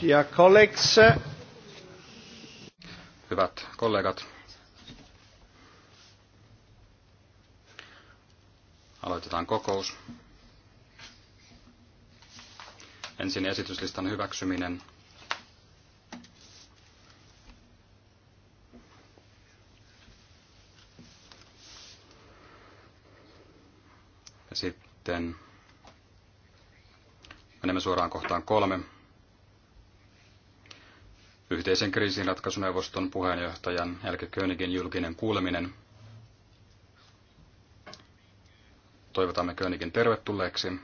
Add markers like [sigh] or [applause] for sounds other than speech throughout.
Dear colleagues. Uh, Hyvät kollegat. Aloitetaan kokous. Ensin esityslistan hyväksyminen. Ja sitten Menemme suoraan kohtaan kolme. Yhteisen kriisinratkaisuneuvoston puheenjohtajan Elke Königin julkinen kuuleminen. Toivotamme Königin tervetulleeksi.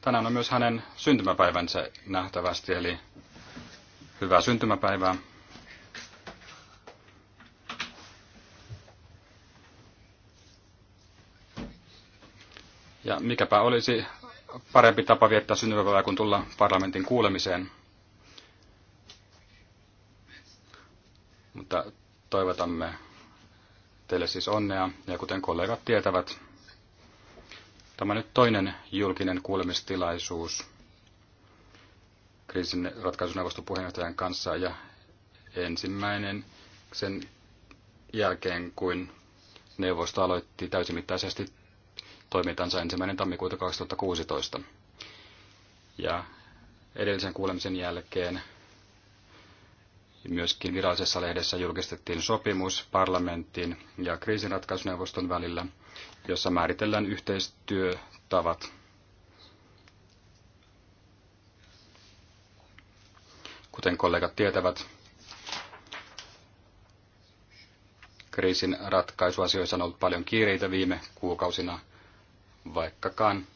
Tänään on myös hänen syntymäpäivänsä nähtävästi, eli hyvää syntymäpäivää. Ja mikäpä olisi parempi tapa viettää syntymäpäivää kuin tulla parlamentin kuulemiseen. Mutta toivotamme teille siis onnea. Ja kuten kollegat tietävät, tämä nyt toinen julkinen kuulemistilaisuus kriisin ratkaisuneuvoston puheenjohtajan kanssa ja ensimmäinen sen jälkeen, kun neuvosto aloitti täysimittaisesti toimintansa ensimmäinen tammikuuta 2016. Ja edellisen kuulemisen jälkeen myöskin virallisessa lehdessä julkistettiin sopimus parlamentin ja kriisinratkaisuneuvoston välillä, jossa määritellään yhteistyötavat. Kuten kollegat tietävät, kriisin ratkaisuasioissa on ollut paljon kiireitä viime kuukausina – vaikkakaan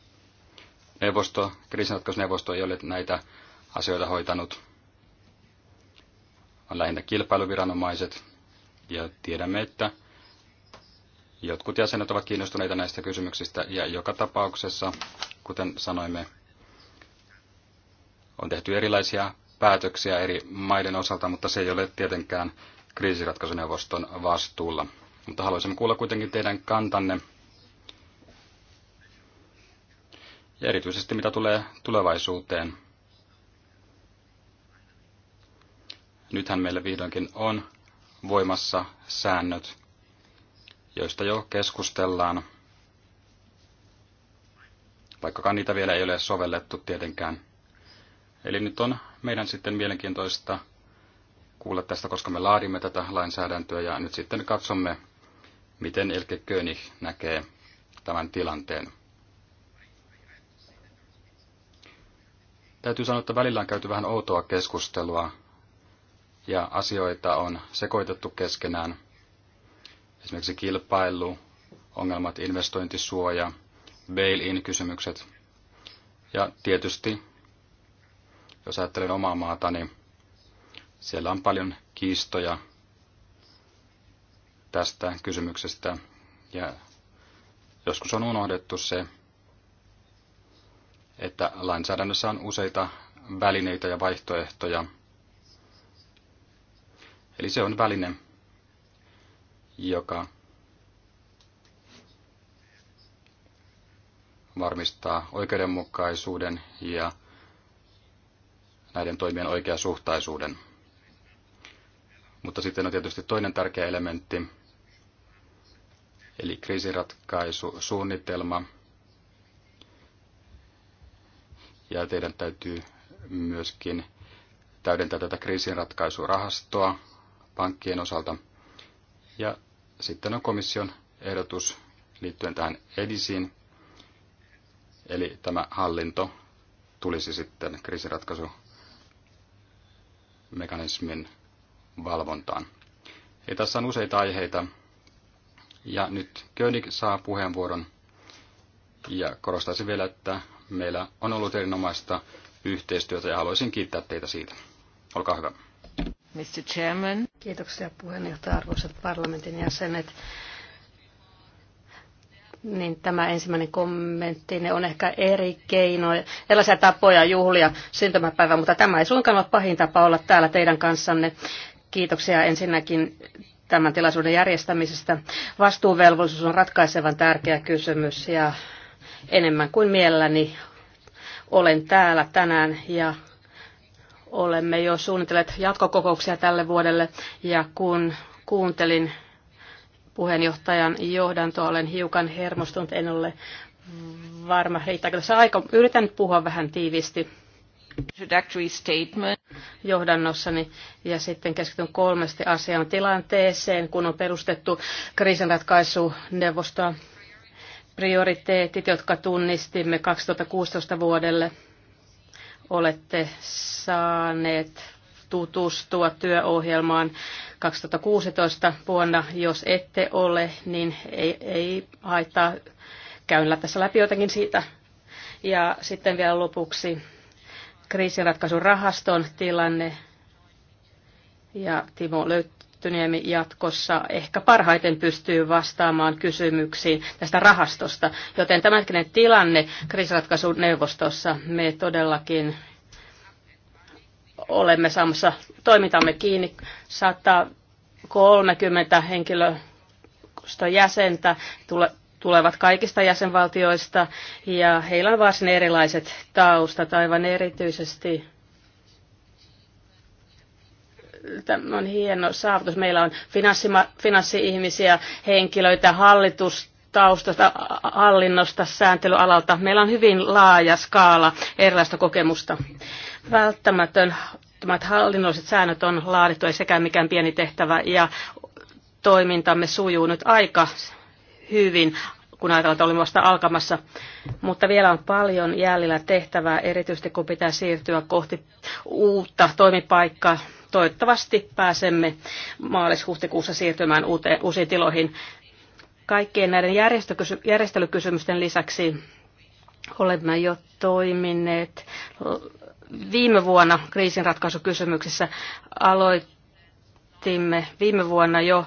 neuvosto, kriisinratkaisuneuvosto ei ole näitä asioita hoitanut, on lähinnä kilpailuviranomaiset. Ja tiedämme, että jotkut jäsenet ovat kiinnostuneita näistä kysymyksistä ja joka tapauksessa, kuten sanoimme, on tehty erilaisia päätöksiä eri maiden osalta, mutta se ei ole tietenkään kriisiratkaisuneuvoston vastuulla. Mutta haluaisimme kuulla kuitenkin teidän kantanne Ja erityisesti mitä tulee tulevaisuuteen. Nythän meillä vihdoinkin on voimassa säännöt, joista jo keskustellaan, vaikkakaan niitä vielä ei ole sovellettu tietenkään. Eli nyt on meidän sitten mielenkiintoista kuulla tästä, koska me laadimme tätä lainsäädäntöä ja nyt sitten katsomme, miten Elke König näkee tämän tilanteen. Täytyy sanoa, että välillä on käyty vähän outoa keskustelua ja asioita on sekoitettu keskenään. Esimerkiksi kilpailu, ongelmat, investointisuoja, bail-in-kysymykset. Ja tietysti, jos ajattelen omaa maata, niin siellä on paljon kiistoja tästä kysymyksestä. Ja joskus on unohdettu se, että lainsäädännössä on useita välineitä ja vaihtoehtoja. Eli se on väline, joka varmistaa oikeudenmukaisuuden ja näiden toimien oikeasuhtaisuuden. Mutta sitten on tietysti toinen tärkeä elementti, eli kriisiratkaisusuunnitelma, ja teidän täytyy myöskin täydentää tätä kriisinratkaisurahastoa pankkien osalta. Ja sitten on komission ehdotus liittyen tähän EDISiin, eli tämä hallinto tulisi sitten kriisinratkaisumekanismin valvontaan. Ja tässä on useita aiheita. Ja nyt König saa puheenvuoron. Ja korostaisin vielä, että Meillä on ollut erinomaista yhteistyötä ja haluaisin kiittää teitä siitä. Olkaa hyvä. Mr. Chairman. Kiitoksia puheenjohtaja, arvoisat parlamentin jäsenet. Niin tämä ensimmäinen kommentti, ne on ehkä eri keinoja, erilaisia tapoja juhlia syntymäpäivä, mutta tämä ei suinkaan ole pahin tapa olla täällä teidän kanssanne. Kiitoksia ensinnäkin tämän tilaisuuden järjestämisestä. Vastuuvelvollisuus on ratkaisevan tärkeä kysymys ja enemmän kuin mielelläni olen täällä tänään ja olemme jo suunnitelleet jatkokokouksia tälle vuodelle ja kun kuuntelin puheenjohtajan johdantoa, olen hiukan hermostunut, en ole varma, riittääkö tässä aika. Yritän nyt puhua vähän tiiviisti statement johdannossani ja sitten keskityn kolmesti asian tilanteeseen, kun on perustettu kriisinratkaisuneuvostoa prioriteetit, jotka tunnistimme 2016 vuodelle. Olette saaneet tutustua työohjelmaan 2016 vuonna. Jos ette ole, niin ei, ei haittaa. käynnillä tässä läpi jotenkin siitä. Ja sitten vielä lopuksi kriisinratkaisurahaston tilanne. Ja Timo löytyy Niemi jatkossa ehkä parhaiten pystyy vastaamaan kysymyksiin tästä rahastosta. Joten tämänhetkinen tilanne kriisiratkaisun neuvostossa. me todellakin olemme saamassa toimintamme kiinni 130 henkilöstön jäsentä tule, tulevat kaikista jäsenvaltioista ja heillä on varsin erilaiset taustat aivan erityisesti tämä on hieno saavutus. Meillä on finanssi-ihmisiä, henkilöitä, hallitus, taustasta, hallinnosta, sääntelyalalta. Meillä on hyvin laaja skaala erilaista kokemusta. Välttämätön hallinnolliset säännöt on laadittu, ei sekään mikään pieni tehtävä, ja toimintamme sujuu nyt aika hyvin kun ajatellaan, että olimme vasta alkamassa. Mutta vielä on paljon jäljellä tehtävää, erityisesti kun pitää siirtyä kohti uutta toimipaikkaa, toivottavasti pääsemme maalis-huhtikuussa siirtymään uuteen, uusiin tiloihin. Kaikkien näiden järjestelykysymysten lisäksi olemme jo toimineet viime vuonna kriisinratkaisukysymyksissä. Aloitimme viime vuonna jo,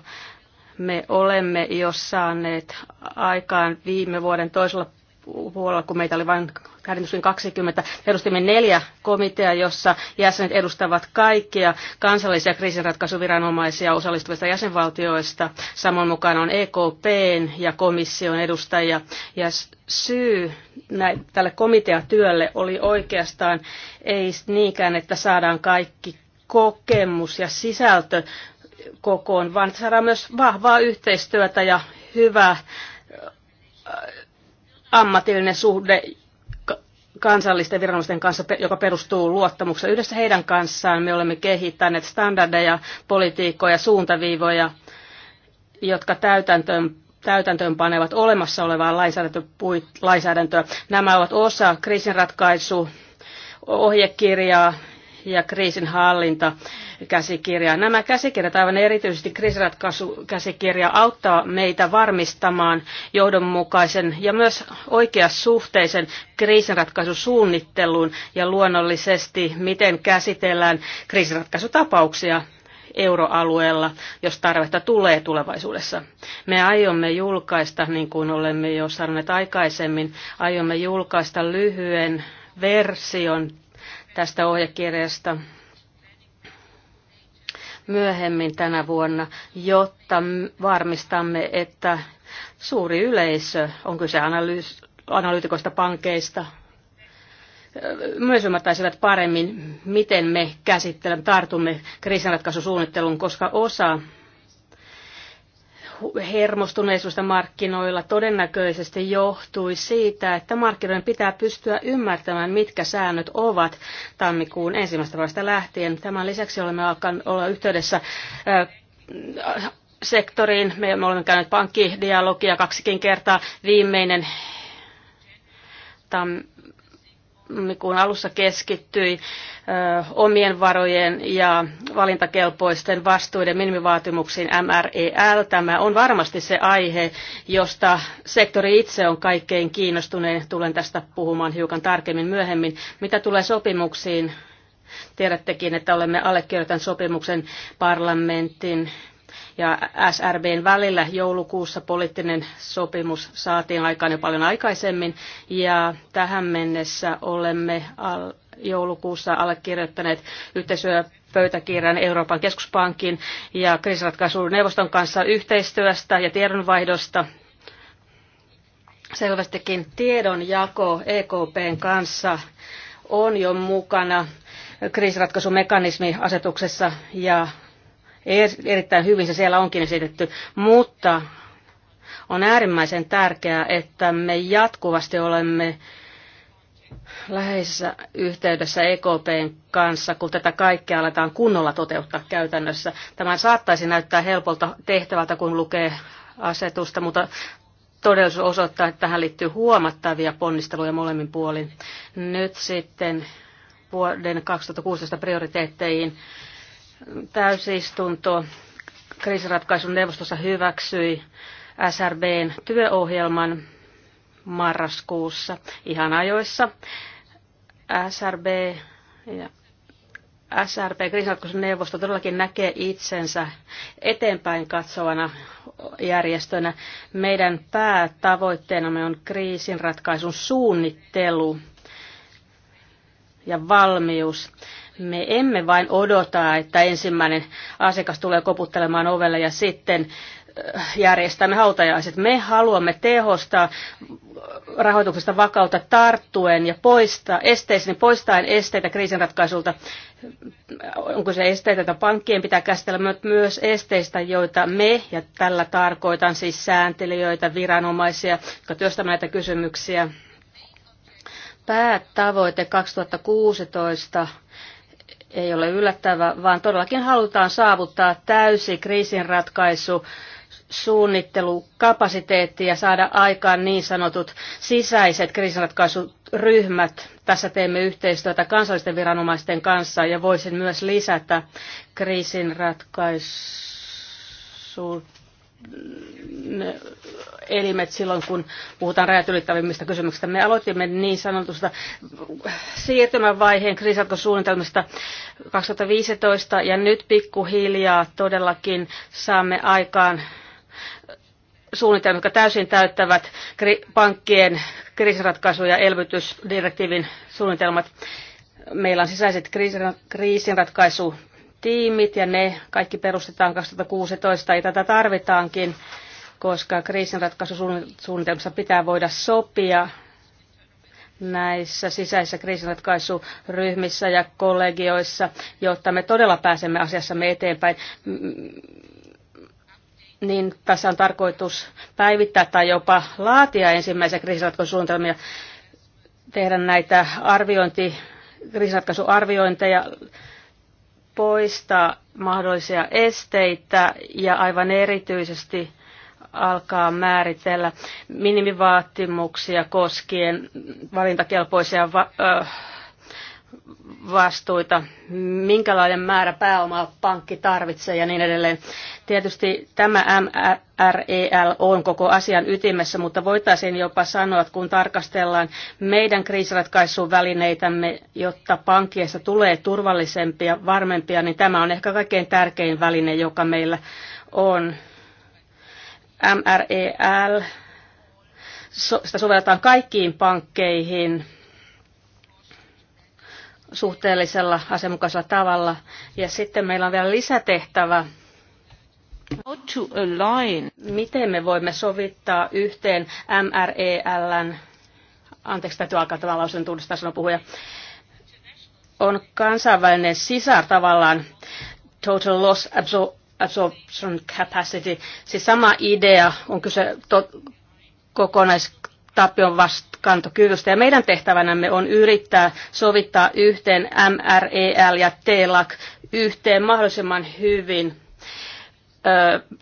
me olemme jo saaneet aikaan viime vuoden toisella puolella, kun meitä oli vain 20, perustimme neljä komitea, jossa jäsenet edustavat kaikkia kansallisia kriisinratkaisuviranomaisia osallistuvista jäsenvaltioista. Samoin mukana on EKPn ja komission edustajia. Ja syy näin, tälle komiteatyölle oli oikeastaan ei niinkään, että saadaan kaikki kokemus ja sisältö kokoon, vaan saadaan myös vahvaa yhteistyötä ja hyvää ammatillinen suhde kansallisten viranomaisten kanssa, joka perustuu luottamukseen. Yhdessä heidän kanssaan me olemme kehittäneet standardeja, politiikkoja, suuntaviivoja, jotka täytäntöön panevat olemassa olevaa lainsäädäntöä. Nämä ovat osa kriisinratkaisu ohjekirjaa, ja kriisinhallinta käsikirja Nämä käsikirjat, aivan erityisesti kriisiratkaisukäsikirja, auttaa meitä varmistamaan johdonmukaisen ja myös oikeasuhteisen kriisiratkaisusuunnitteluun ja luonnollisesti, miten käsitellään kriisinratkaisutapauksia euroalueella, jos tarvetta tulee tulevaisuudessa. Me aiomme julkaista, niin kuin olemme jo sanoneet aikaisemmin, aiomme julkaista lyhyen version tästä ohjekirjasta myöhemmin tänä vuonna, jotta varmistamme, että suuri yleisö, on kyse analyys, analyytikoista pankeista, myös ymmärtäisivät paremmin, miten me käsittelemme, tartumme kriisinratkaisusuunnitteluun, koska osa hermostuneisuudesta markkinoilla todennäköisesti johtui siitä, että markkinoiden pitää pystyä ymmärtämään, mitkä säännöt ovat tammikuun ensimmäistä vuodesta lähtien. Tämän lisäksi olemme alkaneet olla yhteydessä sektoriin. Me olemme käyneet pankkidialogia kaksikin kertaa. Viimeinen tammikuun tammikuun alussa keskittyi ö, omien varojen ja valintakelpoisten vastuiden minimivaatimuksiin MREL. Tämä on varmasti se aihe, josta sektori itse on kaikkein kiinnostuneen. Tulen tästä puhumaan hiukan tarkemmin myöhemmin. Mitä tulee sopimuksiin? Tiedättekin, että olemme allekirjoittaneet sopimuksen parlamentin ja SRBn välillä joulukuussa poliittinen sopimus saatiin aikaan jo paljon aikaisemmin ja tähän mennessä olemme al- joulukuussa allekirjoittaneet pöytäkirjan Euroopan keskuspankin ja kriisiratkaisuneuvoston kanssa yhteistyöstä ja tiedonvaihdosta selvästikin tiedonjako EKPn kanssa on jo mukana kriisiratkaisumekanismiasetuksessa ja Er- erittäin hyvin se siellä onkin esitetty, mutta on äärimmäisen tärkeää, että me jatkuvasti olemme läheisessä yhteydessä EKPn kanssa, kun tätä kaikkea aletaan kunnolla toteuttaa käytännössä. Tämä saattaisi näyttää helpolta tehtävältä, kun lukee asetusta, mutta todellisuus osoittaa, että tähän liittyy huomattavia ponnisteluja molemmin puolin. Nyt sitten vuoden 2016 prioriteetteihin täysistunto kriisiratkaisun neuvostossa hyväksyi SRBn työohjelman marraskuussa ihan ajoissa. SRB ja SRP, kriisinratkaisun neuvosto, todellakin näkee itsensä eteenpäin katsovana järjestönä. Meidän päätavoitteenamme on kriisinratkaisun suunnittelu ja valmius. Me emme vain odota, että ensimmäinen asiakas tulee koputtelemaan ovelle ja sitten äh, järjestämme hautajaiset. Me haluamme tehostaa rahoituksesta vakautta tarttuen ja poistaa esteisiin, poistaen esteitä kriisinratkaisulta. Onko se esteitä, että pankkien pitää käsitellä myös esteistä, joita me, ja tällä tarkoitan siis sääntelijöitä, viranomaisia, jotka työstävät näitä kysymyksiä. Päätavoite 2016 ei ole yllättävä, vaan todellakin halutaan saavuttaa täysi kriisinratkaisu, suunnittelukapasiteetti ja saada aikaan niin sanotut sisäiset kriisinratkaisuryhmät. Tässä teemme yhteistyötä kansallisten viranomaisten kanssa ja voisin myös lisätä kriisinratkaisuutta elimet silloin, kun puhutaan rajat ylittävimmistä kysymyksistä. Me aloitimme niin sanotusta siirtymävaiheen kriisinratkosuunnitelmasta 2015 ja nyt pikkuhiljaa todellakin saamme aikaan suunnitelmat, jotka täysin täyttävät pankkien kriisinratkaisu- ja elvytysdirektiivin suunnitelmat. Meillä on sisäiset kriisinratkaisu tiimit ja ne kaikki perustetaan 2016 ja tätä tarvitaankin, koska kriisinratkaisusuunnitelmassa pitää voida sopia näissä sisäisissä kriisinratkaisuryhmissä ja kollegioissa, jotta me todella pääsemme asiassamme eteenpäin. Niin tässä on tarkoitus päivittää tai jopa laatia ensimmäisiä kriisinratkaisusuunnitelmia, tehdä näitä arviointi, kriisinratkaisuarviointeja, poista mahdollisia esteitä ja aivan erityisesti alkaa määritellä minimivaatimuksia koskien valintakelpoisia va- ö- vastuita, minkälainen määrä pääomaa pankki tarvitsee ja niin edelleen. Tietysti tämä MREL on koko asian ytimessä, mutta voitaisiin jopa sanoa, että kun tarkastellaan meidän välineitämme, jotta pankkiessa tulee turvallisempia, varmempia, niin tämä on ehkä kaikkein tärkein väline, joka meillä on. MREL, sitä sovelletaan kaikkiin pankkeihin, suhteellisella asianmukaisella tavalla. Ja sitten meillä on vielä lisätehtävä. Miten me voimme sovittaa yhteen MRELn, anteeksi täytyy alkaa tämän lausun tunnistaa sanoa puhuja, on kansainvälinen sisar tavallaan, total loss absor- absorption capacity, siis sama idea on kyse to- kokonaistappion kantokyvystä. Ja meidän tehtävänämme on yrittää sovittaa yhteen MREL ja TELAC yhteen mahdollisimman hyvin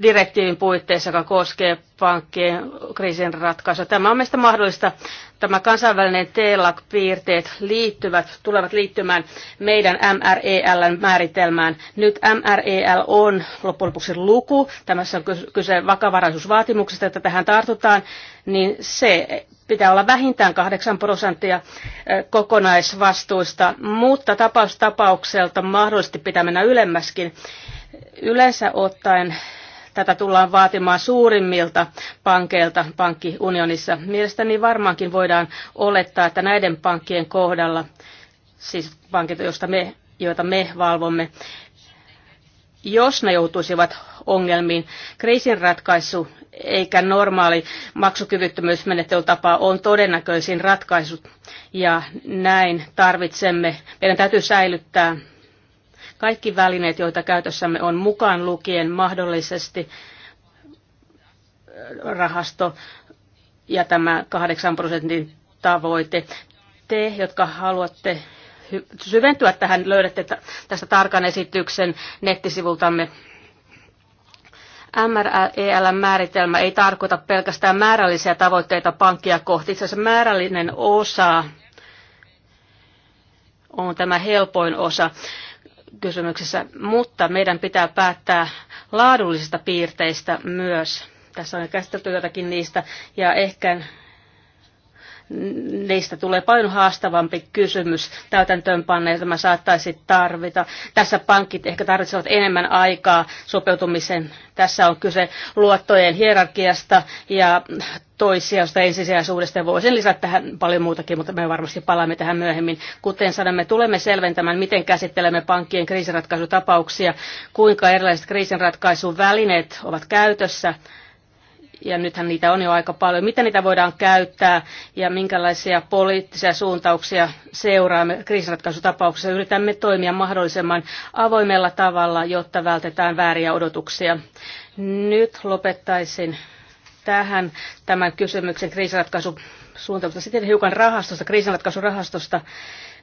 direktiivin puitteissa, joka koskee pankkien kriisin ratkaisua. Tämä on meistä mahdollista. Tämä kansainvälinen tlac piirteet liittyvät, tulevat liittymään meidän MRELn määritelmään. Nyt MREL on loppujen lopuksi luku. Tämässä on kyse vakavaraisuusvaatimuksesta, että tähän tartutaan, niin se pitää olla vähintään 8 prosenttia kokonaisvastuista, mutta tapaus tapaukselta mahdollisesti pitää mennä ylemmäskin. Yleensä ottaen tätä tullaan vaatimaan suurimmilta pankeilta pankkiunionissa. Mielestäni varmaankin voidaan olettaa, että näiden pankkien kohdalla, siis pankit, joista me, joita me valvomme, jos ne joutuisivat ongelmiin. Kriisinratkaisu eikä normaali maksukyvyttömyysmenettelytapa on todennäköisin ratkaisu ja näin tarvitsemme. Meidän täytyy säilyttää kaikki välineet, joita käytössämme on mukaan lukien mahdollisesti rahasto ja tämä 8 prosentin tavoite. Te, jotka haluatte syventyä tähän, löydätte tästä tarkan esityksen nettisivultamme. MRELn määritelmä ei tarkoita pelkästään määrällisiä tavoitteita pankkia kohti. Itse asiassa määrällinen osa on tämä helpoin osa kysymyksessä, mutta meidän pitää päättää laadullisista piirteistä myös. Tässä on käsitelty jotakin niistä ja ehkä niistä tulee paljon haastavampi kysymys jota mä saattaisi tarvita. Tässä pankit ehkä tarvitsevat enemmän aikaa sopeutumiseen. Tässä on kyse luottojen hierarkiasta ja toissijaista ensisijaisuudesta. Voisin lisätä tähän paljon muutakin, mutta me varmasti palaamme tähän myöhemmin. Kuten sanomme, tulemme selventämään, miten käsittelemme pankkien kriisinratkaisutapauksia, kuinka erilaiset kriisinratkaisuvälineet ovat käytössä ja nythän niitä on jo aika paljon. Miten niitä voidaan käyttää ja minkälaisia poliittisia suuntauksia seuraamme kriisinratkaisutapauksessa? Yritämme toimia mahdollisimman avoimella tavalla, jotta vältetään vääriä odotuksia. Nyt lopettaisin tähän tämän kysymyksen kriisinratkaisusuuntauksesta. Sitten hiukan rahastosta, kriisinratkaisurahastosta.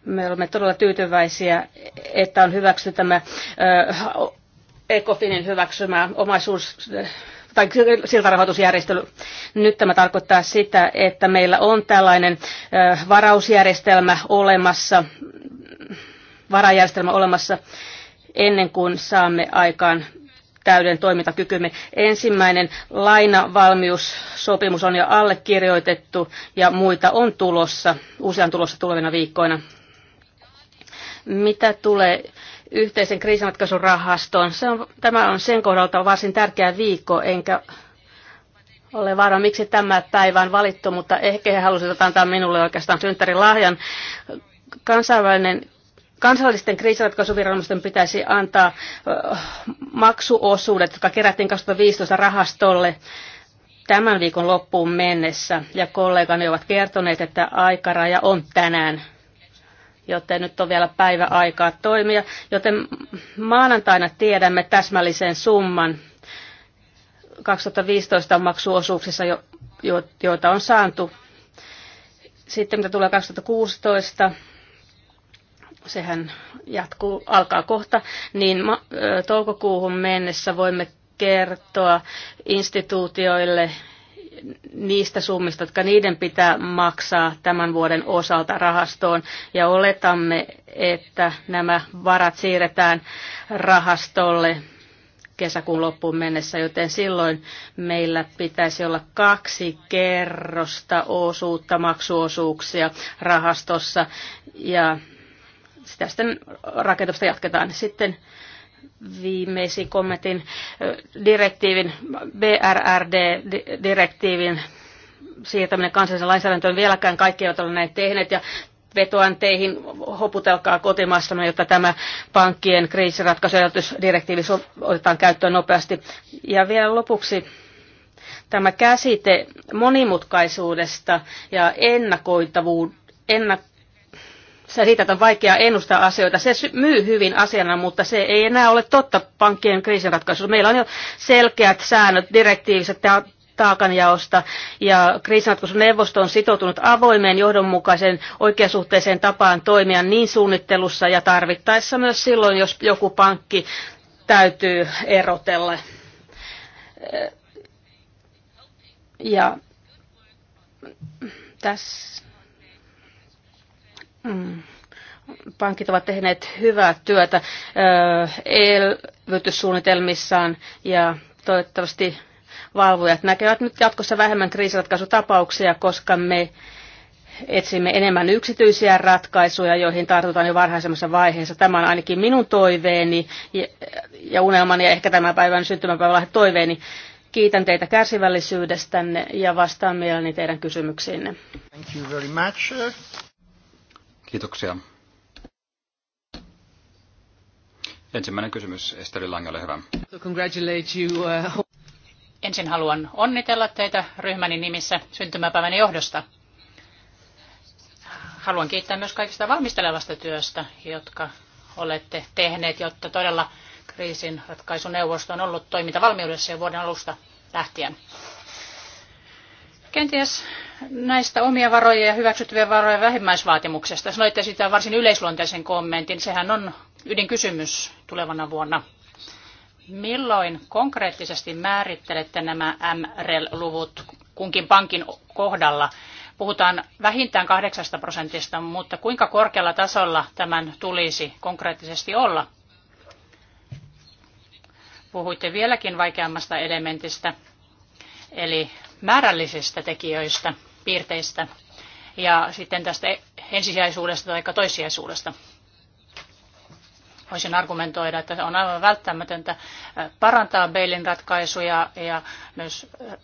Me olemme todella tyytyväisiä, että on hyväksytty tämä Ecofinin hyväksymä omaisuus tai siltarahoitusjärjestely. Nyt tämä tarkoittaa sitä, että meillä on tällainen varausjärjestelmä olemassa, varajärjestelmä olemassa ennen kuin saamme aikaan täyden toimintakykymme. Ensimmäinen lainavalmiussopimus on jo allekirjoitettu ja muita on tulossa, usean tulossa tulevina viikkoina. Mitä tulee yhteisen kriisinratkaisurahaston. Se on, tämä on sen kohdalta varsin tärkeä viikko, enkä ole varma, miksi tämä päivä on valittu, mutta ehkä he halusivat antaa minulle oikeastaan synttärilahjan. Kansainvälinen Kansallisten kriisiratkaisuviranomaisten pitäisi antaa äh, maksuosuudet, jotka kerättiin 2015 rahastolle tämän viikon loppuun mennessä. Ja kollegani ovat kertoneet, että aikaraja on tänään joten nyt on vielä päivä aikaa toimia. Joten maanantaina tiedämme täsmällisen summan 2015 maksuosuuksissa, jo, jo, joita on saantu. Sitten mitä tulee 2016, sehän jatkuu, alkaa kohta, niin ma- toukokuuhun mennessä voimme kertoa instituutioille niistä summista, jotka niiden pitää maksaa tämän vuoden osalta rahastoon. Ja oletamme, että nämä varat siirretään rahastolle kesäkuun loppuun mennessä, joten silloin meillä pitäisi olla kaksi kerrosta osuutta, maksuosuuksia rahastossa ja sitä sitten rakentamista jatketaan. Sitten viimeisiin kommentin direktiivin, BRRD-direktiivin siirtäminen kansalliseen lainsäädäntöön. Vieläkään kaikki eivät ole näin tehneet ja vetoan teihin, hoputelkaa no jotta tämä pankkien kriisiratkaisuajatusdirektiivi otetaan käyttöön nopeasti. Ja vielä lopuksi tämä käsite monimutkaisuudesta ja ennakoitavuudesta ennak- se siitä, että on vaikea ennustaa asioita. Se myy hyvin asiana, mutta se ei enää ole totta pankkien kriisinratkaisussa. Meillä on jo selkeät säännöt, direktiiviset taakanjaosta ja kriisinratkaisuneuvosto on sitoutunut avoimeen johdonmukaisen oikeasuhteiseen tapaan toimia niin suunnittelussa ja tarvittaessa myös silloin, jos joku pankki täytyy erotella. Ja tässä Hmm. Pankit ovat tehneet hyvää työtä elvytyssuunnitelmissaan ja toivottavasti valvojat näkevät nyt jatkossa vähemmän kriisiratkaisutapauksia, koska me etsimme enemmän yksityisiä ratkaisuja, joihin tartutaan jo varhaisemmassa vaiheessa. Tämä on ainakin minun toiveeni ja unelmani ja ehkä tämän päivän syntymäpäivällä toiveeni. Kiitän teitä kärsivällisyydestänne ja vastaan mielelläni teidän kysymyksiinne. Thank you very much. Kiitoksia. Ensimmäinen kysymys Esteri Lange, ole hyvä. Uh, Ensin haluan onnitella teitä ryhmäni nimissä syntymäpäivän johdosta. Haluan kiittää myös kaikista valmistelevasta työstä, jotka olette tehneet, jotta todella kriisin ratkaisuneuvosto on ollut toimintavalmiudessa jo vuoden alusta lähtien. Kenties näistä omia varoja ja hyväksyttävien varojen vähimmäisvaatimuksesta. Sanoitte sitä varsin yleisluonteisen kommentin. Sehän on ydinkysymys tulevana vuonna. Milloin konkreettisesti määrittelette nämä MREL-luvut kunkin pankin kohdalla? Puhutaan vähintään 8 prosentista, mutta kuinka korkealla tasolla tämän tulisi konkreettisesti olla? Puhuitte vieläkin vaikeammasta elementistä, eli määrällisistä tekijöistä, piirteistä ja sitten tästä ensisijaisuudesta tai toissijaisuudesta. Voisin argumentoida, että on aivan välttämätöntä äh, parantaa Beilin ratkaisuja ja myös äh,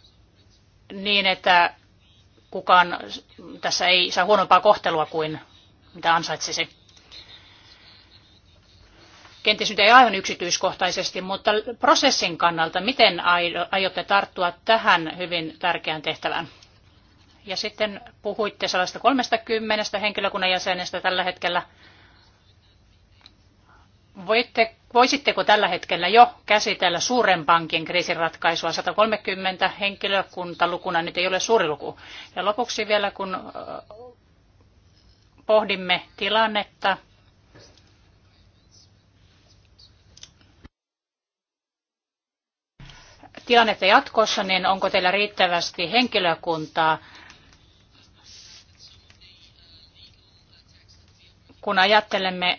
niin, että kukaan tässä ei saa huonompaa kohtelua kuin mitä ansaitsisi kenties nyt ei aivan yksityiskohtaisesti, mutta prosessin kannalta, miten aiotte tarttua tähän hyvin tärkeään tehtävään? Ja sitten puhuitte 130 henkilökunnan jäsenestä tällä hetkellä. Voitte, voisitteko tällä hetkellä jo käsitellä suuren pankin kriisinratkaisua? 130 henkilökuntalukuna nyt ei ole suuri luku. Ja lopuksi vielä, kun pohdimme tilannetta, tilannetta jatkossa, niin onko teillä riittävästi henkilökuntaa? Kun ajattelemme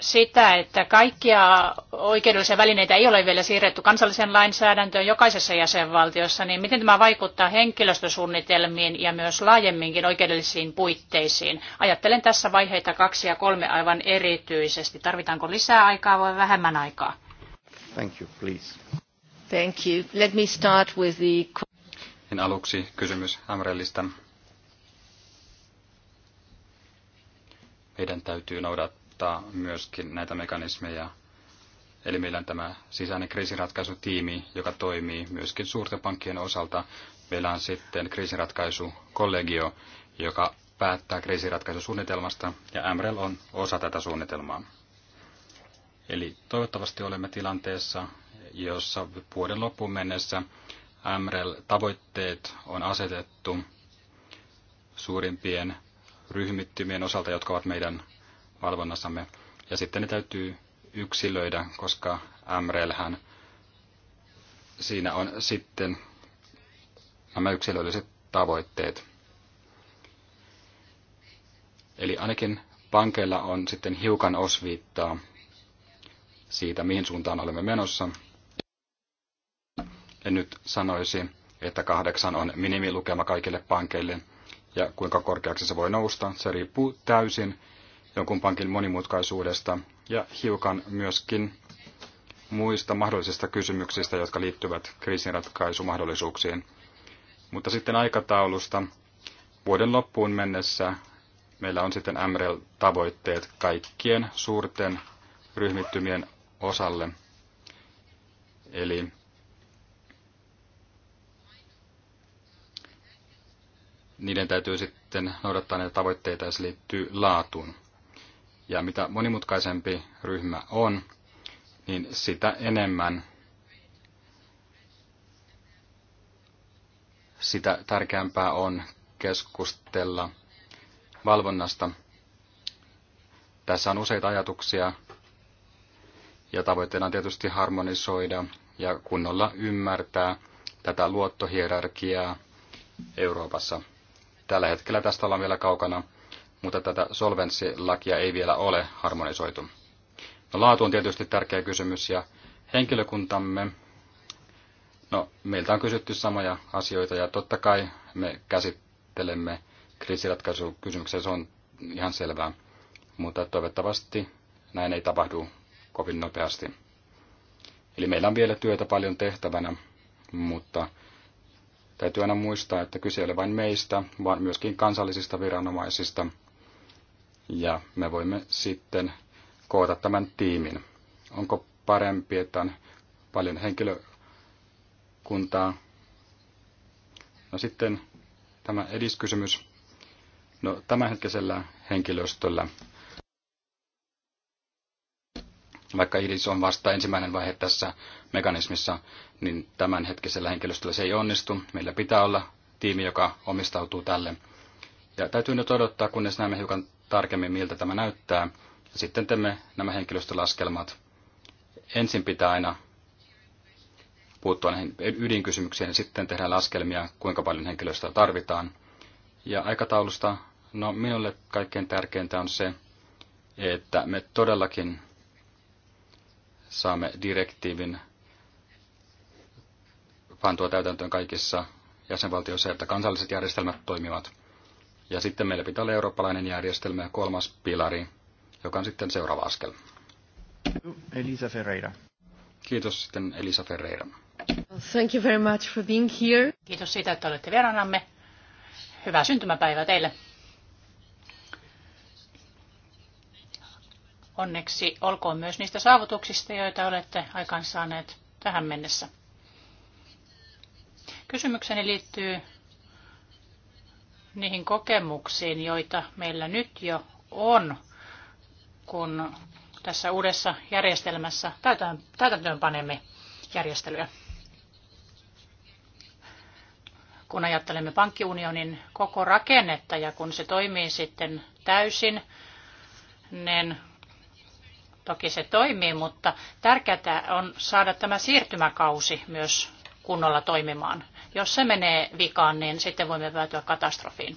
sitä, että kaikkia oikeudellisia välineitä ei ole vielä siirretty kansalliseen lainsäädäntöön jokaisessa jäsenvaltiossa, niin miten tämä vaikuttaa henkilöstösuunnitelmiin ja myös laajemminkin oikeudellisiin puitteisiin? Ajattelen tässä vaiheita kaksi ja kolme aivan erityisesti. Tarvitaanko lisää aikaa vai vähemmän aikaa? Thank you, please. Thank you. Let me start with the... Niin aluksi kysymys Amrellista. Meidän täytyy noudattaa myöskin näitä mekanismeja. Eli meillä on tämä sisäinen kriisiratkaisutiimi, joka toimii myöskin suurten pankkien osalta. Meillä on sitten kriisiratkaisukollegio, joka päättää kriisiratkaisusuunnitelmasta, ja MREL on osa tätä suunnitelmaa. Eli toivottavasti olemme tilanteessa, jossa vuoden loppuun mennessä MREL-tavoitteet on asetettu suurimpien ryhmittymien osalta, jotka ovat meidän valvonnassamme. Ja sitten ne täytyy yksilöidä, koska MRELhän siinä on sitten nämä yksilölliset tavoitteet. Eli ainakin pankeilla on sitten hiukan osviittaa siitä, mihin suuntaan olemme menossa, en nyt sanoisi, että kahdeksan on minimilukema kaikille pankeille, ja kuinka korkeaksi se voi nousta, se riippuu täysin jonkun pankin monimutkaisuudesta ja hiukan myöskin muista mahdollisista kysymyksistä, jotka liittyvät kriisinratkaisumahdollisuuksiin. Mutta sitten aikataulusta. Vuoden loppuun mennessä meillä on sitten MREL-tavoitteet kaikkien suurten ryhmittymien osalle. Eli niiden täytyy sitten noudattaa näitä tavoitteita, ja se liittyy laatuun. Ja mitä monimutkaisempi ryhmä on, niin sitä enemmän sitä tärkeämpää on keskustella valvonnasta. Tässä on useita ajatuksia ja tavoitteena on tietysti harmonisoida ja kunnolla ymmärtää tätä luottohierarkiaa Euroopassa. Tällä hetkellä tästä ollaan vielä kaukana, mutta tätä solvenssilakia ei vielä ole harmonisoitu. No, laatu on tietysti tärkeä kysymys ja henkilökuntamme, no meiltä on kysytty samoja asioita ja totta kai me käsittelemme kriisiratkaisukysymyksiä, se on ihan selvää, mutta toivottavasti näin ei tapahdu kovin nopeasti. Eli meillä on vielä työtä paljon tehtävänä, mutta Täytyy aina muistaa, että kyse ei ole vain meistä, vaan myöskin kansallisista viranomaisista. Ja me voimme sitten koota tämän tiimin. Onko parempi, että on paljon henkilökuntaa? No sitten tämä ediskysymys. No tämänhetkisellä henkilöstöllä vaikka IDIS on vasta ensimmäinen vaihe tässä mekanismissa, niin tämänhetkisellä henkilöstöllä se ei onnistu. Meillä pitää olla tiimi, joka omistautuu tälle. Ja täytyy nyt odottaa, kunnes näemme hiukan tarkemmin, miltä tämä näyttää. Ja sitten teemme nämä henkilöstölaskelmat. Ensin pitää aina puuttua näihin ydinkysymyksiin ja sitten tehdään laskelmia, kuinka paljon henkilöstöä tarvitaan. Ja aikataulusta, no minulle kaikkein tärkeintä on se, että me todellakin saamme direktiivin pantua täytäntöön kaikissa jäsenvaltioissa, että kansalliset järjestelmät toimivat. Ja sitten meillä pitää olla eurooppalainen järjestelmä ja kolmas pilari, joka on sitten seuraava askel. Elisa Ferreira. Kiitos sitten Elisa Ferreira. Thank you very much for being here. Kiitos siitä, että olette vieraanamme. Hyvää syntymäpäivää teille. Onneksi olkoon myös niistä saavutuksista, joita olette aikaansaaneet tähän mennessä. Kysymykseni liittyy niihin kokemuksiin, joita meillä nyt jo on, kun tässä uudessa järjestelmässä täytäntöön panemme järjestelyä. Kun ajattelemme pankkiunionin koko rakennetta ja kun se toimii sitten täysin, niin Toki se toimii, mutta tärkeää on saada tämä siirtymäkausi myös kunnolla toimimaan. Jos se menee vikaan, niin sitten voimme päätyä katastrofiin.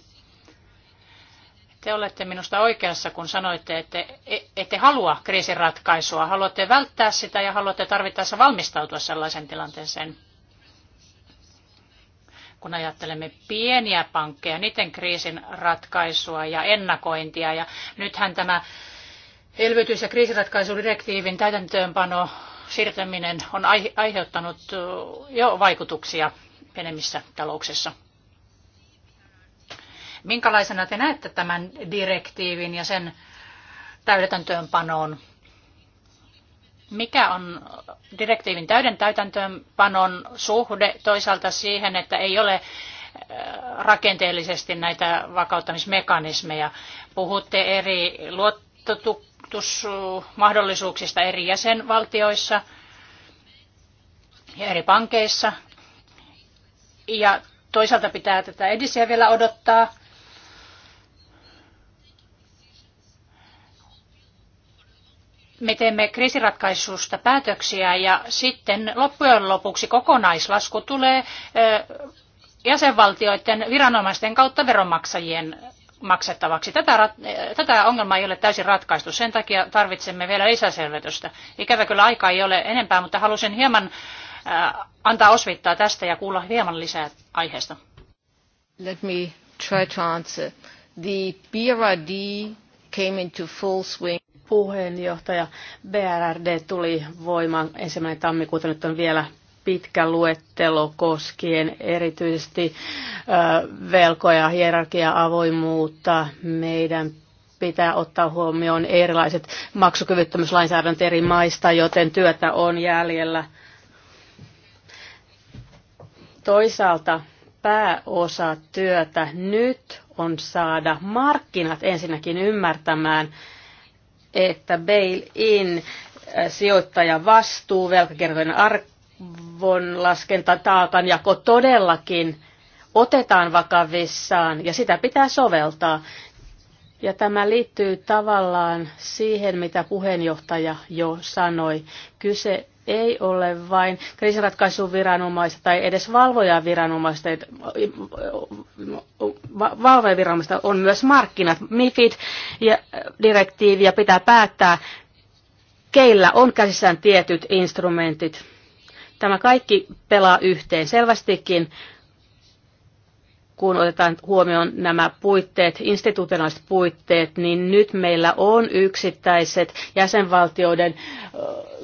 Te olette minusta oikeassa, kun sanoitte, että e-, ette halua kriisiratkaisua. Haluatte välttää sitä ja haluatte tarvittaessa valmistautua sellaisen tilanteeseen. Kun ajattelemme pieniä pankkeja, niiden kriisin ratkaisua ja ennakointia, ja nythän tämä Elvytys- ja kriisiratkaisudirektiivin täytäntöönpano siirtäminen on aiheuttanut uh, jo vaikutuksia pienemmissä talouksissa. Minkälaisena te näette tämän direktiivin ja sen täytäntöönpanoon? Mikä on direktiivin täyden täytäntöönpanon suhde toisaalta siihen, että ei ole uh, rakenteellisesti näitä vakauttamismekanismeja? Puhutte eri luottotukien rahoitusmahdollisuuksista eri jäsenvaltioissa ja eri pankeissa. Ja toisaalta pitää tätä edisiä vielä odottaa. me teemme kriisiratkaisusta päätöksiä ja sitten loppujen lopuksi kokonaislasku tulee jäsenvaltioiden viranomaisten kautta veronmaksajien maksettavaksi. Tätä, eh, tätä ongelmaa ei ole täysin ratkaistu, sen takia tarvitsemme vielä lisäselvitystä. Ikävä kyllä aika ei ole enempää, mutta halusin hieman eh, antaa osvittaa tästä ja kuulla hieman lisää aiheesta. Let me try to answer. The BRD came into full swing. Puheenjohtaja BRD tuli voimaan ensimmäinen tammikuuta, nyt on vielä pitkä luettelo koskien erityisesti velkoja, hierarkia, avoimuutta. Meidän pitää ottaa huomioon erilaiset maksukyvyttömyyslainsäädännöt eri maista, joten työtä on jäljellä. Toisaalta pääosa työtä nyt on saada markkinat ensinnäkin ymmärtämään, että bail-in sijoittaja vastuu, ar arvon laskenta jako todellakin otetaan vakavissaan ja sitä pitää soveltaa. Ja tämä liittyy tavallaan siihen, mitä puheenjohtaja jo sanoi. Kyse ei ole vain kriisiratkaisuviranomaista tai edes valvojaviranomaista, valvojaviranomaista on myös markkinat, MIFID ja direktiiviä pitää päättää, keillä on käsissään tietyt instrumentit Tämä kaikki pelaa yhteen selvästikin, kun otetaan huomioon nämä puitteet, institutionaaliset puitteet, niin nyt meillä on yksittäiset jäsenvaltioiden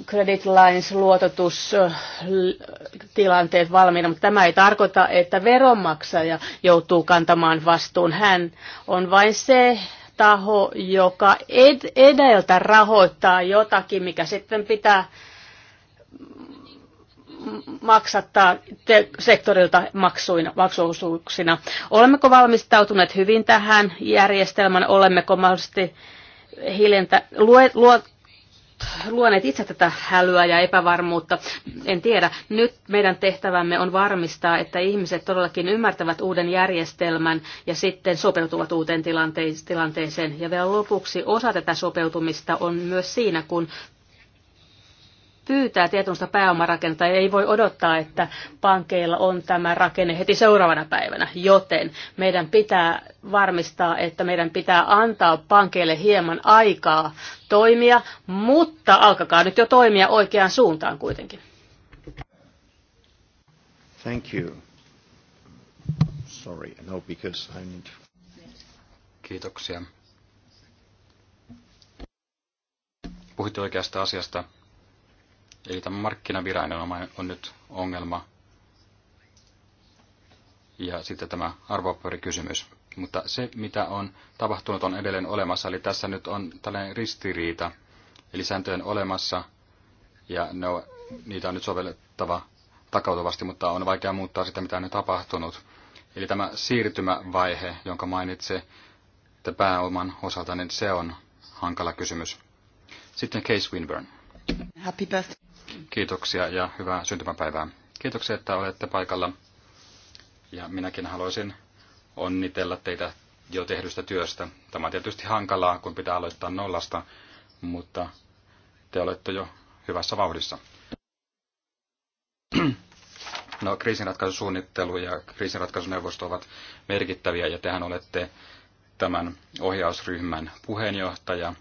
credit lines luototustilanteet valmiina, mutta tämä ei tarkoita, että veronmaksaja joutuu kantamaan vastuun. Hän on vain se taho, joka edeltä rahoittaa jotakin, mikä sitten pitää maksattaa sektorilta maksuina, maksuosuuksina. Olemmeko valmistautuneet hyvin tähän järjestelmään? Olemmeko mahdollisesti hiljentä, lue, luet, luoneet itse tätä hälyä ja epävarmuutta. En tiedä. Nyt meidän tehtävämme on varmistaa, että ihmiset todellakin ymmärtävät uuden järjestelmän ja sitten sopeutuvat uuteen tilanteeseen. Ja vielä lopuksi osa tätä sopeutumista on myös siinä, kun pyytää tietynlaista pääomarakennetta ja ei voi odottaa, että pankeilla on tämä rakenne heti seuraavana päivänä. Joten meidän pitää varmistaa, että meidän pitää antaa pankeille hieman aikaa toimia, mutta alkakaa nyt jo toimia oikeaan suuntaan kuitenkin. Thank you. Sorry, no, because I need... Kiitoksia. Puhuitte oikeasta asiasta Eli tämä markkinaviranomainen on nyt ongelma. Ja sitten tämä arvopaperikysymys. Mutta se, mitä on tapahtunut, on edelleen olemassa. Eli tässä nyt on tällainen ristiriita. Eli sääntöjen olemassa, ja ne on, niitä on nyt sovellettava takautuvasti, mutta on vaikea muuttaa sitä, mitä on nyt tapahtunut. Eli tämä siirtymävaihe, jonka mainitse että pääoman osalta, niin se on hankala kysymys. Sitten Case Winburn. Happy birthday. Kiitoksia ja hyvää syntymäpäivää. Kiitoksia, että olette paikalla. Ja minäkin haluaisin onnitella teitä jo tehdystä työstä. Tämä on tietysti hankalaa, kun pitää aloittaa nollasta, mutta te olette jo hyvässä vauhdissa. [clears throat] No, kriisinratkaisusuunnittelu ja kriisinratkaisuneuvosto ovat merkittäviä, ja tehän olette tämän ohjausryhmän puheenjohtaja,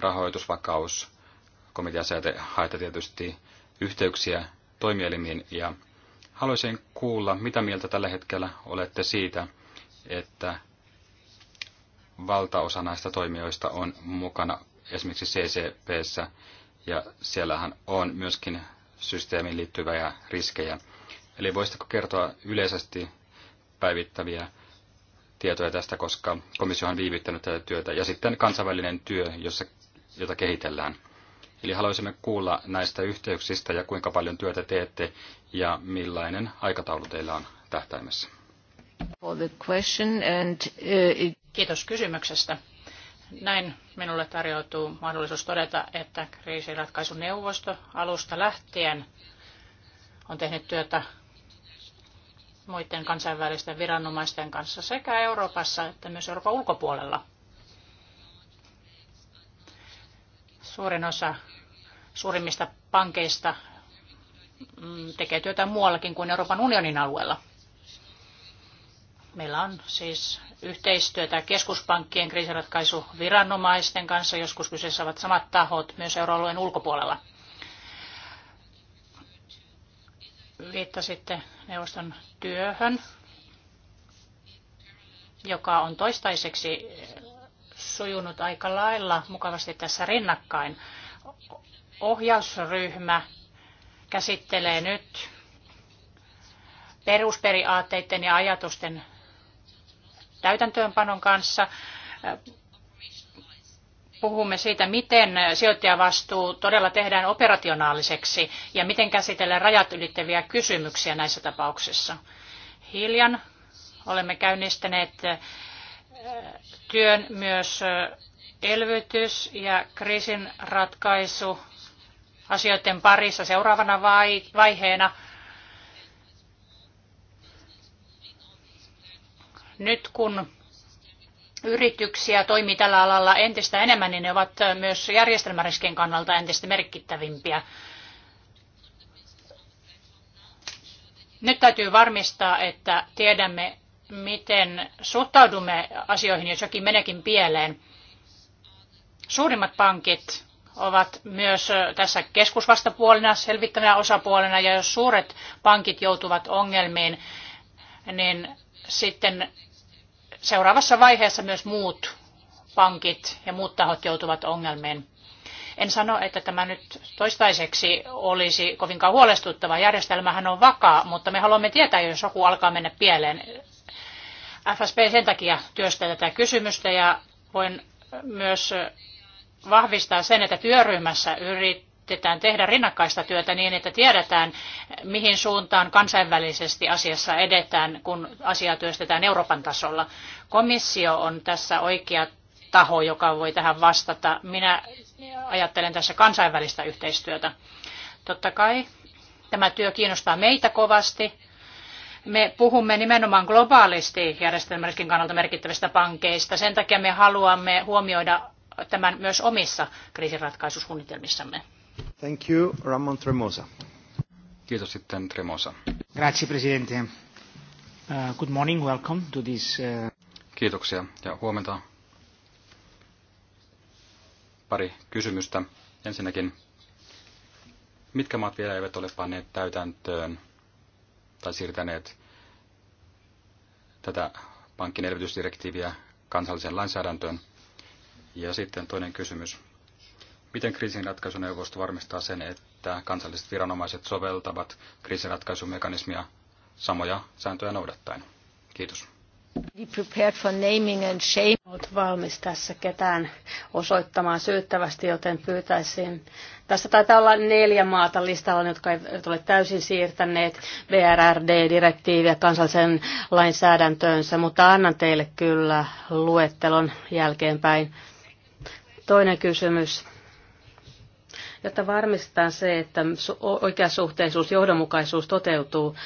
rahoitusvakaus, komiteassa, ja te haette tietysti yhteyksiä toimielimiin ja haluaisin kuulla, mitä mieltä tällä hetkellä olette siitä, että valtaosa näistä toimijoista on mukana esimerkiksi CCPssä ja siellähän on myöskin systeemiin liittyviä riskejä. Eli voisitko kertoa yleisesti päivittäviä tietoja tästä, koska komissio on viivyttänyt tätä työtä. Ja sitten kansainvälinen työ, jossa, jota kehitellään. Eli haluaisimme kuulla näistä yhteyksistä ja kuinka paljon työtä teette ja millainen aikataulu teillä on tähtäimessä. Uh, Kiitos kysymyksestä. Näin minulle tarjoutuu mahdollisuus todeta, että kriisiratkaisuneuvosto alusta lähtien on tehnyt työtä muiden kansainvälisten viranomaisten kanssa sekä Euroopassa että myös Euroopan ulkopuolella – Suurin osa suurimmista pankeista mm, tekee työtä muuallakin kuin Euroopan unionin alueella. Meillä on siis yhteistyötä keskuspankkien kriisiratkaisuviranomaisten kanssa. Joskus kyseessä ovat samat tahot myös euroalueen ulkopuolella. Viittasitte neuvoston työhön, joka on toistaiseksi sujunut aika lailla mukavasti tässä rinnakkain. Ohjausryhmä käsittelee nyt perusperiaatteiden ja ajatusten täytäntöönpanon kanssa. Puhumme siitä, miten sijoittajavastuu todella tehdään operationaaliseksi ja miten käsitellään rajat ylittäviä kysymyksiä näissä tapauksissa. Hiljan olemme käynnistäneet työn myös elvytys ja kriisin ratkaisu asioiden parissa seuraavana vaiheena. Nyt kun yrityksiä toimii tällä alalla entistä enemmän, niin ne ovat myös järjestelmäriskien kannalta entistä merkittävimpiä. Nyt täytyy varmistaa, että tiedämme miten suhtaudumme asioihin, jos jokin menekin pieleen. Suurimmat pankit ovat myös tässä keskusvastapuolena, selvittävänä osapuolena, ja jos suuret pankit joutuvat ongelmiin, niin sitten seuraavassa vaiheessa myös muut pankit ja muut tahot joutuvat ongelmiin. En sano, että tämä nyt toistaiseksi olisi kovinkaan huolestuttava. Järjestelmähän on vakaa, mutta me haluamme tietää, jos joku alkaa mennä pieleen. FSP sen takia työstää tätä kysymystä ja voin myös vahvistaa sen, että työryhmässä yritetään tehdä rinnakkaista työtä niin, että tiedetään, mihin suuntaan kansainvälisesti asiassa edetään, kun asiaa työstetään Euroopan tasolla. Komissio on tässä oikea taho, joka voi tähän vastata. Minä ajattelen tässä kansainvälistä yhteistyötä. Totta kai tämä työ kiinnostaa meitä kovasti me puhumme nimenomaan globaalisti järjestelmäriskin kannalta merkittävistä pankeista. Sen takia me haluamme huomioida tämän myös omissa kriisinratkaisusuunnitelmissamme. Thank you, Ramon Tremosa. Kiitos sitten Tremosa. Grazie, Presidente. Uh, good morning, welcome to this... Uh... Kiitoksia ja huomenta. Pari kysymystä. Ensinnäkin, mitkä maat vielä eivät ole panneet täytäntöön tai siirtäneet tätä pankin elvytysdirektiiviä kansalliseen lainsäädäntöön. Ja sitten toinen kysymys. Miten kriisinratkaisuneuvosto varmistaa sen, että kansalliset viranomaiset soveltavat kriisinratkaisumekanismia samoja sääntöjä noudattaen? Kiitos. Olet valmis tässä ketään osoittamaan syyttävästi, joten pyytäisin. Tässä taitaa olla neljä maata listalla, jotka eivät ole täysin siirtäneet BRRD-direktiiviä kansallisen lainsäädäntöönsä, mutta annan teille kyllä luettelon jälkeenpäin. Toinen kysymys jotta varmistetaan se, että oikeasuhteisuus, johdonmukaisuus toteutuu.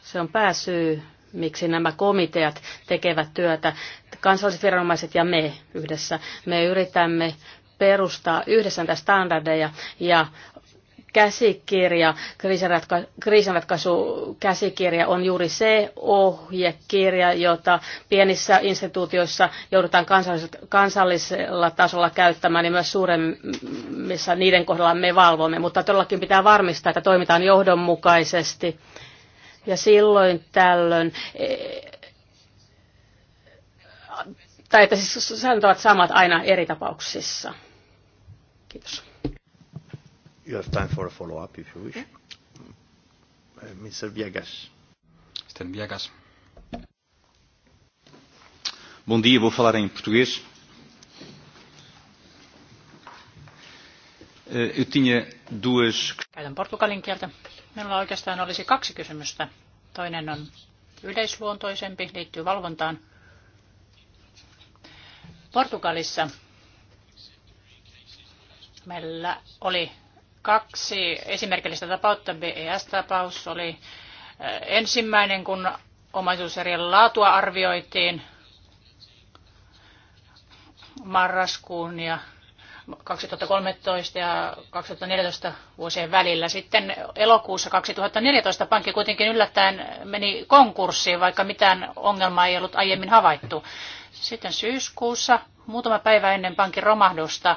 Se on pääsyy miksi nämä komiteat tekevät työtä, kansalliset viranomaiset ja me yhdessä. Me yritämme perustaa yhdessä näitä standardeja ja käsikirja, kriisinratka- käsikirja on juuri se ohjekirja, jota pienissä instituutioissa joudutaan kansallisella tasolla käyttämään ja myös suuremmissa niiden kohdalla me valvomme, mutta todellakin pitää varmistaa, että toimitaan johdonmukaisesti ja silloin tällöin e, tai että siis säännöt ovat samat aina eri tapauksissa. Kiitos. You have time for a follow-up if you wish. Uh, Mr. Viegas. Mr. Viegas. Bom dia, vou falar em português. Uh, eu tinha duas... Käytän portugalin kieltä. Minulla oikeastaan olisi kaksi kysymystä. Toinen on yleisluontoisempi, liittyy valvontaan. Portugalissa meillä oli kaksi esimerkillistä tapausta. BES-tapaus oli eh, ensimmäinen, kun omaisuuserien laatua arvioitiin marraskuun ja 2013 ja 2014 vuosien välillä. Sitten elokuussa 2014 pankki kuitenkin yllättäen meni konkurssiin, vaikka mitään ongelmaa ei ollut aiemmin havaittu. Sitten syyskuussa, muutama päivä ennen pankin romahdusta,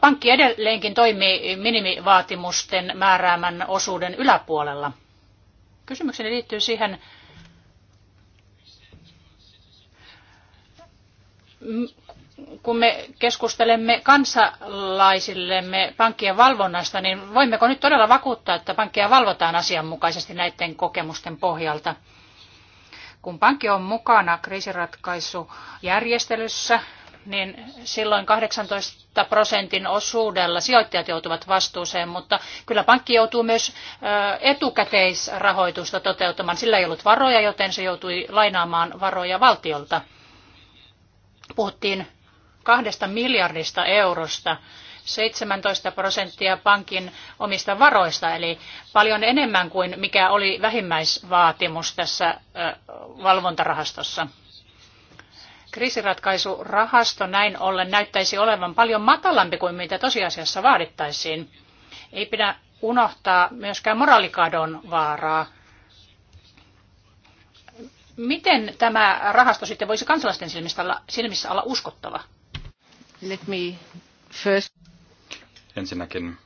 pankki edelleenkin toimii minimivaatimusten määräämän osuuden yläpuolella. Kysymykseni liittyy siihen, kun me keskustelemme kansalaisillemme pankkien valvonnasta, niin voimmeko nyt todella vakuuttaa, että pankkia valvotaan asianmukaisesti näiden kokemusten pohjalta? Kun pankki on mukana kriisiratkaisujärjestelyssä, niin silloin 18 prosentin osuudella sijoittajat joutuvat vastuuseen, mutta kyllä pankki joutuu myös etukäteisrahoitusta toteuttamaan. Sillä ei ollut varoja, joten se joutui lainaamaan varoja valtiolta. Puhuttiin kahdesta miljardista eurosta, 17 prosenttia pankin omista varoista, eli paljon enemmän kuin mikä oli vähimmäisvaatimus tässä valvontarahastossa. Kriisiratkaisurahasto näin ollen näyttäisi olevan paljon matalampi kuin mitä tosiasiassa vaadittaisiin. Ei pidä unohtaa myöskään moraalikadon vaaraa. Miten tämä rahasto sitten voisi kansalaisten silmissä olla, silmissä olla uskottava? Let me first... Ensinnäkin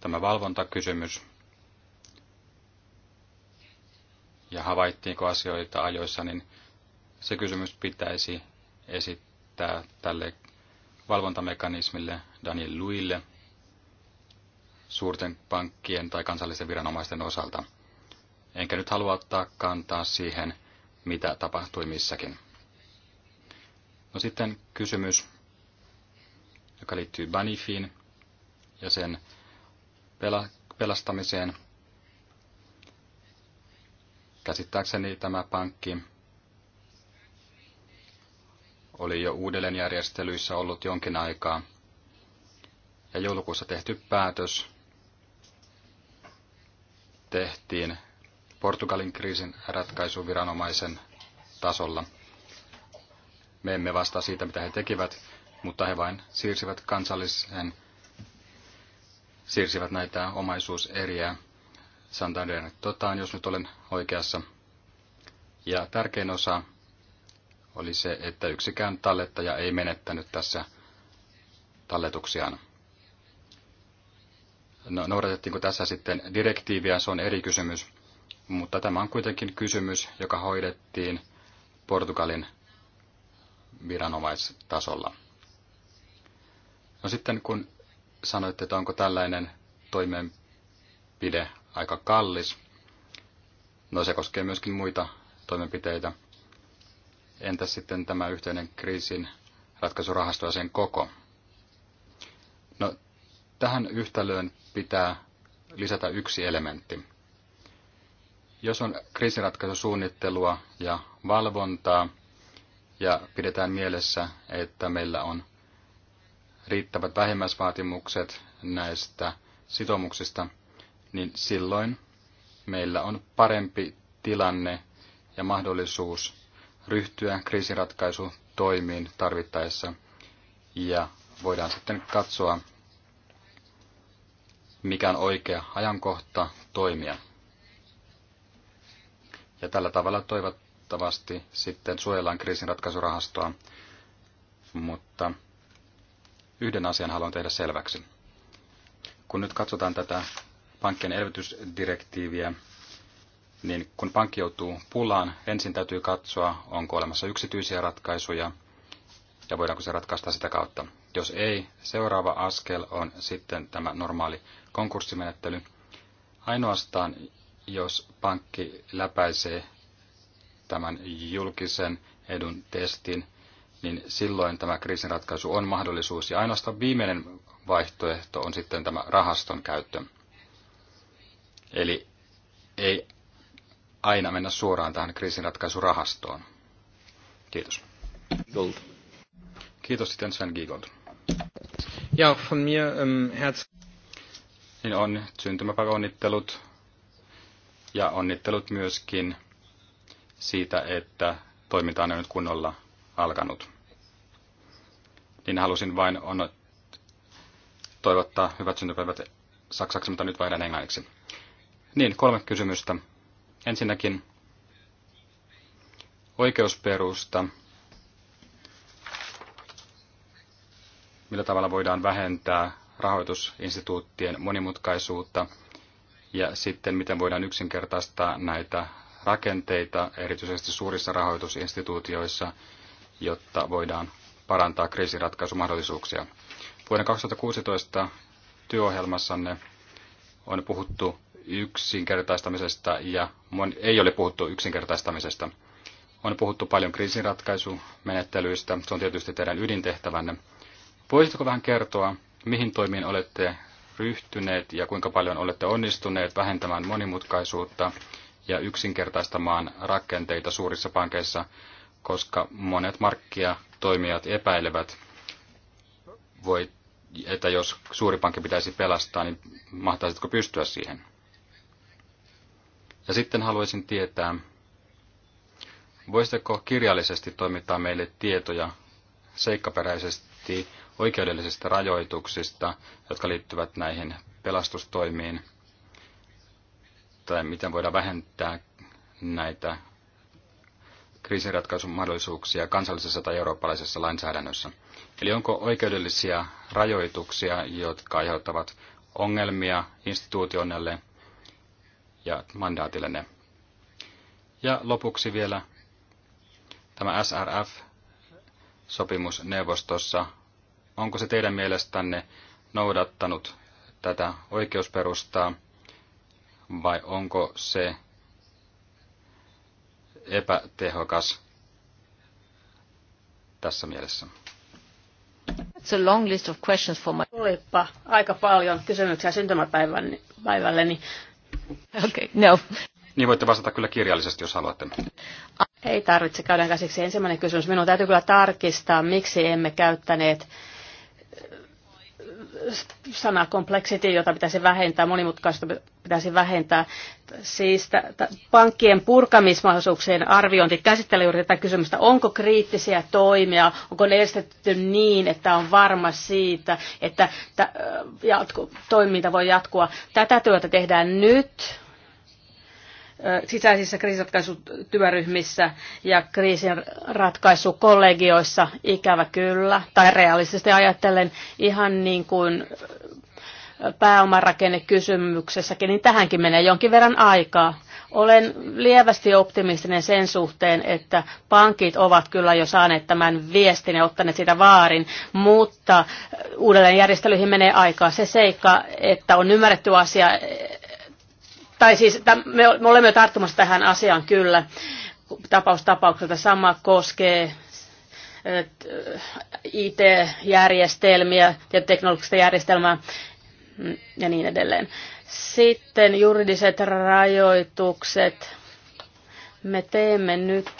tämä valvontakysymys. Ja havaittiinko asioita ajoissa, niin se kysymys pitäisi esittää tälle valvontamekanismille Daniel Luille suurten pankkien tai kansallisen viranomaisten osalta – enkä nyt halua ottaa kantaa siihen, mitä tapahtui missäkin. No sitten kysymys, joka liittyy Banifiin ja sen pelastamiseen. Käsittääkseni tämä pankki oli jo uudelleenjärjestelyissä ollut jonkin aikaa, ja joulukuussa tehty päätös tehtiin Portugalin kriisin ratkaisuviranomaisen tasolla. Me emme vastaa siitä, mitä he tekivät, mutta he vain siirsivät kansallisen, siirsivät näitä omaisuuseriä Santander Totaan, jos nyt olen oikeassa. Ja tärkein osa oli se, että yksikään tallettaja ei menettänyt tässä talletuksiaan. No, noudatettiinko tässä sitten direktiiviä, se on eri kysymys. Mutta tämä on kuitenkin kysymys, joka hoidettiin Portugalin viranomaistasolla. No sitten kun sanoitte, että onko tällainen toimenpide aika kallis, no se koskee myöskin muita toimenpiteitä. Entäs sitten tämä yhteinen kriisin ratkaisurahasto ja sen koko? No tähän yhtälöön pitää lisätä yksi elementti. Jos on kriisiratkaisusuunnittelua ja valvontaa ja pidetään mielessä, että meillä on riittävät vähimmäisvaatimukset näistä sitoumuksista, niin silloin meillä on parempi tilanne ja mahdollisuus ryhtyä kriisiratkaisutoimiin tarvittaessa ja voidaan sitten katsoa, mikä on oikea ajankohta toimia. Ja tällä tavalla toivottavasti sitten suojellaan kriisinratkaisurahastoa, mutta yhden asian haluan tehdä selväksi. Kun nyt katsotaan tätä pankkien elvytysdirektiiviä, niin kun pankki joutuu pulaan, ensin täytyy katsoa, onko olemassa yksityisiä ratkaisuja ja voidaanko se ratkaista sitä kautta. Jos ei, seuraava askel on sitten tämä normaali konkurssimenettely. Ainoastaan jos pankki läpäisee tämän julkisen edun testin, niin silloin tämä kriisinratkaisu on mahdollisuus. Ja ainoastaan viimeinen vaihtoehto on sitten tämä rahaston käyttö. Eli ei aina mennä suoraan tähän kriisinratkaisurahastoon. Kiitos. Gold. Kiitos sitten Sven Giegold. Ja, von mir, ähm, herz... Niin on syntymäpäiväonnittelut ja onnittelut myöskin siitä, että toiminta on nyt kunnolla alkanut. Niin halusin vain on toivottaa hyvät syntypäivät saksaksi, mutta nyt vaihdan englanniksi. Niin, kolme kysymystä. Ensinnäkin oikeusperusta. Millä tavalla voidaan vähentää rahoitusinstituuttien monimutkaisuutta ja sitten miten voidaan yksinkertaistaa näitä rakenteita, erityisesti suurissa rahoitusinstituutioissa, jotta voidaan parantaa kriisiratkaisumahdollisuuksia. Vuoden 2016 työohjelmassanne on puhuttu yksinkertaistamisesta ja ei ole puhuttu yksinkertaistamisesta. On puhuttu paljon kriisinratkaisumenettelyistä, se on tietysti teidän ydintehtävänne. Voisitko vähän kertoa, mihin toimiin olette ryhtyneet ja kuinka paljon olette onnistuneet vähentämään monimutkaisuutta ja yksinkertaistamaan rakenteita suurissa pankeissa, koska monet markkinatoimijat epäilevät, voi, että jos suuri pankki pitäisi pelastaa, niin mahtaisitko pystyä siihen? Ja sitten haluaisin tietää, voisitteko kirjallisesti toimittaa meille tietoja seikkaperäisesti oikeudellisista rajoituksista, jotka liittyvät näihin pelastustoimiin, tai miten voidaan vähentää näitä kriisinratkaisun mahdollisuuksia kansallisessa tai eurooppalaisessa lainsäädännössä. Eli onko oikeudellisia rajoituksia, jotka aiheuttavat ongelmia instituutionelle ja mandaatillenne. Ja lopuksi vielä tämä SRF-sopimus neuvostossa onko se teidän mielestänne noudattanut tätä oikeusperustaa vai onko se epätehokas tässä mielessä? That's a long list of questions for my... Tulipa aika paljon kysymyksiä syntymäpäivälleni. Okay, no. Niin voitte vastata kyllä kirjallisesti, jos haluatte. Ei tarvitse käydä käsiksi. Ensimmäinen kysymys. Minun täytyy kyllä tarkistaa, miksi emme käyttäneet sana complexity, jota pitäisi vähentää, monimutkaista pitäisi vähentää. Siis pankkien purkamismahdollisuuksien arviointi käsittelee juuri tätä kysymystä, onko kriittisiä toimia, onko ne estetty niin, että on varma siitä, että t- jatku- toiminta voi jatkua. Tätä työtä tehdään nyt sisäisissä kriisiratkaisutyöryhmissä ja kriisinratkaisukollegioissa, ikävä kyllä, tai realistisesti ajattelen ihan niin kuin pääomarakennekysymyksessäkin, niin tähänkin menee jonkin verran aikaa. Olen lievästi optimistinen sen suhteen, että pankit ovat kyllä jo saaneet tämän viestin ja ottaneet sitä vaarin, mutta uudelleenjärjestelyihin menee aikaa. Se seikka, että on ymmärretty asia tai siis me, me olemme tarttumassa tähän asiaan kyllä tapaus tapaukselta. Sama koskee IT-järjestelmiä ja teknologista järjestelmää mm, ja niin edelleen. Sitten juridiset rajoitukset. Me teemme nyt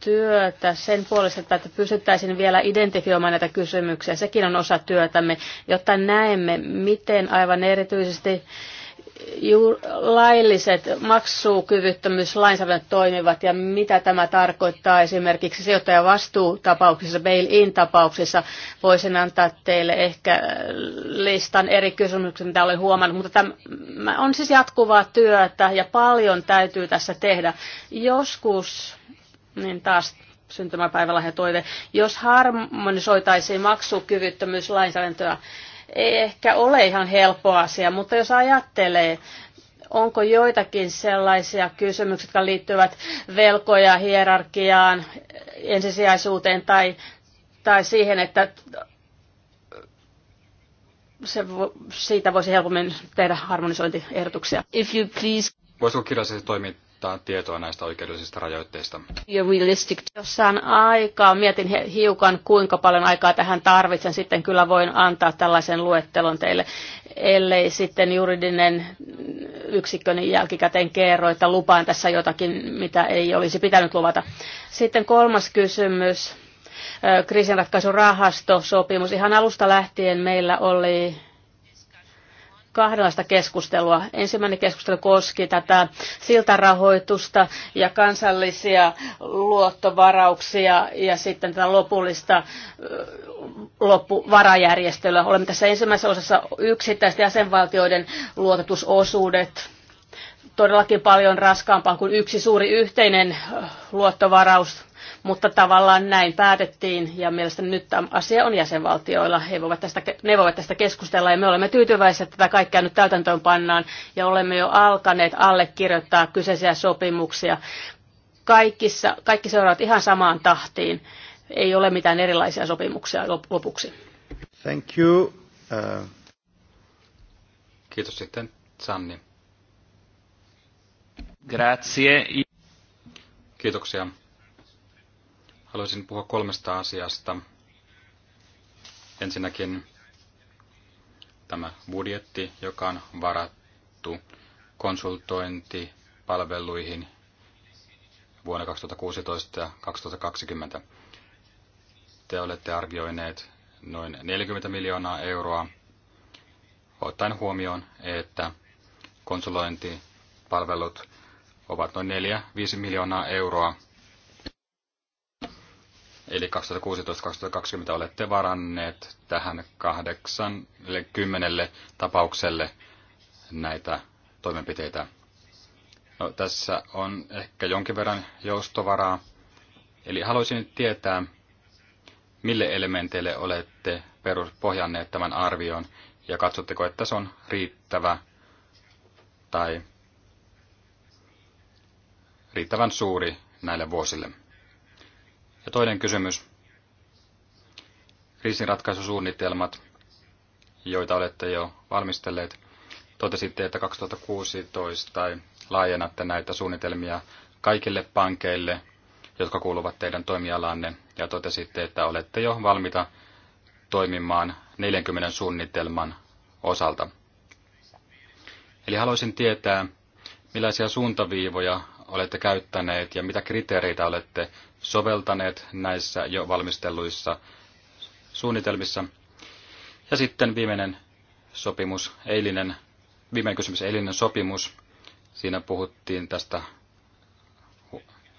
työtä sen puolesta, että pystyttäisiin vielä identifioimaan näitä kysymyksiä. Sekin on osa työtämme, jotta näemme, miten aivan erityisesti lailliset maksukyvyttömyyslainsäädännöt toimivat ja mitä tämä tarkoittaa esimerkiksi sijoittajan vastuutapauksissa, bail-in-tapauksissa. Voisin antaa teille ehkä listan eri kysymyksiä, mitä olen huomannut, mutta tämä on siis jatkuvaa työtä ja paljon täytyy tässä tehdä. Joskus, niin taas syntymäpäivälahja toive, jos harmonisoitaisiin maksukyvyttömyyslainsäädäntöä, ei ehkä ole ihan helppo asia, mutta jos ajattelee, onko joitakin sellaisia kysymyksiä, jotka liittyvät velkoja, hierarkiaan, ensisijaisuuteen tai, tai siihen, että se, siitä voisi helpommin tehdä harmonisointiehdotuksia. If you please. Voisiko kirjallisesti toimia ottaa tietoa näistä oikeudellisista rajoitteista. Jos on aikaa, mietin hiukan kuinka paljon aikaa tähän tarvitsen, sitten kyllä voin antaa tällaisen luettelon teille, ellei sitten juridinen yksikkö niin jälkikäteen kerro, että lupaan tässä jotakin, mitä ei olisi pitänyt luvata. Sitten kolmas kysymys Kriisinratkaisurahastosopimus. sopimus. Ihan alusta lähtien meillä oli kahdenlaista keskustelua. Ensimmäinen keskustelu koski tätä siltarahoitusta ja kansallisia luottovarauksia ja sitten tätä lopullista loppuvarajärjestelyä. Olemme tässä ensimmäisessä osassa yksittäisten jäsenvaltioiden luotetusosuudet todellakin paljon raskaampaa kuin yksi suuri yhteinen luottovaraus mutta tavallaan näin päätettiin ja mielestäni nyt asia on jäsenvaltioilla. He voivat tästä, ne voivat tästä keskustella ja me olemme tyytyväisiä, että tätä kaikkea nyt täytäntöön pannaan ja olemme jo alkaneet allekirjoittaa kyseisiä sopimuksia. Kaikissa, kaikki seuraavat ihan samaan tahtiin. Ei ole mitään erilaisia sopimuksia lopuksi. Thank you. Uh... Kiitos sitten Sanni. Grazie. Kiitoksia. Haluaisin puhua kolmesta asiasta. Ensinnäkin tämä budjetti, joka on varattu konsultointipalveluihin vuonna 2016 ja 2020. Te olette arvioineet noin 40 miljoonaa euroa, ottaen huomioon, että konsulointipalvelut ovat noin 4-5 miljoonaa euroa Eli 2016-2020 olette varanneet tähän 80 tapaukselle näitä toimenpiteitä. No, tässä on ehkä jonkin verran joustovaraa. Eli haluaisin tietää, mille elementeille olette peruspohjanneet tämän arvion ja katsotteko, että se on riittävä tai riittävän suuri näille vuosille. Ja toinen kysymys. Kriisinratkaisusuunnitelmat, joita olette jo valmistelleet. Totesitte, että 2016 tai laajennatte näitä suunnitelmia kaikille pankeille, jotka kuuluvat teidän toimialanne, ja totesitte, että olette jo valmiita toimimaan 40 suunnitelman osalta. Eli haluaisin tietää, millaisia suuntaviivoja olette käyttäneet ja mitä kriteereitä olette soveltaneet näissä jo valmistelluissa suunnitelmissa. Ja sitten viimeinen sopimus, eilinen, viimeinen kysymys, eilinen sopimus. Siinä puhuttiin tästä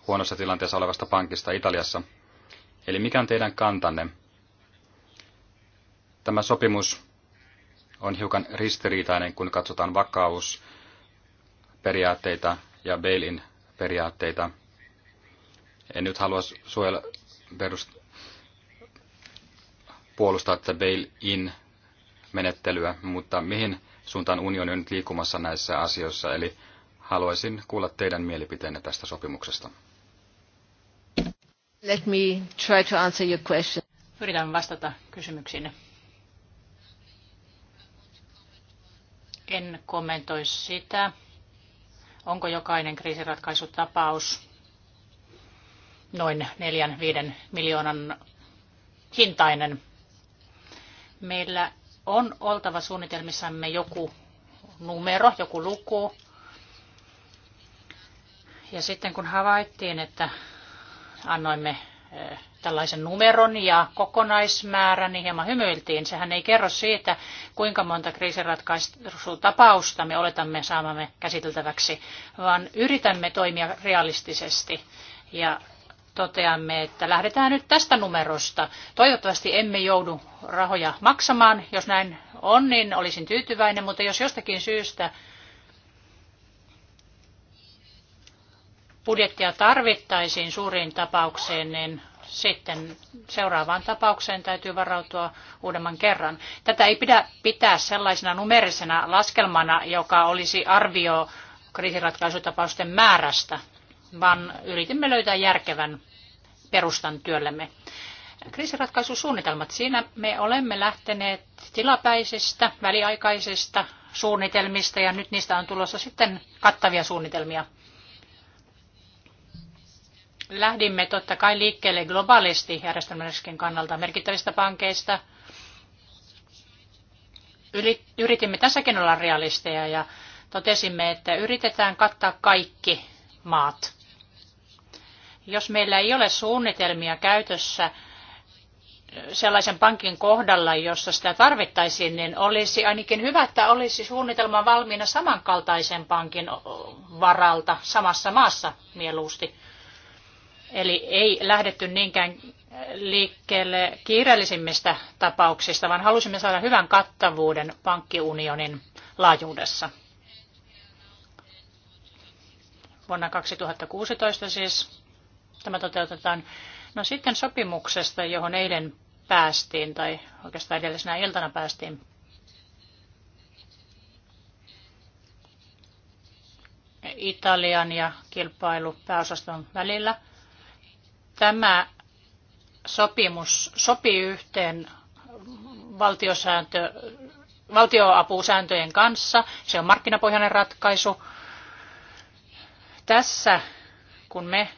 huonossa tilanteessa olevasta pankista Italiassa. Eli mikä on teidän kantanne? Tämä sopimus on hiukan ristiriitainen, kun katsotaan vakausperiaatteita ja bail-in periaatteita. En nyt halua suojella perust- puolustaa tätä bail-in menettelyä, mutta mihin suuntaan unioni on nyt liikkumassa näissä asioissa, eli haluaisin kuulla teidän mielipiteenne tästä sopimuksesta. Let me try to answer your question. Yritän vastata kysymyksiin. En kommentoi sitä, onko jokainen kriisiratkaisutapaus noin 4-5 miljoonan hintainen. Meillä on oltava suunnitelmissamme joku numero, joku luku. Ja sitten kun havaittiin, että annoimme tällaisen numeron ja kokonaismäärän, niin hieman hymyiltiin. Sehän ei kerro siitä, kuinka monta kriisiratkaisutapausta me oletamme saamamme käsiteltäväksi, vaan yritämme toimia realistisesti ja toteamme, että lähdetään nyt tästä numerosta. Toivottavasti emme joudu rahoja maksamaan. Jos näin on, niin olisin tyytyväinen, mutta jos jostakin syystä budjettia tarvittaisiin suuriin tapaukseen, niin sitten seuraavaan tapaukseen täytyy varautua uudemman kerran. Tätä ei pidä pitää sellaisena numerisena laskelmana, joka olisi arvio kriisiratkaisutapausten määrästä, vaan yritimme löytää järkevän perustan työllemme. Kriisiratkaisusuunnitelmat, siinä me olemme lähteneet tilapäisistä, väliaikaisista suunnitelmista ja nyt niistä on tulossa sitten kattavia suunnitelmia. Lähdimme totta kai liikkeelle globaalisti järjestelmän kannalta merkittävistä pankeista. Yritimme tässäkin olla realisteja ja totesimme, että yritetään kattaa kaikki maat. Jos meillä ei ole suunnitelmia käytössä sellaisen pankin kohdalla, jossa sitä tarvittaisiin, niin olisi ainakin hyvä, että olisi suunnitelma valmiina samankaltaisen pankin varalta samassa maassa mieluusti. Eli ei lähdetty niinkään liikkeelle kiireellisimmistä tapauksista, vaan halusimme saada hyvän kattavuuden pankkiunionin laajuudessa. Vuonna 2016 siis tämä toteutetaan. No sitten sopimuksesta, johon eilen päästiin, tai oikeastaan edellisenä iltana päästiin. Italian ja kilpailupääosaston välillä. Tämä sopimus sopii yhteen valtiosääntö, valtioapusääntöjen kanssa. Se on markkinapohjainen ratkaisu. Tässä, kun me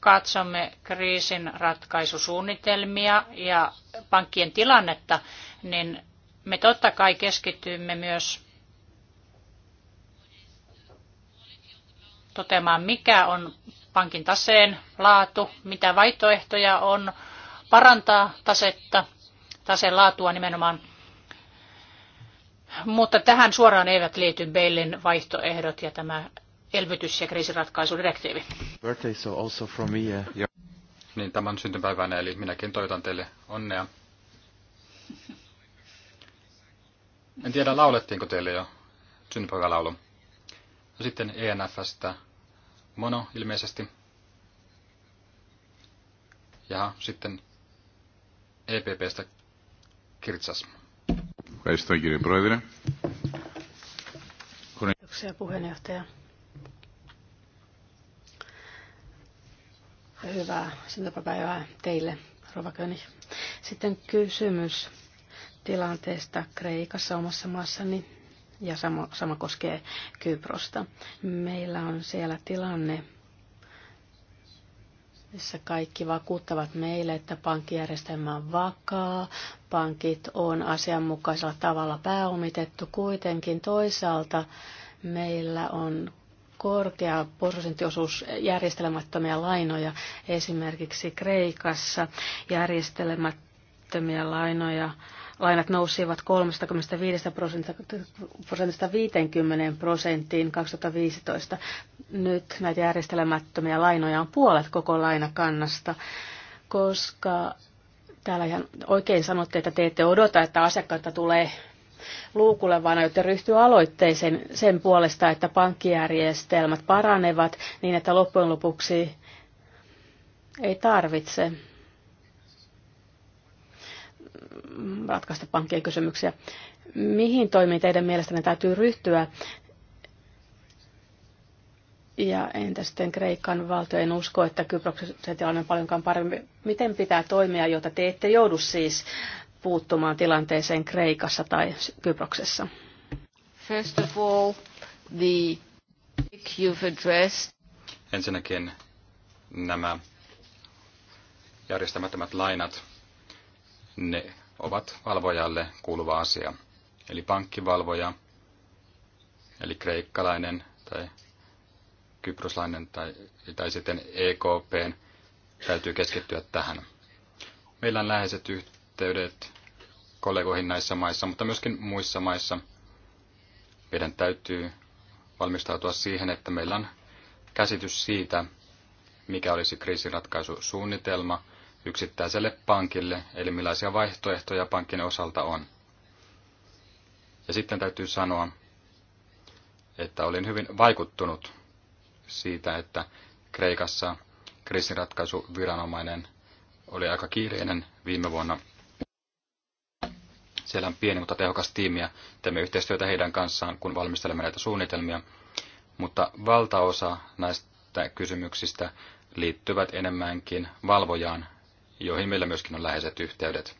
katsomme kriisin ratkaisusuunnitelmia ja pankkien tilannetta, niin me totta kai keskitymme myös toteamaan, mikä on pankin taseen laatu, mitä vaihtoehtoja on parantaa tasetta, taseen laatua nimenomaan. Mutta tähän suoraan eivät liity Bailin vaihtoehdot ja tämä elvytys- ja kriisiratkaisudirektiivi. Birthday, so also from me, Niin, tämän syntymäpäivänä, eli minäkin toivotan teille onnea. En tiedä, laulettiinko teille jo syntymäpäivälaulu. No sitten ENFstä Mono ilmeisesti. Ja sitten EPPstä Kirtsas. Kiitoksia puheenjohtaja. Hyvää syntymäpäivää teille, Rova König. Sitten kysymys tilanteesta Kreikassa omassa maassani ja sama, sama koskee Kyprosta. Meillä on siellä tilanne, missä kaikki vakuuttavat meille, että pankkijärjestelmä on vakaa, pankit on asianmukaisella tavalla pääomitettu. Kuitenkin toisaalta meillä on korkea prosenttiosuus järjestelemättömiä lainoja esimerkiksi Kreikassa. Järjestelemättömiä lainoja lainat nousivat 35 prosentista 50 prosenttiin 2015. Nyt näitä järjestelemättömiä lainoja on puolet koko lainakannasta, koska täällä ihan oikein sanotte, että te ette odota, että asiakkaita tulee luukulle, vaan aiotte ryhtyä aloitteeseen sen puolesta, että pankkijärjestelmät paranevat niin, että loppujen lopuksi ei tarvitse ratkaista pankkien kysymyksiä. Mihin toimiin teidän mielestänne täytyy ryhtyä? Ja entä sitten Kreikan valtio? En usko, että Kyproksen tilanne on paljonkaan parempi. Miten pitää toimia, jotta te ette joudu siis puuttumaan tilanteeseen Kreikassa tai Kyproksessa? First of all, the you've addressed. Ensinnäkin nämä järjestämättömät lainat, ne ovat valvojalle kuuluva asia. Eli pankkivalvoja, eli kreikkalainen tai kyproslainen tai, tai sitten EKPn täytyy keskittyä tähän. Meillä on läheiset yhteydet yhteydet kollegoihin näissä maissa, mutta myöskin muissa maissa. Meidän täytyy valmistautua siihen, että meillä on käsitys siitä, mikä olisi kriisiratkaisusuunnitelma yksittäiselle pankille, eli millaisia vaihtoehtoja pankin osalta on. Ja sitten täytyy sanoa, että olin hyvin vaikuttunut siitä, että Kreikassa kriisiratkaisuviranomainen oli aika kiireinen viime vuonna siellä on pieni, mutta tehokas tiimi ja teemme yhteistyötä heidän kanssaan, kun valmistelemme näitä suunnitelmia. Mutta valtaosa näistä kysymyksistä liittyvät enemmänkin valvojaan, joihin meillä myöskin on läheiset yhteydet.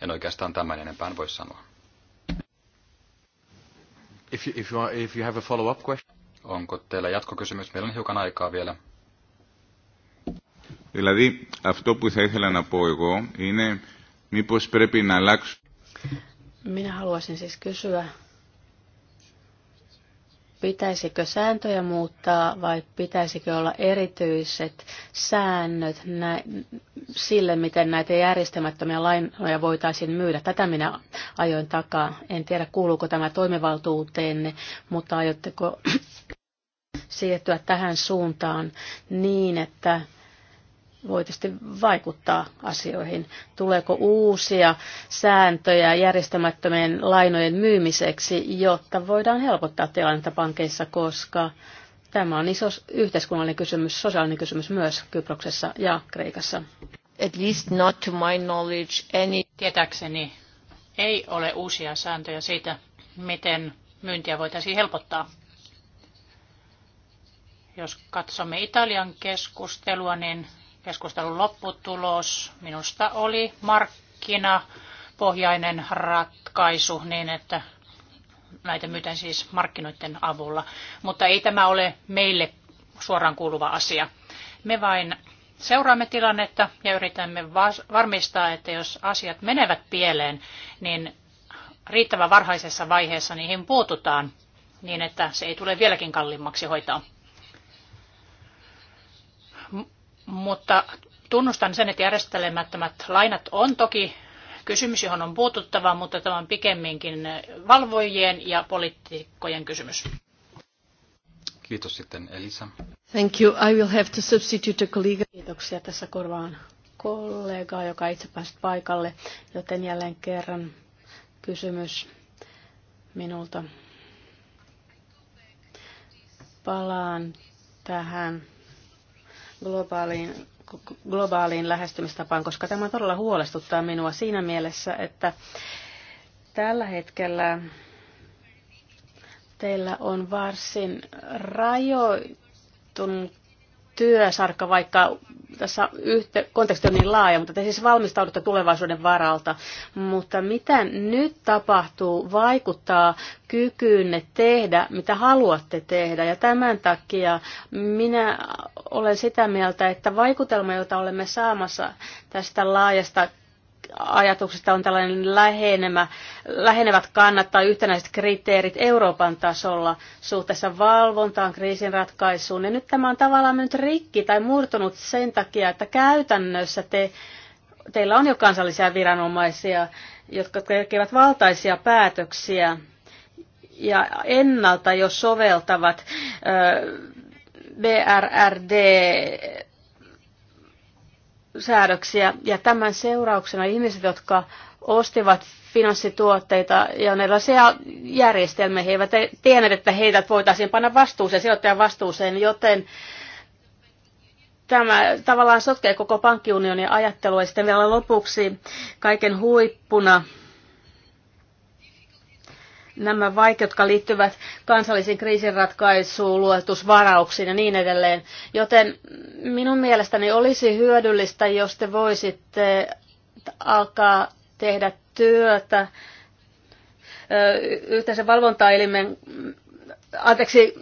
En oikeastaan tämän enempää voi sanoa. If you, if you, are, if you have a follow-up question. Onko teillä jatkokysymys? Meillä on hiukan aikaa vielä. Δηλαδή, αυτό που θα ήθελα να πω εγώ είναι μήπως πρέπει να minä haluaisin siis kysyä, pitäisikö sääntöjä muuttaa vai pitäisikö olla erityiset säännöt nä- sille, miten näitä järjestämättömiä lainoja voitaisiin myydä. Tätä minä ajoin takaa. En tiedä, kuuluuko tämä toimivaltuuteenne, mutta aiotteko [clears throat] siirtyä tähän suuntaan niin, että voi tietysti vaikuttaa asioihin. Tuleeko uusia sääntöjä järjestämättömien lainojen myymiseksi, jotta voidaan helpottaa tilannetta pankeissa, koska tämä on iso yhteiskunnallinen kysymys, sosiaalinen kysymys myös Kyproksessa ja Kreikassa. At least not to my knowledge any... Tietääkseni ei ole uusia sääntöjä siitä, miten myyntiä voitaisiin helpottaa jos katsomme Italian keskustelua, niin Keskustelun lopputulos minusta oli markkinapohjainen ratkaisu niin, että näitä myytään siis markkinoiden avulla. Mutta ei tämä ole meille suoraan kuuluva asia. Me vain seuraamme tilannetta ja yritämme varmistaa, että jos asiat menevät pieleen, niin riittävän varhaisessa vaiheessa niihin puututaan niin, että se ei tule vieläkin kalliimmaksi hoitaa. Mutta tunnustan sen, että järjestelemättömät lainat on toki kysymys, johon on puututtava, mutta tämä on pikemminkin valvojien ja poliitikkojen kysymys. Kiitos sitten Elisa. Thank you. I will have to substitute a colleague. Kiitoksia tässä korvaan kollegaa, joka itse pääsi paikalle, joten jälleen kerran kysymys minulta. Palaan tähän globaaliin, globaaliin lähestymistapaan, koska tämä todella huolestuttaa minua siinä mielessä, että tällä hetkellä teillä on varsin rajoittunut työsarka, vaikka tässä yhtä, konteksti on niin laaja, mutta te siis valmistaudutte tulevaisuuden varalta. Mutta mitä nyt tapahtuu, vaikuttaa kykyynne tehdä, mitä haluatte tehdä. Ja tämän takia minä olen sitä mieltä, että vaikutelma, jota olemme saamassa tästä laajasta ajatuksesta on tällainen lähenemä, lähenevät kannat tai yhtenäiset kriteerit Euroopan tasolla suhteessa valvontaan, kriisin ratkaisuun. Ja nyt tämä on tavallaan nyt rikki tai murtunut sen takia, että käytännössä te, teillä on jo kansallisia viranomaisia, jotka tekevät valtaisia päätöksiä ja ennalta jo soveltavat ö, BRRD säädöksiä. Ja tämän seurauksena ihmiset, jotka ostivat finanssituotteita ja on erilaisia järjestelmiä, he eivät tienneet, että heitä voitaisiin panna vastuuseen, sijoittajan vastuuseen, joten tämä tavallaan sotkee koko pankkiunionin ajattelua. Ja sitten vielä lopuksi kaiken huippuna nämä vaikeudet, jotka liittyvät kansallisiin kriisinratkaisuun, luotusvarauksiin ja niin edelleen. Joten minun mielestäni olisi hyödyllistä, jos te voisitte alkaa tehdä työtä yhteisen valvontaelimen anteeksi,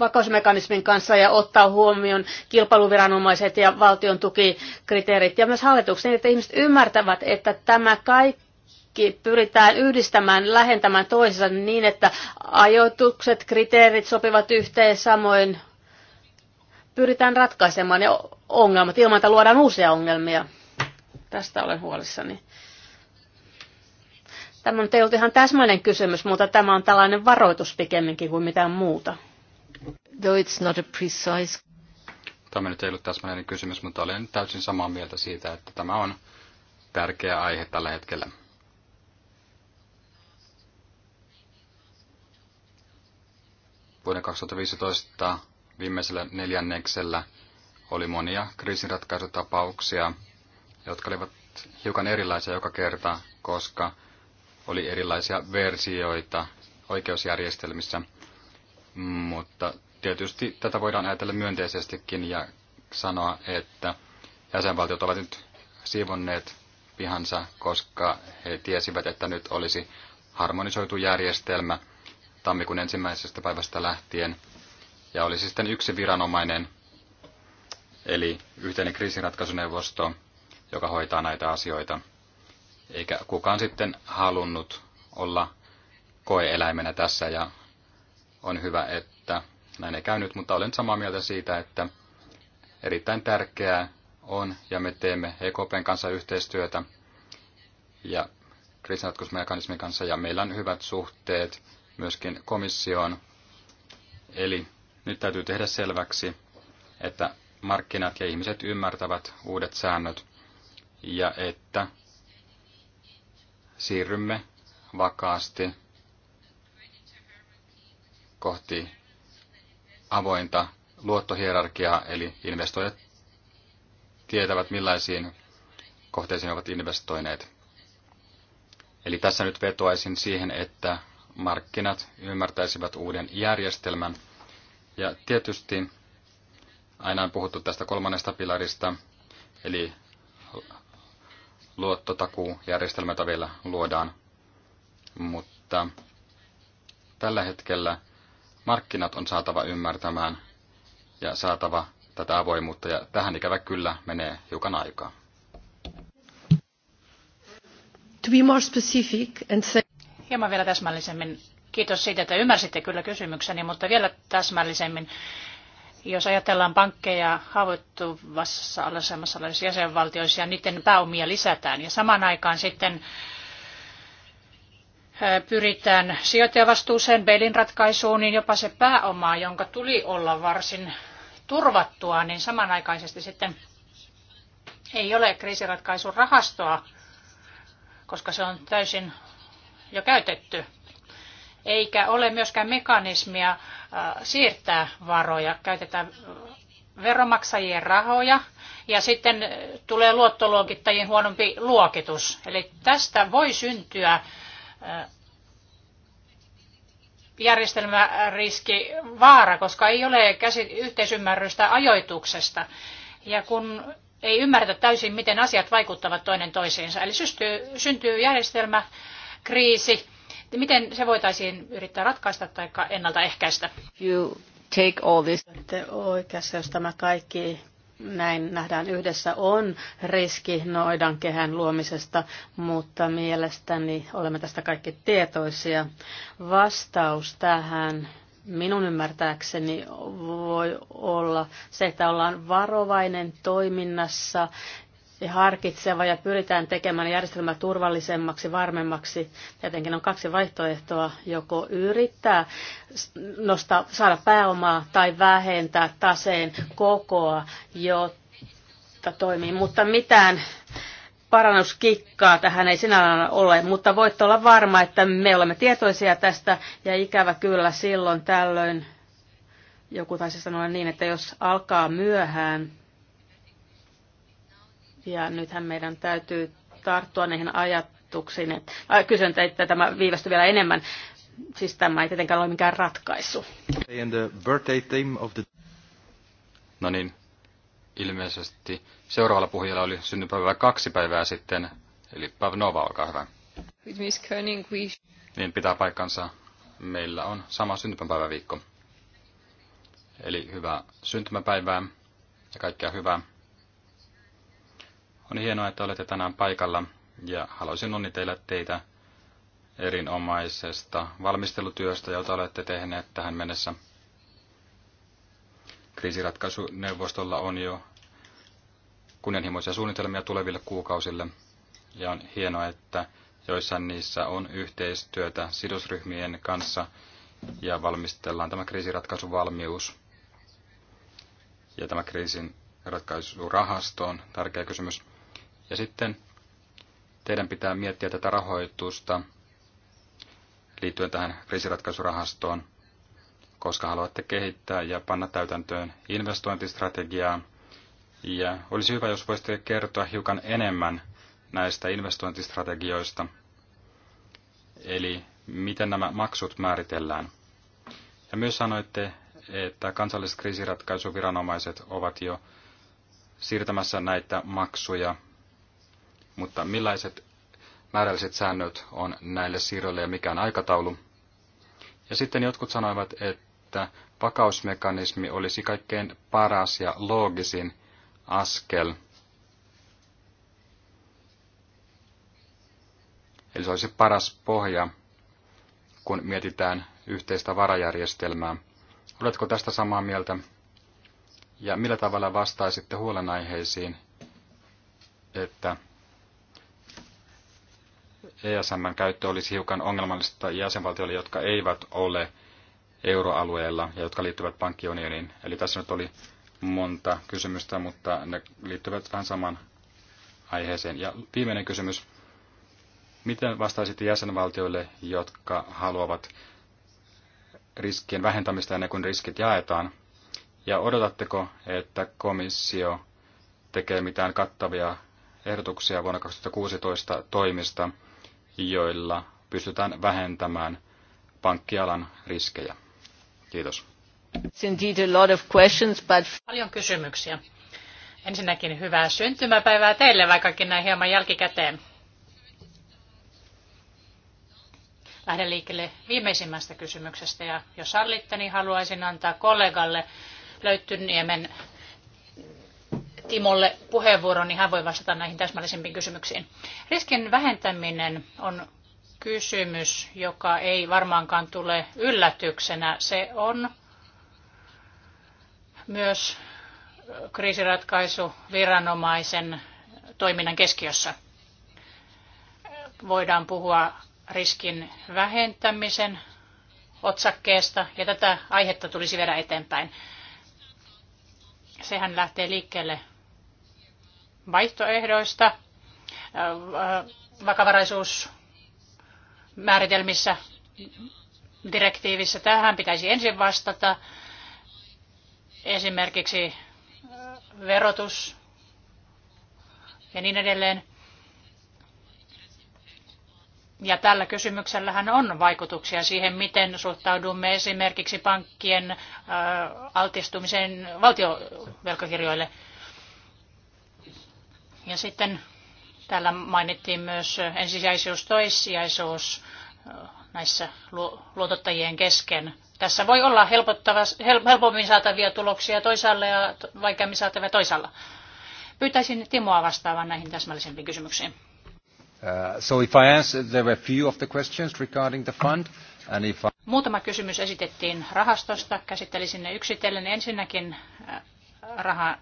vakausmekanismin kanssa ja ottaa huomioon kilpailuviranomaiset ja valtion tukikriteerit ja myös hallituksen, että ihmiset ymmärtävät, että tämä kaikki kaikki pyritään yhdistämään, lähentämään toisensa niin, että ajoitukset, kriteerit sopivat yhteen, samoin pyritään ratkaisemaan ne ongelmat ilman, että luodaan uusia ongelmia. Tästä olen huolissani. Tämä on teiltä ihan täsmäinen kysymys, mutta tämä on tällainen varoitus pikemminkin kuin mitään muuta. it's not a precise... Tämä nyt ei ollut täsmäinen kysymys, mutta olen täysin samaa mieltä siitä, että tämä on tärkeä aihe tällä hetkellä. Vuoden 2015 viimeisellä neljänneksellä oli monia kriisinratkaisutapauksia, jotka olivat hiukan erilaisia joka kerta, koska oli erilaisia versioita oikeusjärjestelmissä, mutta tietysti tätä voidaan ajatella myönteisestikin ja sanoa, että jäsenvaltiot ovat nyt siivonneet pihansa, koska he tiesivät, että nyt olisi harmonisoitu järjestelmä, tammikuun ensimmäisestä päivästä lähtien. Ja olisi sitten yksi viranomainen, eli yhteinen kriisinratkaisuneuvosto, joka hoitaa näitä asioita. Eikä kukaan sitten halunnut olla koeeläimenä tässä ja on hyvä, että näin ei käynyt, mutta olen samaa mieltä siitä, että erittäin tärkeää on ja me teemme EKPn kanssa yhteistyötä ja kriisinratkaisumekanismin kanssa ja meillä on hyvät suhteet myöskin komissioon. Eli nyt täytyy tehdä selväksi, että markkinat ja ihmiset ymmärtävät uudet säännöt ja että siirrymme vakaasti kohti avointa luottohierarkiaa, eli investoijat tietävät millaisiin kohteisiin ovat investoineet. Eli tässä nyt vetoaisin siihen, että markkinat ymmärtäisivät uuden järjestelmän. Ja tietysti aina on puhuttu tästä kolmannesta pilarista, eli luottotakujärjestelmätä vielä luodaan. Mutta tällä hetkellä markkinat on saatava ymmärtämään ja saatava tätä avoimuutta, ja tähän ikävä kyllä menee hiukan aikaa. To be more specific and say hieman vielä täsmällisemmin. Kiitos siitä, että ymmärsitte kyllä kysymykseni, mutta vielä täsmällisemmin. Jos ajatellaan pankkeja haavoittuvassa asemassa olevissa jäsenvaltioissa ja niiden pääomia lisätään ja samaan aikaan sitten pyritään sijoittajavastuuseen, Belin ratkaisuun, niin jopa se pääoma, jonka tuli olla varsin turvattua, niin samanaikaisesti sitten ei ole kriisiratkaisun rahastoa, koska se on täysin jo käytetty, eikä ole myöskään mekanismia äh, siirtää varoja. Käytetään äh, veromaksajien rahoja ja sitten äh, tulee luottoluokittajien huonompi luokitus. Eli tästä voi syntyä järjestelmäriski vaara, koska ei ole käsi, yhteisymmärrystä ajoituksesta. Ja kun ei ymmärretä täysin, miten asiat vaikuttavat toinen toisiinsa. Eli syntyy, syntyy järjestelmä kriisi. Miten se voitaisiin yrittää ratkaista tai ennaltaehkäistä? You take all this. oikeassa, jos tämä kaikki näin nähdään yhdessä, on riski kehän luomisesta, mutta mielestäni olemme tästä kaikki tietoisia. Vastaus tähän minun ymmärtääkseni voi olla se, että ollaan varovainen toiminnassa ja harkitseva ja pyritään tekemään järjestelmä turvallisemmaksi, varmemmaksi. Tietenkin on kaksi vaihtoehtoa, joko yrittää nostaa, saada pääomaa tai vähentää taseen kokoa, jotta toimii, mutta mitään parannuskikkaa tähän ei sinällään ole, mutta voitte olla varma, että me olemme tietoisia tästä ja ikävä kyllä silloin tällöin joku taisi sanoa niin, että jos alkaa myöhään, ja nythän meidän täytyy tarttua näihin ajatuksiin. Kysyn että tämä viivästyi vielä enemmän. Siis tämä ei tietenkään ole mikään ratkaisu. No niin, ilmeisesti seuraavalla puhujalla oli syntymäpäivä kaksi päivää sitten, eli Pavnova, olkaa hyvä. Niin pitää paikkansa. Meillä on sama syntymäpäiväviikko. Eli hyvää syntymäpäivää ja kaikkea hyvää. On hienoa, että olette tänään paikalla ja haluaisin onnitella teitä erinomaisesta valmistelutyöstä, jota olette tehneet tähän mennessä. Kriisiratkaisuneuvostolla on jo kunnianhimoisia suunnitelmia tuleville kuukausille ja on hienoa, että joissain niissä on yhteistyötä sidosryhmien kanssa ja valmistellaan tämä kriisiratkaisuvalmius. Ja tämä kriisin ratkaisurahasto on tärkeä kysymys. Ja sitten teidän pitää miettiä tätä rahoitusta liittyen tähän kriisiratkaisurahastoon, koska haluatte kehittää ja panna täytäntöön investointistrategiaa. Ja olisi hyvä, jos voisitte kertoa hiukan enemmän näistä investointistrategioista, eli miten nämä maksut määritellään. Ja myös sanoitte, että kansalliset kriisiratkaisuviranomaiset ovat jo siirtämässä näitä maksuja mutta millaiset määrälliset säännöt on näille siirroille ja mikä on aikataulu? Ja sitten jotkut sanoivat, että vakausmekanismi olisi kaikkein paras ja loogisin askel. Eli se olisi paras pohja, kun mietitään yhteistä varajärjestelmää. Oletko tästä samaa mieltä? Ja millä tavalla vastaisitte huolenaiheisiin, että ESMn käyttö olisi hiukan ongelmallista jäsenvaltioille, jotka eivät ole euroalueella ja jotka liittyvät pankkiunioniin. Eli tässä nyt oli monta kysymystä, mutta ne liittyvät vähän samaan aiheeseen. Ja viimeinen kysymys. Miten vastaisitte jäsenvaltioille, jotka haluavat riskien vähentämistä ennen kuin riskit jaetaan? Ja odotatteko, että komissio tekee mitään kattavia ehdotuksia vuonna 2016 toimista, joilla pystytään vähentämään pankkialan riskejä. Kiitos. indeed a lot of questions, but... Paljon kysymyksiä. Ensinnäkin hyvää syntymäpäivää teille, vaikkakin näin hieman jälkikäteen. Lähden liikkeelle viimeisimmästä kysymyksestä ja jos sallitte, niin haluaisin antaa kollegalle löytyniemen Timolle puheenvuoron, niin hän voi vastata näihin täsmällisempiin kysymyksiin. Riskin vähentäminen on kysymys, joka ei varmaankaan tule yllätyksenä. Se on myös kriisiratkaisu viranomaisen toiminnan keskiössä. Voidaan puhua riskin vähentämisen otsakkeesta ja tätä aihetta tulisi viedä eteenpäin. Sehän lähtee liikkeelle vaihtoehdoista äh, vakavaraisuusmääritelmissä direktiivissä. Tähän pitäisi ensin vastata esimerkiksi äh, verotus ja niin edelleen. Ja tällä kysymyksellähän on vaikutuksia siihen, miten suhtaudumme esimerkiksi pankkien äh, altistumiseen valtiovelkakirjoille. Ja sitten täällä mainittiin myös ensisijaisuus, toissijaisuus näissä luotottajien kesken. Tässä voi olla helpommin saatavia tuloksia toisaalla ja vaikeammin saatavia toisaalla. Pyytäisin Timoa vastaamaan näihin täsmällisempiin kysymyksiin. Uh, so if I answer, there were few of the questions regarding the fund. And if I... Muutama kysymys esitettiin rahastosta. Käsittelisin ne yksitellen. Ensinnäkin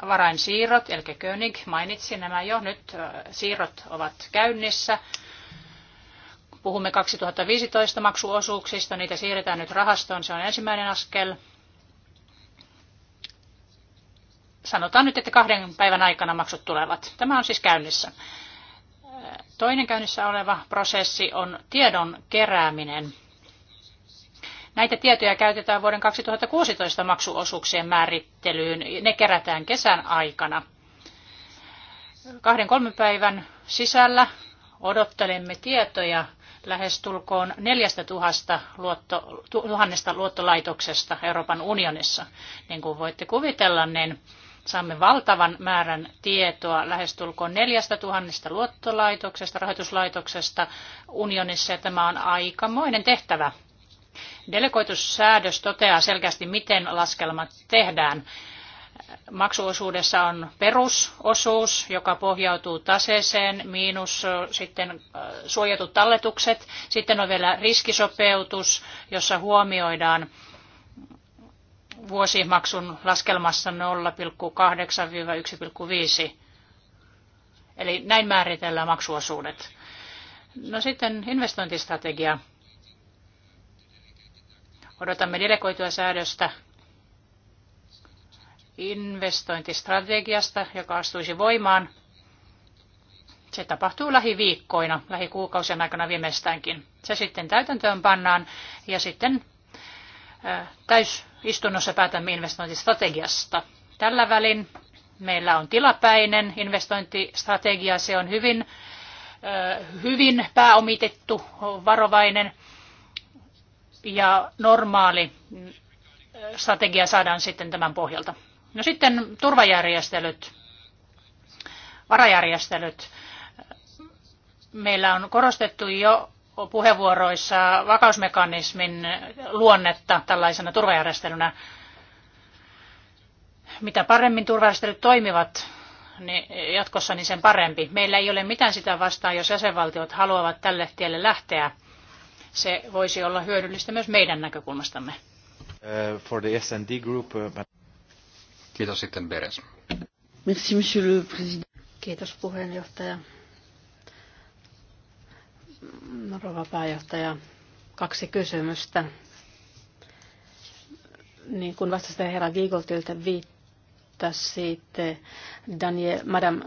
varainsiirrot, Elke König mainitsi nämä jo, nyt siirrot ovat käynnissä. Puhumme 2015 maksuosuuksista, niitä siirretään nyt rahastoon, se on ensimmäinen askel. Sanotaan nyt, että kahden päivän aikana maksut tulevat. Tämä on siis käynnissä. Toinen käynnissä oleva prosessi on tiedon kerääminen Näitä tietoja käytetään vuoden 2016 maksuosuuksien määrittelyyn. Ne kerätään kesän aikana. Kahden kolmen päivän sisällä odottelemme tietoja lähestulkoon 4000 luotto, tuhannesta luottolaitoksesta Euroopan unionissa. Niin kuin voitte kuvitella, niin saamme valtavan määrän tietoa lähestulkoon 4000 luottolaitoksesta, rahoituslaitoksesta unionissa, ja tämä on aikamoinen tehtävä. Delegoitussäädös toteaa selkeästi, miten laskelmat tehdään. Maksuosuudessa on perusosuus, joka pohjautuu taseeseen, miinus sitten suojatut talletukset. Sitten on vielä riskisopeutus, jossa huomioidaan vuosimaksun laskelmassa 0,8-1,5. Eli näin määritellään maksuosuudet. No sitten investointistrategia. Odotamme delegoitua säädöstä investointistrategiasta, joka astuisi voimaan. Se tapahtuu lähiviikkoina, lähikuukausien aikana viimeistäänkin. Se sitten täytäntöön pannaan ja sitten täysistunnossa päätämme investointistrategiasta. Tällä välin meillä on tilapäinen investointistrategia, se on hyvin, hyvin pääomitettu, varovainen ja normaali mm, strategia saadaan sitten tämän pohjalta. No sitten turvajärjestelyt, varajärjestelyt. Meillä on korostettu jo puheenvuoroissa vakausmekanismin luonnetta tällaisena turvajärjestelynä. Mitä paremmin turvajärjestelyt toimivat niin jatkossa, niin sen parempi. Meillä ei ole mitään sitä vastaan, jos jäsenvaltiot haluavat tälle tielle lähteä – se voisi olla hyödyllistä myös meidän näkökulmastamme. Uh, for the S&D group, uh, Kiitos sitten Beres. Merci, monsieur le président. Kiitos puheenjohtaja. No, Rova pääjohtaja, kaksi kysymystä. Niin kuin vastasitte herra Giegoltilta viittasi Daniel, Madame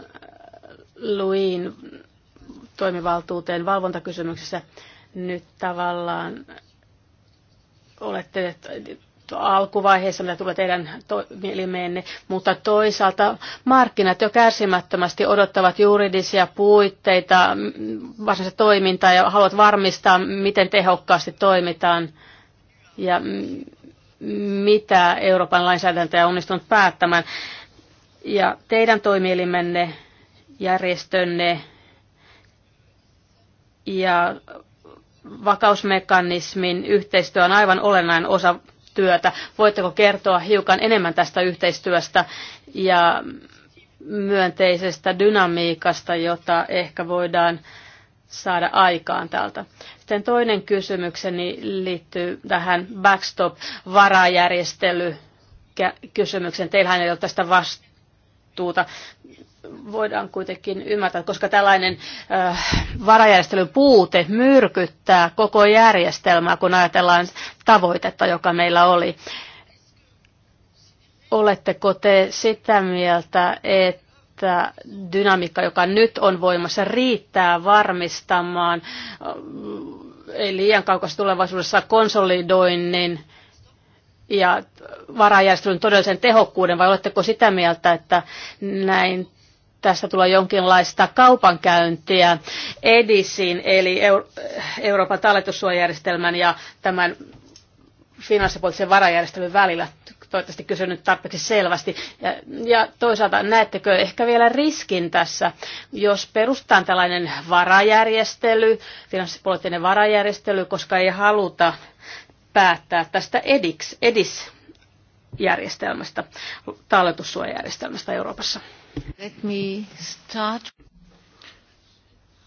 Louin toimivaltuuteen valvontakysymyksessä nyt tavallaan olette alkuvaiheessa, mitä tulee teidän mielimeenne, mutta toisaalta markkinat jo kärsimättömästi odottavat juridisia puitteita, varsinaista toimintaa ja haluat varmistaa, miten tehokkaasti toimitaan ja mitä Euroopan lainsäädäntö on onnistunut päättämään. Ja teidän toimielimenne, järjestönne ja vakausmekanismin yhteistyö on aivan olennainen osa työtä. Voitteko kertoa hiukan enemmän tästä yhteistyöstä ja myönteisestä dynamiikasta, jota ehkä voidaan saada aikaan tältä. Sitten toinen kysymykseni liittyy tähän backstop-varajärjestely kysymykseen. Teillähän ei ole tästä vastuuta voidaan kuitenkin ymmärtää, koska tällainen äh, varajärjestelyn puute myrkyttää koko järjestelmää, kun ajatellaan tavoitetta, joka meillä oli. Oletteko te sitä mieltä, että dynamiikka, joka nyt on voimassa, riittää varmistamaan, äh, ei liian kaukassa tulevaisuudessa, konsolidoinnin ja varajärjestelyn todellisen tehokkuuden, vai oletteko sitä mieltä, että näin tästä tulee jonkinlaista kaupankäyntiä EDISin, eli Euroopan talletussuojajärjestelmän ja tämän finanssipoliittisen varajärjestelyn välillä. Toivottavasti kysyn nyt tarpeeksi selvästi. Ja, ja toisaalta näettekö ehkä vielä riskin tässä, jos perustetaan tällainen varajärjestely, finanssipoliittinen varajärjestely, koska ei haluta päättää tästä EDIS, EDIS-järjestelmästä, talletussuojajärjestelmästä Euroopassa. Let me start.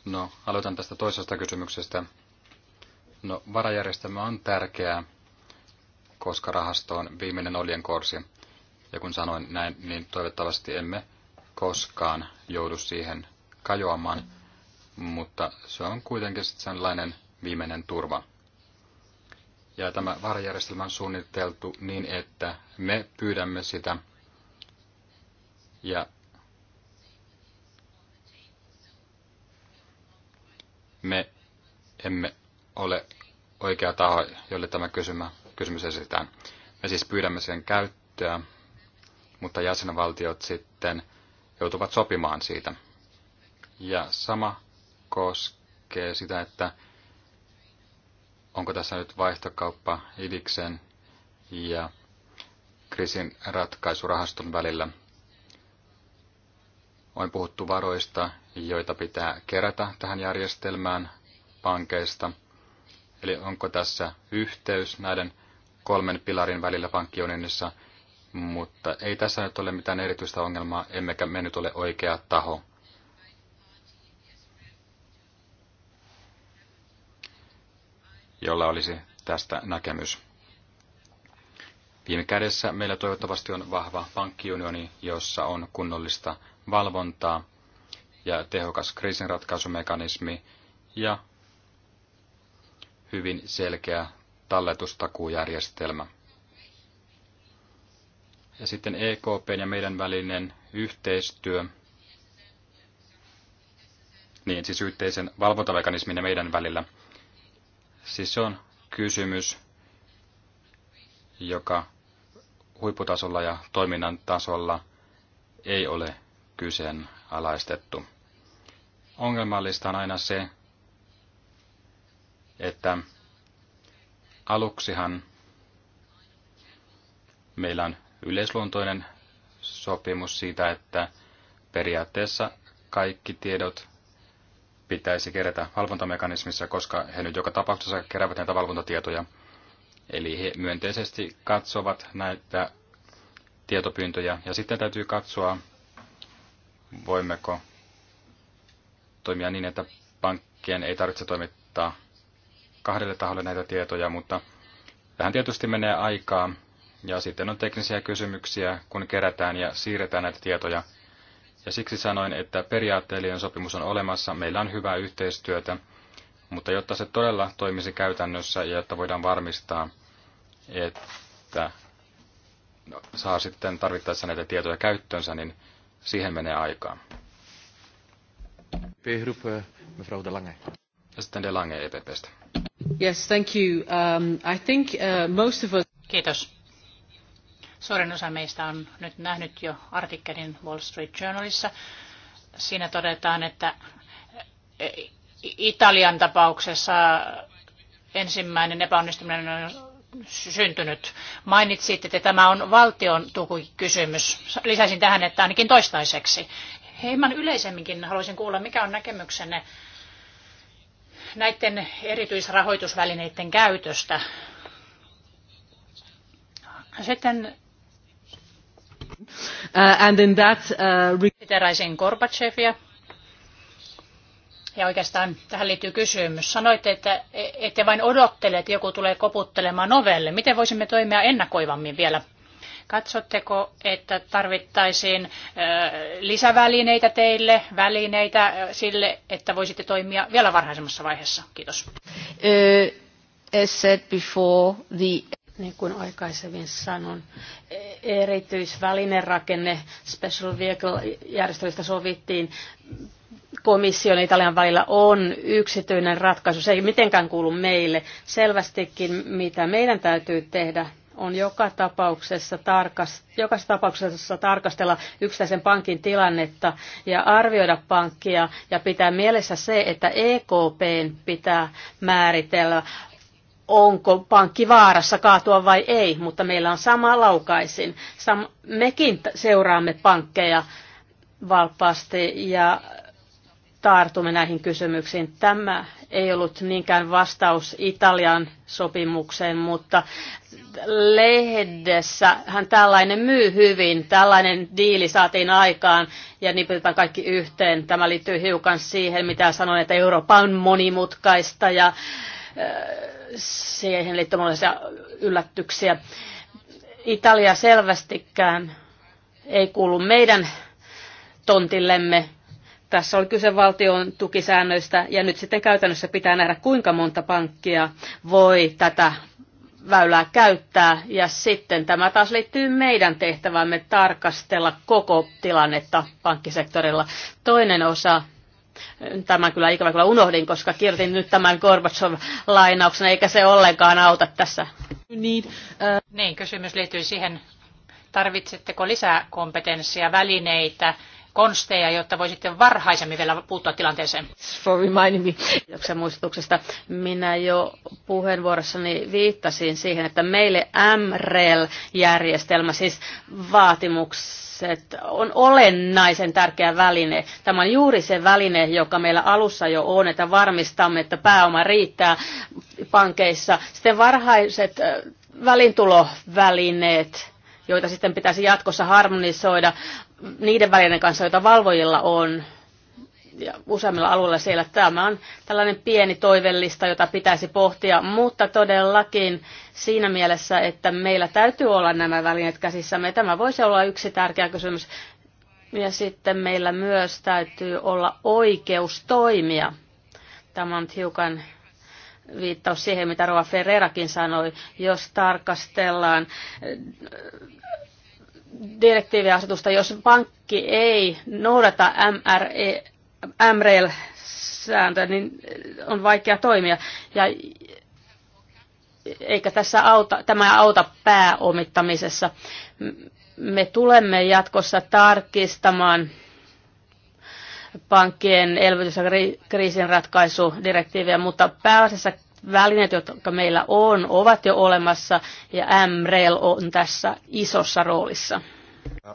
No, aloitan tästä toisesta kysymyksestä. No, varajärjestelmä on tärkeää, koska rahasto on viimeinen oljen korsi. Ja kun sanoin näin, niin toivottavasti emme koskaan joudu siihen kajoamaan, mutta se on kuitenkin sellainen viimeinen turva. Ja tämä varajärjestelmä on suunniteltu niin, että me pyydämme sitä ja me emme ole oikea taho, jolle tämä kysymys esitetään. Me siis pyydämme sen käyttöä, mutta jäsenvaltiot sitten joutuvat sopimaan siitä. Ja sama koskee sitä, että onko tässä nyt vaihtokauppa idiksen ja kriisin ratkaisurahaston välillä – on puhuttu varoista, joita pitää kerätä tähän järjestelmään pankeista. Eli onko tässä yhteys näiden kolmen pilarin välillä pankkiunionissa, mutta ei tässä nyt ole mitään erityistä ongelmaa, emmekä me nyt ole oikea taho. jolla olisi tästä näkemys. Viime kädessä meillä toivottavasti on vahva pankkiunioni, jossa on kunnollista valvontaa ja tehokas kriisinratkaisumekanismi ja hyvin selkeä talletustakuujärjestelmä. Ja sitten EKP ja meidän välinen yhteistyö, niin siis yhteisen valvontamekanismin ja meidän välillä, siis se on kysymys, joka huipputasolla ja toiminnan tasolla ei ole kyseenalaistettu. Ongelmallista on aina se, että aluksihan meillä on yleisluontoinen sopimus siitä, että periaatteessa kaikki tiedot pitäisi kerätä valvontamekanismissa, koska he nyt joka tapauksessa keräävät näitä valvontatietoja. Eli he myönteisesti katsovat näitä tietopyyntöjä. Ja sitten täytyy katsoa, voimmeko toimia niin, että pankkien ei tarvitse toimittaa kahdelle taholle näitä tietoja, mutta tähän tietysti menee aikaa ja sitten on teknisiä kysymyksiä, kun kerätään ja siirretään näitä tietoja. Ja siksi sanoin, että periaatteellinen sopimus on olemassa, meillä on hyvää yhteistyötä, mutta jotta se todella toimisi käytännössä ja jotta voidaan varmistaa, että saa sitten tarvittaessa näitä tietoja käyttöönsä, niin Siihen menee aikaa. p eh, mevrouw De Lange. Ja sitten De Lange EPPstä. Yes, thank you. Um, I think uh, most of us... Kiitos. Suurin osa meistä on nyt nähnyt jo artikkelin Wall Street Journalissa. Siinä todetaan, että eh, Italian tapauksessa ensimmäinen epäonnistuminen on syntynyt. Mainitsitte, että tämä on valtion tukikysymys. Lisäisin tähän, että ainakin toistaiseksi. Hieman yleisemminkin haluaisin kuulla, mikä on näkemyksenne näiden erityisrahoitusvälineiden käytöstä. Sitten uh, and in that, uh, Siteräisin Gorbachevia ja oikeastaan tähän liittyy kysymys. Sanoitte, että ette vain odottele, että joku tulee koputtelemaan ovelle. Miten voisimme toimia ennakoivammin vielä? Katsotteko, että tarvittaisiin lisävälineitä teille, välineitä sille, että voisitte toimia vielä varhaisemmassa vaiheessa? Kiitos. Uh, as said before, the niin kuin aikaisemmin sanon, erityisvälinerakenne Special Vehicle-järjestelystä sovittiin komission Italian välillä on yksityinen ratkaisu. Se ei mitenkään kuulu meille. Selvästikin mitä meidän täytyy tehdä on joka tapauksessa, tarkas, joka tapauksessa tarkastella yksittäisen pankin tilannetta ja arvioida pankkia ja pitää mielessä se, että EKPn pitää määritellä onko pankki vaarassa kaatua vai ei, mutta meillä on sama laukaisin. Sam- mekin seuraamme pankkeja valppaasti ja tartumme näihin kysymyksiin. Tämä ei ollut niinkään vastaus Italian sopimukseen, mutta lehdessä hän tällainen myy hyvin, tällainen diili saatiin aikaan ja niputetaan kaikki yhteen. Tämä liittyy hiukan siihen, mitä sanoin, että Eurooppa on monimutkaista ja siihen liittyy yllätyksiä. Italia selvästikään ei kuulu meidän tontillemme. Tässä oli kyse valtion tukisäännöistä ja nyt sitten käytännössä pitää nähdä, kuinka monta pankkia voi tätä väylää käyttää. Ja sitten tämä taas liittyy meidän tehtävämme tarkastella koko tilannetta pankkisektorilla. Toinen osa Tämän kyllä ikävä kyllä unohdin, koska kirjoitin nyt tämän Gorbachev-lainauksen, eikä se ollenkaan auta tässä. Niin, uh... Niin, kysymys liittyy siihen, tarvitsetteko lisää kompetenssia, välineitä, konsteja, jotta sitten varhaisemmin vielä puuttua tilanteeseen? For reminding me. Kiitoksia muistutuksesta. Minä jo puheenvuorossani viittasin siihen, että meille MREL-järjestelmä, siis vaatimukset, on olennaisen tärkeä väline. Tämä on juuri se väline, joka meillä alussa jo on, että varmistamme, että pääoma riittää pankeissa. Sitten varhaiset äh, välintulovälineet, joita sitten pitäisi jatkossa harmonisoida niiden välinen kanssa, joita valvojilla on, ja useimmilla alueilla siellä. Tämä on tällainen pieni toivellista, jota pitäisi pohtia, mutta todellakin siinä mielessä, että meillä täytyy olla nämä välineet käsissämme. Tämä voisi olla yksi tärkeä kysymys. Ja sitten meillä myös täytyy olla oikeus toimia. Tämä on hiukan viittaus siihen, mitä Roa Ferrerakin sanoi, jos tarkastellaan direktiiviasetusta, jos pankki ei noudata MRE, MREL-sääntöä, niin on vaikea toimia. Ja eikä tässä auta, tämä auta pääomittamisessa. Me tulemme jatkossa tarkistamaan pankkien elvytys- ja kriisinratkaisudirektiiviä, mutta pääasiassa välineet, jotka meillä on, ovat jo olemassa ja MREL on tässä isossa roolissa.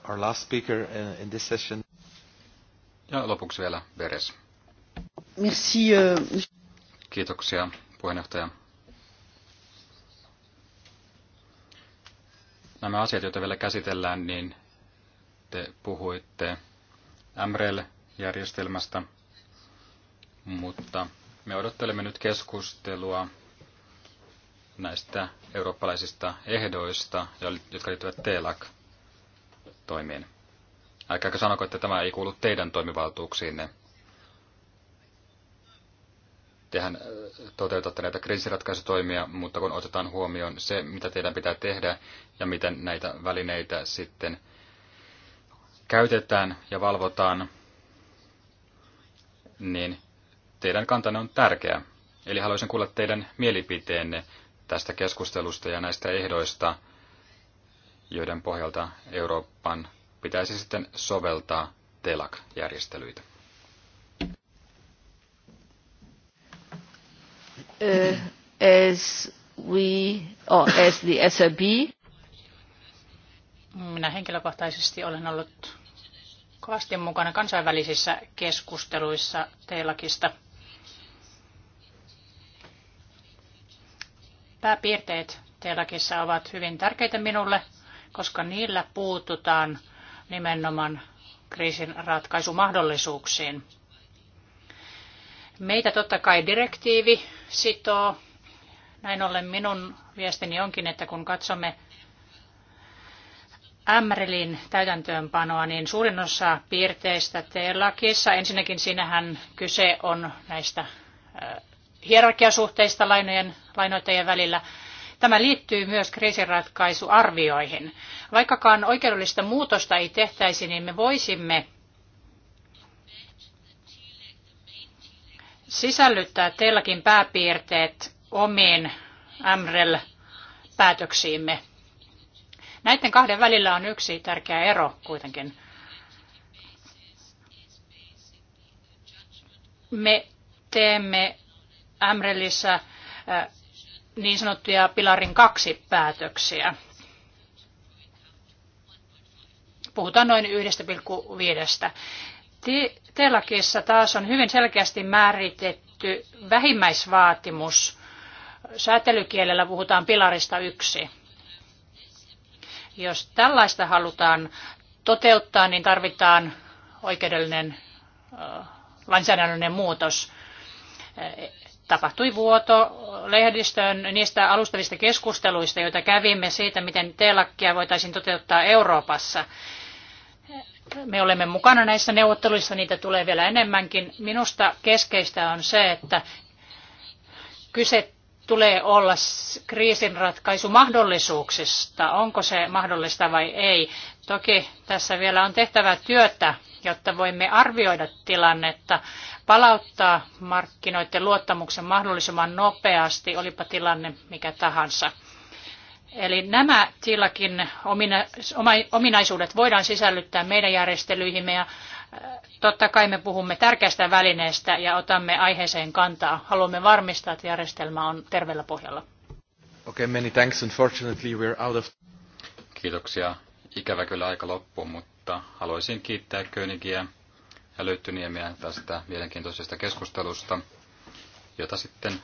Our last speaker in this session. Ja lopuksi vielä Veres. Merci. Euh, Kiitoksia puheenjohtaja. Nämä asiat, joita vielä käsitellään, niin te puhuitte MREL-järjestelmästä, mutta me odottelemme nyt keskustelua näistä eurooppalaisista ehdoista, jotka liittyvät TELAC-toimiin. Älkääkö sanoko, että tämä ei kuulu teidän toimivaltuuksiinne. Tehän äh, toteutatte näitä kriisiratkaisutoimia, mutta kun otetaan huomioon se, mitä teidän pitää tehdä ja miten näitä välineitä sitten käytetään ja valvotaan, niin teidän kantanne on tärkeä. Eli haluaisin kuulla teidän mielipiteenne tästä keskustelusta ja näistä ehdoista, joiden pohjalta Euroopan pitäisi sitten soveltaa telac järjestelyitä Uh, as we, or as the SRB. Minä henkilökohtaisesti olen ollut kovasti mukana kansainvälisissä keskusteluissa TELAKista – Pääpiirteet telakissa ovat hyvin tärkeitä minulle, koska niillä puututaan nimenomaan kriisin ratkaisumahdollisuuksiin. Meitä totta kai direktiivi sitoo. Näin ollen minun viestini onkin, että kun katsomme Ämrelin täytäntöönpanoa, niin suurin osa piirteistä t ensinnäkin siinähän kyse on näistä hierarkiasuhteista lainojen, lainoittajien välillä. Tämä liittyy myös kriisinratkaisuarvioihin. Vaikkakaan oikeudellista muutosta ei tehtäisi, niin me voisimme sisällyttää teilläkin pääpiirteet omiin MREL-päätöksiimme. Näiden kahden välillä on yksi tärkeä ero kuitenkin. Me teemme Ämrelissä eh, niin sanottuja pilarin kaksi päätöksiä. Puhutaan noin 1,5. Telakissa taas on hyvin selkeästi määritetty vähimmäisvaatimus. Säätelykielellä puhutaan pilarista yksi. Jos tällaista halutaan toteuttaa, niin tarvitaan oikeudellinen eh, lainsäädännöllinen muutos tapahtui vuoto lehdistön niistä alustavista keskusteluista, joita kävimme siitä, miten telakkia voitaisiin toteuttaa Euroopassa. Me olemme mukana näissä neuvotteluissa, niitä tulee vielä enemmänkin. Minusta keskeistä on se, että kyse tulee olla kriisinratkaisumahdollisuuksista, onko se mahdollista vai ei. Toki tässä vielä on tehtävä työtä jotta voimme arvioida tilannetta, palauttaa markkinoiden luottamuksen mahdollisimman nopeasti, olipa tilanne mikä tahansa. Eli nämä tilakin ominaisuudet voidaan sisällyttää meidän järjestelyihimme ja äh, totta kai me puhumme tärkeästä välineestä ja otamme aiheeseen kantaa. Haluamme varmistaa, että järjestelmä on terveellä pohjalla. Okay, many thanks. Unfortunately, we're out of... Kiitoksia. Ikävä kyllä aika loppuu, mutta mutta haluaisin kiittää Königiä ja Löyttyniemiä tästä mielenkiintoisesta keskustelusta, jota sitten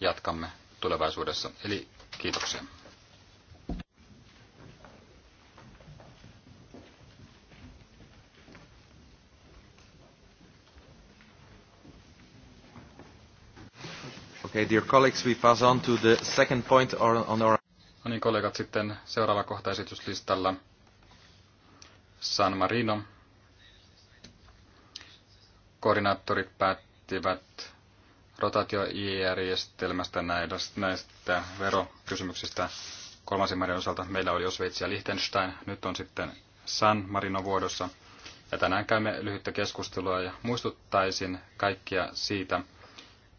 jatkamme tulevaisuudessa. Eli kiitoksia. Okay, dear colleagues, we pass on to the second point on our... No niin, kollegat, sitten seuraava kohta esityslistalla. San Marino. Koordinaattorit päättivät rotaatio-järjestelmästä e näistä verokysymyksistä kolmasin maiden osalta. Meillä oli jo Sveitsi ja Liechtenstein, nyt on sitten San Marino vuodossa. Ja tänään käymme lyhyttä keskustelua ja muistuttaisin kaikkia siitä,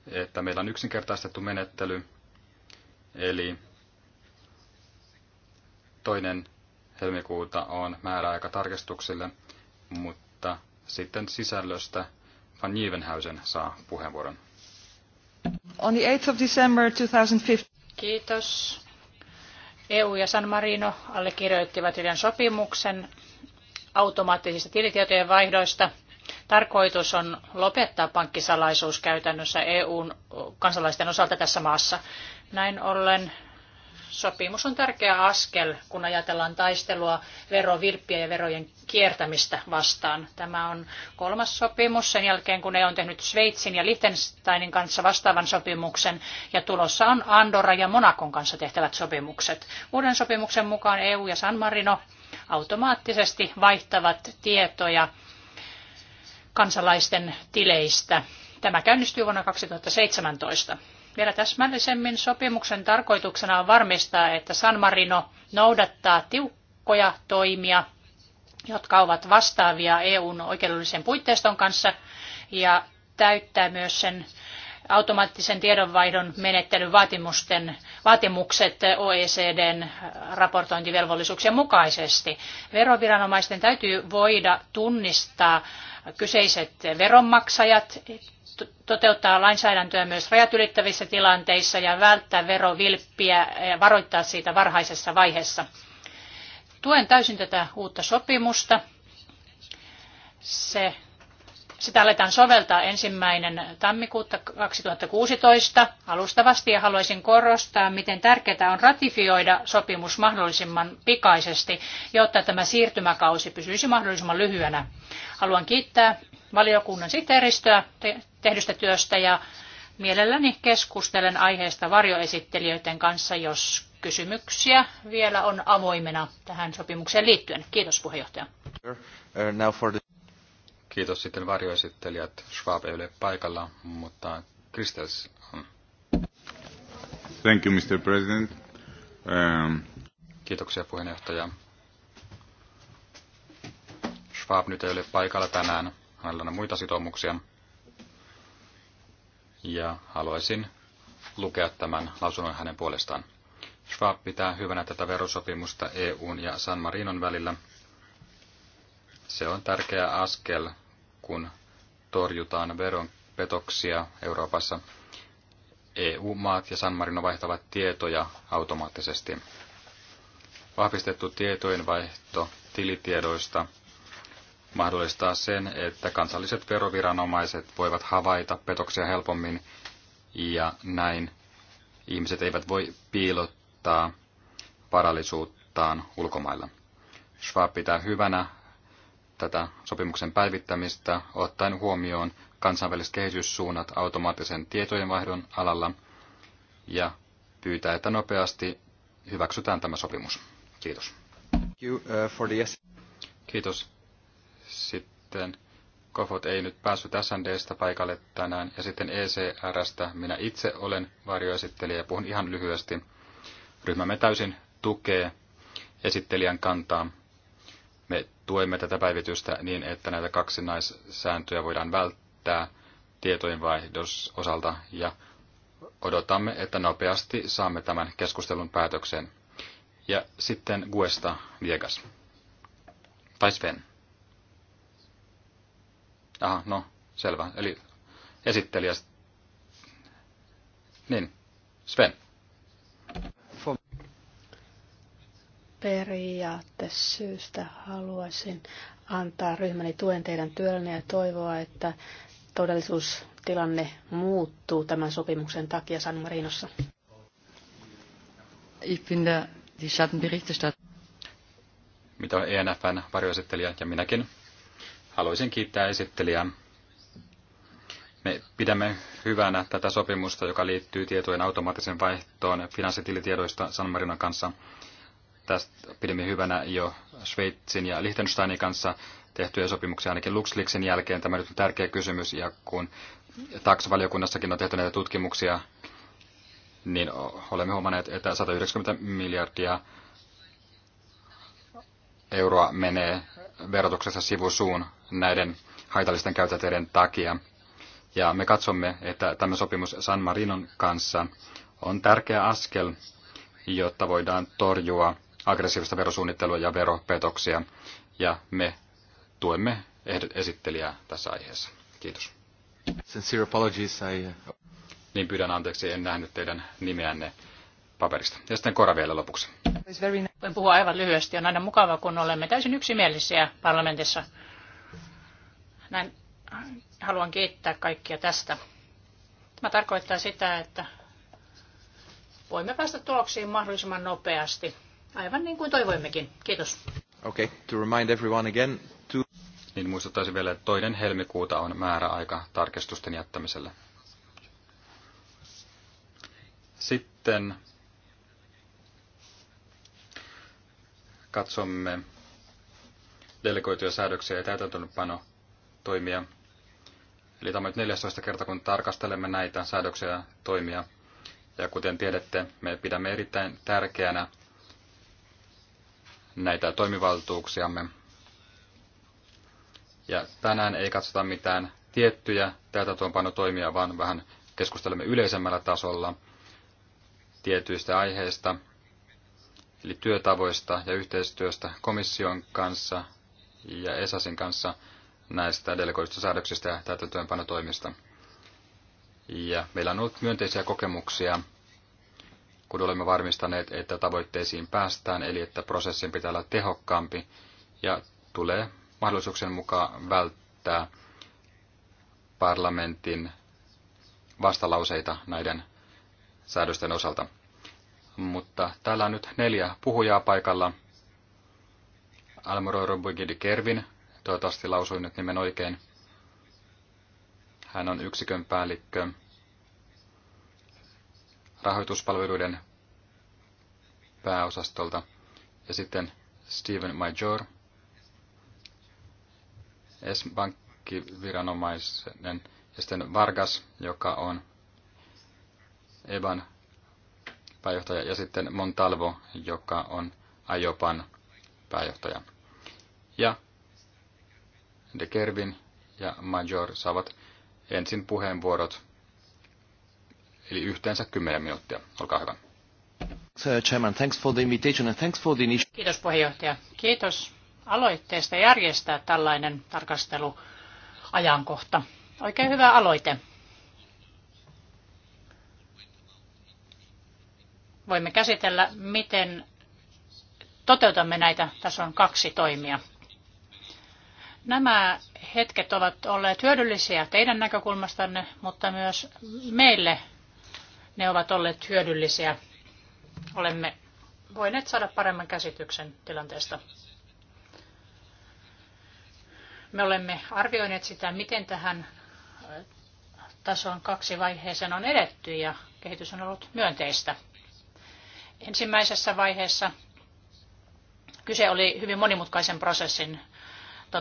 että meillä on yksinkertaistettu menettely, eli toinen helmikuuta on määräaika tarkistuksille, mutta sitten sisällöstä Van Nieuwenhuizen saa puheenvuoron. On the 8th of December 2015. Kiitos. EU ja San Marino allekirjoittivat yhden sopimuksen automaattisista tilitietojen vaihdoista. Tarkoitus on lopettaa pankkisalaisuus käytännössä EUn kansalaisten osalta tässä maassa. Näin ollen sopimus on tärkeä askel, kun ajatellaan taistelua verovirppiä ja verojen kiertämistä vastaan. Tämä on kolmas sopimus sen jälkeen, kun ne on tehnyt Sveitsin ja Liechtensteinin kanssa vastaavan sopimuksen, ja tulossa on Andorra ja Monakon kanssa tehtävät sopimukset. Uuden sopimuksen mukaan EU ja San Marino automaattisesti vaihtavat tietoja kansalaisten tileistä. Tämä käynnistyy vuonna 2017. Vielä täsmällisemmin sopimuksen tarkoituksena on varmistaa, että San Marino noudattaa tiukkoja toimia, jotka ovat vastaavia EUn oikeudellisen puitteiston kanssa ja täyttää myös sen automaattisen tiedonvaihdon menettelyn vaatimusten, vaatimukset OECDn raportointivelvollisuuksien mukaisesti. Veroviranomaisten täytyy voida tunnistaa kyseiset veronmaksajat toteuttaa lainsäädäntöä myös rajat ylittävissä tilanteissa ja välttää verovilppiä ja varoittaa siitä varhaisessa vaiheessa. Tuen täysin tätä uutta sopimusta. Se, sitä aletaan soveltaa ensimmäinen tammikuuta 2016 alustavasti ja haluaisin korostaa, miten tärkeää on ratifioida sopimus mahdollisimman pikaisesti, jotta tämä siirtymäkausi pysyisi mahdollisimman lyhyenä. Haluan kiittää valiokunnan sihteeristöä tehdystä työstä ja mielelläni keskustelen aiheesta varjoesittelijöiden kanssa, jos kysymyksiä vielä on avoimena tähän sopimukseen liittyen. Kiitos puheenjohtaja. Kiitos sitten varjoesittelijät. Schwab ei ole paikalla, mutta Kristels on. Thank you, Mr. President. Um... Kiitoksia puheenjohtaja. Schwab nyt ei ole paikalla tänään. Hänellä on muita sitoumuksia ja haluaisin lukea tämän lausunnon hänen puolestaan. Schwab pitää hyvänä tätä verosopimusta EUn ja San Marinon välillä. Se on tärkeä askel, kun torjutaan veronpetoksia Euroopassa. EU-maat ja San Marino vaihtavat tietoja automaattisesti. Vahvistettu tietojenvaihto tilitiedoista mahdollistaa sen, että kansalliset veroviranomaiset voivat havaita petoksia helpommin ja näin ihmiset eivät voi piilottaa varallisuuttaan ulkomailla. Schwab pitää hyvänä tätä sopimuksen päivittämistä ottaen huomioon kansainväliset kehityssuunnat automaattisen tietojenvaihdon alalla ja pyytää, että nopeasti hyväksytään tämä sopimus. Kiitos. Uh, Kiitos. Sitten Kofot ei nyt päässyt SNDstä paikalle tänään. Ja sitten ECRstä minä itse olen varjoesittelijä ja puhun ihan lyhyesti. Ryhmämme täysin tukee esittelijän kantaa. Me tuemme tätä päivitystä niin, että näitä kaksinaissääntöjä voidaan välttää tietojenvaihdos osalta ja odotamme, että nopeasti saamme tämän keskustelun päätöksen. Ja sitten Guesta Viegas. Tai Sven. Aha, no, selvä. Eli esittelijä. Niin, Sven. Periaatteessa haluaisin antaa ryhmäni tuen teidän työllenne ja toivoa, että todellisuustilanne muuttuu tämän sopimuksen takia San Marinossa. Ich bin der, die Mitä on ENFn varjoesittelijä ja minäkin haluaisin kiittää esittelijää. Me pidämme hyvänä tätä sopimusta, joka liittyy tietojen automaattiseen vaihtoon finanssitilitiedoista San Marinon kanssa. Tästä pidimme hyvänä jo Sveitsin ja Liechtensteinin kanssa tehtyjä sopimuksia ainakin LuxLeaksin jälkeen. Tämä nyt on tärkeä kysymys ja kun taksavaliokunnassakin on tehty näitä tutkimuksia, niin olemme huomanneet, että 190 miljardia euroa menee verotuksessa sivusuun näiden haitallisten käytäteiden takia. Ja me katsomme, että tämä sopimus San Marinon kanssa on tärkeä askel, jotta voidaan torjua aggressiivista verosuunnittelua ja veropetoksia. Ja me tuemme esittelijää tässä aiheessa. Kiitos. Sincere apologies, I... Uh, niin pyydän anteeksi, en nähnyt teidän nimeänne paperista. Ja sitten Kora vielä lopuksi. Voin puhua aivan lyhyesti. On aina mukava, kun olemme täysin yksimielisiä parlamentissa. Näin haluan kiittää kaikkia tästä. Tämä tarkoittaa sitä, että voimme päästä tuloksiin mahdollisimman nopeasti, aivan niin kuin toivoimmekin. Kiitos. Okay, to remind everyone again to... Niin muistuttaisin vielä, että toinen helmikuuta on määräaika tarkistusten jättämiselle. Sitten katsomme delegoituja säädöksiä ja täytäntöönpano toimia. Eli tämä on nyt 14 kerta, kun tarkastelemme näitä säädöksiä ja toimia. Ja kuten tiedätte, me pidämme erittäin tärkeänä näitä toimivaltuuksiamme. Ja tänään ei katsota mitään tiettyjä toimia vaan vähän keskustelemme yleisemmällä tasolla tietyistä aiheista, eli työtavoista ja yhteistyöstä komission kanssa ja ESASin kanssa – näistä delegoidusta säädöksistä ja täytäntöönpanotoimista. Ja meillä on ollut myönteisiä kokemuksia, kun olemme varmistaneet, että tavoitteisiin päästään, eli että prosessin pitää olla tehokkaampi ja tulee mahdollisuuksien mukaan välttää parlamentin vastalauseita näiden säädösten osalta. Mutta täällä on nyt neljä puhujaa paikalla. Almoro Robigidi Kervin toivottavasti lausuin nyt nimen oikein. Hän on yksikön päällikkö rahoituspalveluiden pääosastolta. Ja sitten Steven Major, s pankkiviranomaisen ja sitten Vargas, joka on Evan pääjohtaja, ja sitten Montalvo, joka on Ajopan pääjohtaja. Ja De Kervin ja Major saavat ensin puheenvuorot, eli yhteensä 10 minuuttia. Olkaa hyvä. Chairman, thanks for the invitation and thanks for the Kiitos puheenjohtaja. Kiitos aloitteesta järjestää tällainen tarkasteluajankohta. Oikein hyvä aloite. Voimme käsitellä, miten toteutamme näitä on kaksi toimia. Nämä hetket ovat olleet hyödyllisiä teidän näkökulmastanne, mutta myös meille ne ovat olleet hyödyllisiä. Olemme voineet saada paremman käsityksen tilanteesta. Me olemme arvioineet sitä, miten tähän äh, tason kaksi vaiheeseen on edetty ja kehitys on ollut myönteistä. Ensimmäisessä vaiheessa kyse oli hyvin monimutkaisen prosessin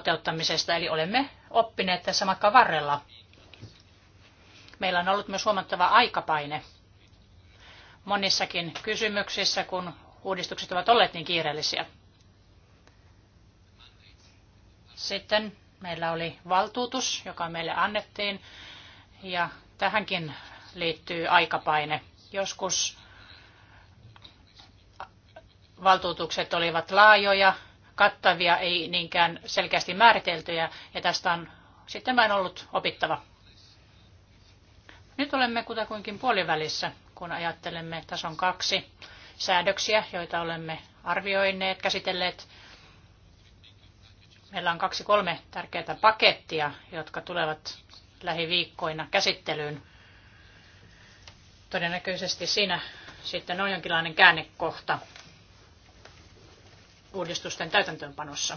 toteuttamisesta, eli olemme oppineet tässä matkan varrella. Meillä on ollut myös huomattava aikapaine monissakin kysymyksissä, kun uudistukset ovat olleet niin kiireellisiä. Sitten meillä oli valtuutus, joka meille annettiin, ja tähänkin liittyy aikapaine. Joskus valtuutukset olivat laajoja, kattavia, ei niinkään selkeästi määriteltyjä, ja tästä on sitten vain ollut opittava. Nyt olemme kutakuinkin puolivälissä, kun ajattelemme tason kaksi säädöksiä, joita olemme arvioineet, käsitelleet. Meillä on kaksi kolme tärkeää pakettia, jotka tulevat lähiviikkoina käsittelyyn. Todennäköisesti siinä sitten on jonkinlainen käännekohta uudistusten täytäntöönpanossa.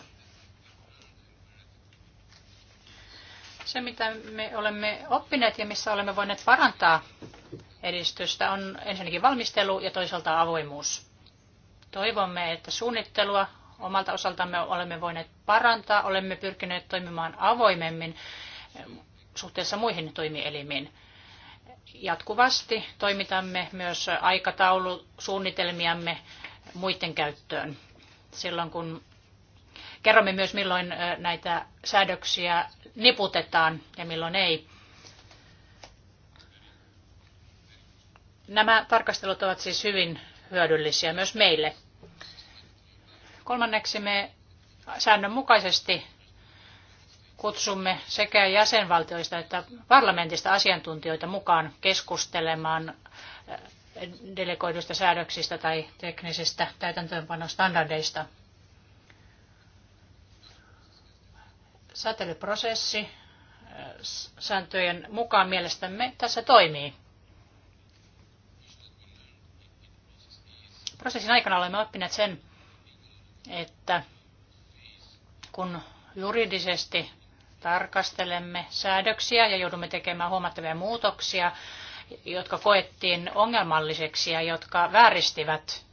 Se, mitä me olemme oppineet ja missä olemme voineet parantaa edistystä, on ensinnäkin valmistelu ja toisaalta avoimuus. Toivomme, että suunnittelua omalta osaltamme olemme voineet parantaa, olemme pyrkineet toimimaan avoimemmin suhteessa muihin toimielimiin. Jatkuvasti toimitamme myös aikataulusuunnitelmiamme muiden käyttöön silloin, kun kerromme myös, milloin näitä säädöksiä niputetaan ja milloin ei. Nämä tarkastelut ovat siis hyvin hyödyllisiä myös meille. Kolmanneksi me säännönmukaisesti kutsumme sekä jäsenvaltioista että parlamentista asiantuntijoita mukaan keskustelemaan delegoiduista säädöksistä tai teknisistä täytäntöönpanostandardeista. Säätelyprosessi äh, sääntöjen mukaan mielestämme tässä toimii. Prosessin aikana olemme oppineet sen, että kun juridisesti tarkastelemme säädöksiä ja joudumme tekemään huomattavia muutoksia, jotka koettiin ongelmalliseksi ja jotka vääristivät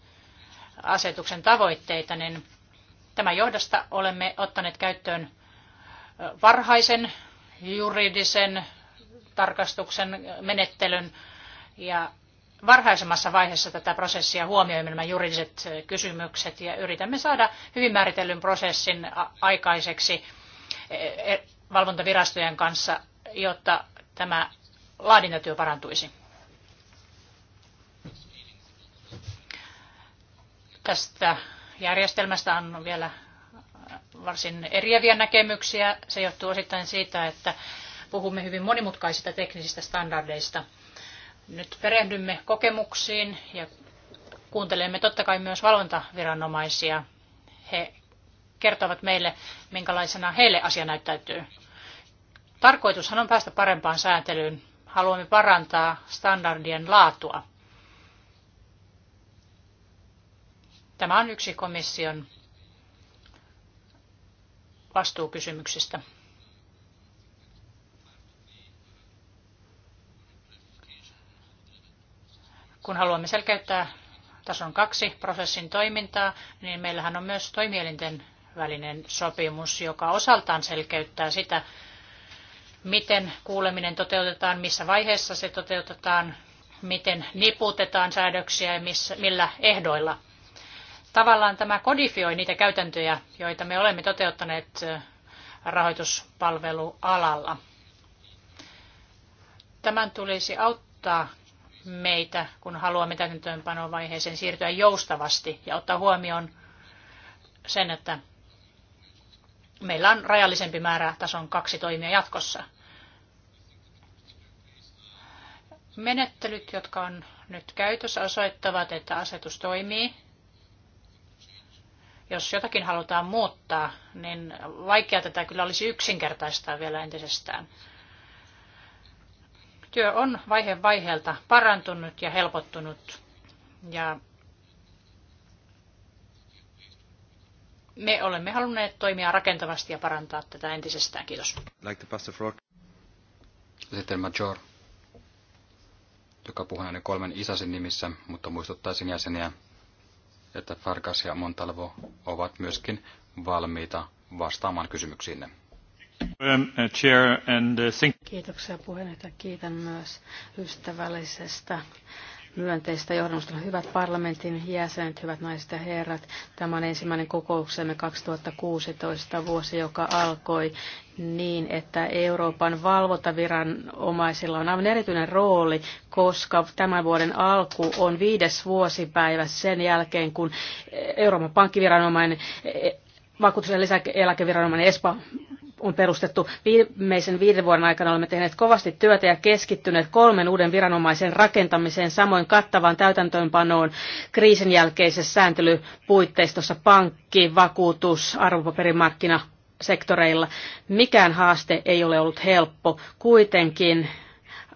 asetuksen tavoitteita, niin tämän johdosta olemme ottaneet käyttöön varhaisen juridisen tarkastuksen menettelyn ja varhaisemmassa vaiheessa tätä prosessia huomioimme nämä juridiset kysymykset ja yritämme saada hyvin määritellyn prosessin aikaiseksi e- e- valvontavirastojen kanssa, jotta tämä työ parantuisi. Tästä järjestelmästä on vielä varsin eriäviä näkemyksiä. Se johtuu osittain siitä, että puhumme hyvin monimutkaisista teknisistä standardeista. Nyt perehdymme kokemuksiin ja kuuntelemme totta kai myös valvontaviranomaisia. He kertovat meille, minkälaisena heille asia näyttäytyy. Tarkoitushan on päästä parempaan säätelyyn haluamme parantaa standardien laatua. Tämä on yksi komission vastuukysymyksistä. Kun haluamme selkeyttää tason kaksi prosessin toimintaa, niin meillähän on myös toimielinten välinen sopimus, joka osaltaan selkeyttää sitä, miten kuuleminen toteutetaan, missä vaiheessa se toteutetaan, miten niputetaan säädöksiä ja missä, millä ehdoilla. Tavallaan tämä kodifioi niitä käytäntöjä, joita me olemme toteuttaneet rahoituspalvelualalla. Tämän tulisi auttaa meitä, kun haluamme täytäntöönpanovaiheeseen siirtyä joustavasti ja ottaa huomioon sen, että meillä on rajallisempi määrä tason kaksi toimia jatkossa. Menettelyt, jotka on nyt käytössä, osoittavat, että asetus toimii. Jos jotakin halutaan muuttaa, niin vaikea tätä kyllä olisi yksinkertaistaa vielä entisestään. Työ on vaihe vaiheelta parantunut ja helpottunut. Ja me olemme halunneet toimia rakentavasti ja parantaa tätä entisestään. Kiitos. Like the Major joka puhuu hänen kolmen isäsin nimissä, mutta muistuttaisin jäseniä, että Farkas ja Montalvo ovat myöskin valmiita vastaamaan kysymyksiinne. Um, uh, uh, Kiitoksia puheenjohtaja. Kiitän myös ystävällisestä myönteistä johdannusta. Hyvät parlamentin jäsenet, hyvät naiset ja herrat, tämä on ensimmäinen kokouksemme 2016 vuosi, joka alkoi niin, että Euroopan valvontaviranomaisilla on aivan erityinen rooli, koska tämän vuoden alku on viides vuosipäivä sen jälkeen, kun Euroopan pankkiviranomainen vakuutus- ja lisäeläkeviranomainen ESPA on perustettu. Viimeisen viiden vuoden aikana olemme tehneet kovasti työtä ja keskittyneet kolmen uuden viranomaisen rakentamiseen, samoin kattavaan täytäntöönpanoon kriisin jälkeisessä sääntelypuitteistossa pankki, vakuutus, arvopaperimarkkina, sektoreilla. Mikään haaste ei ole ollut helppo. Kuitenkin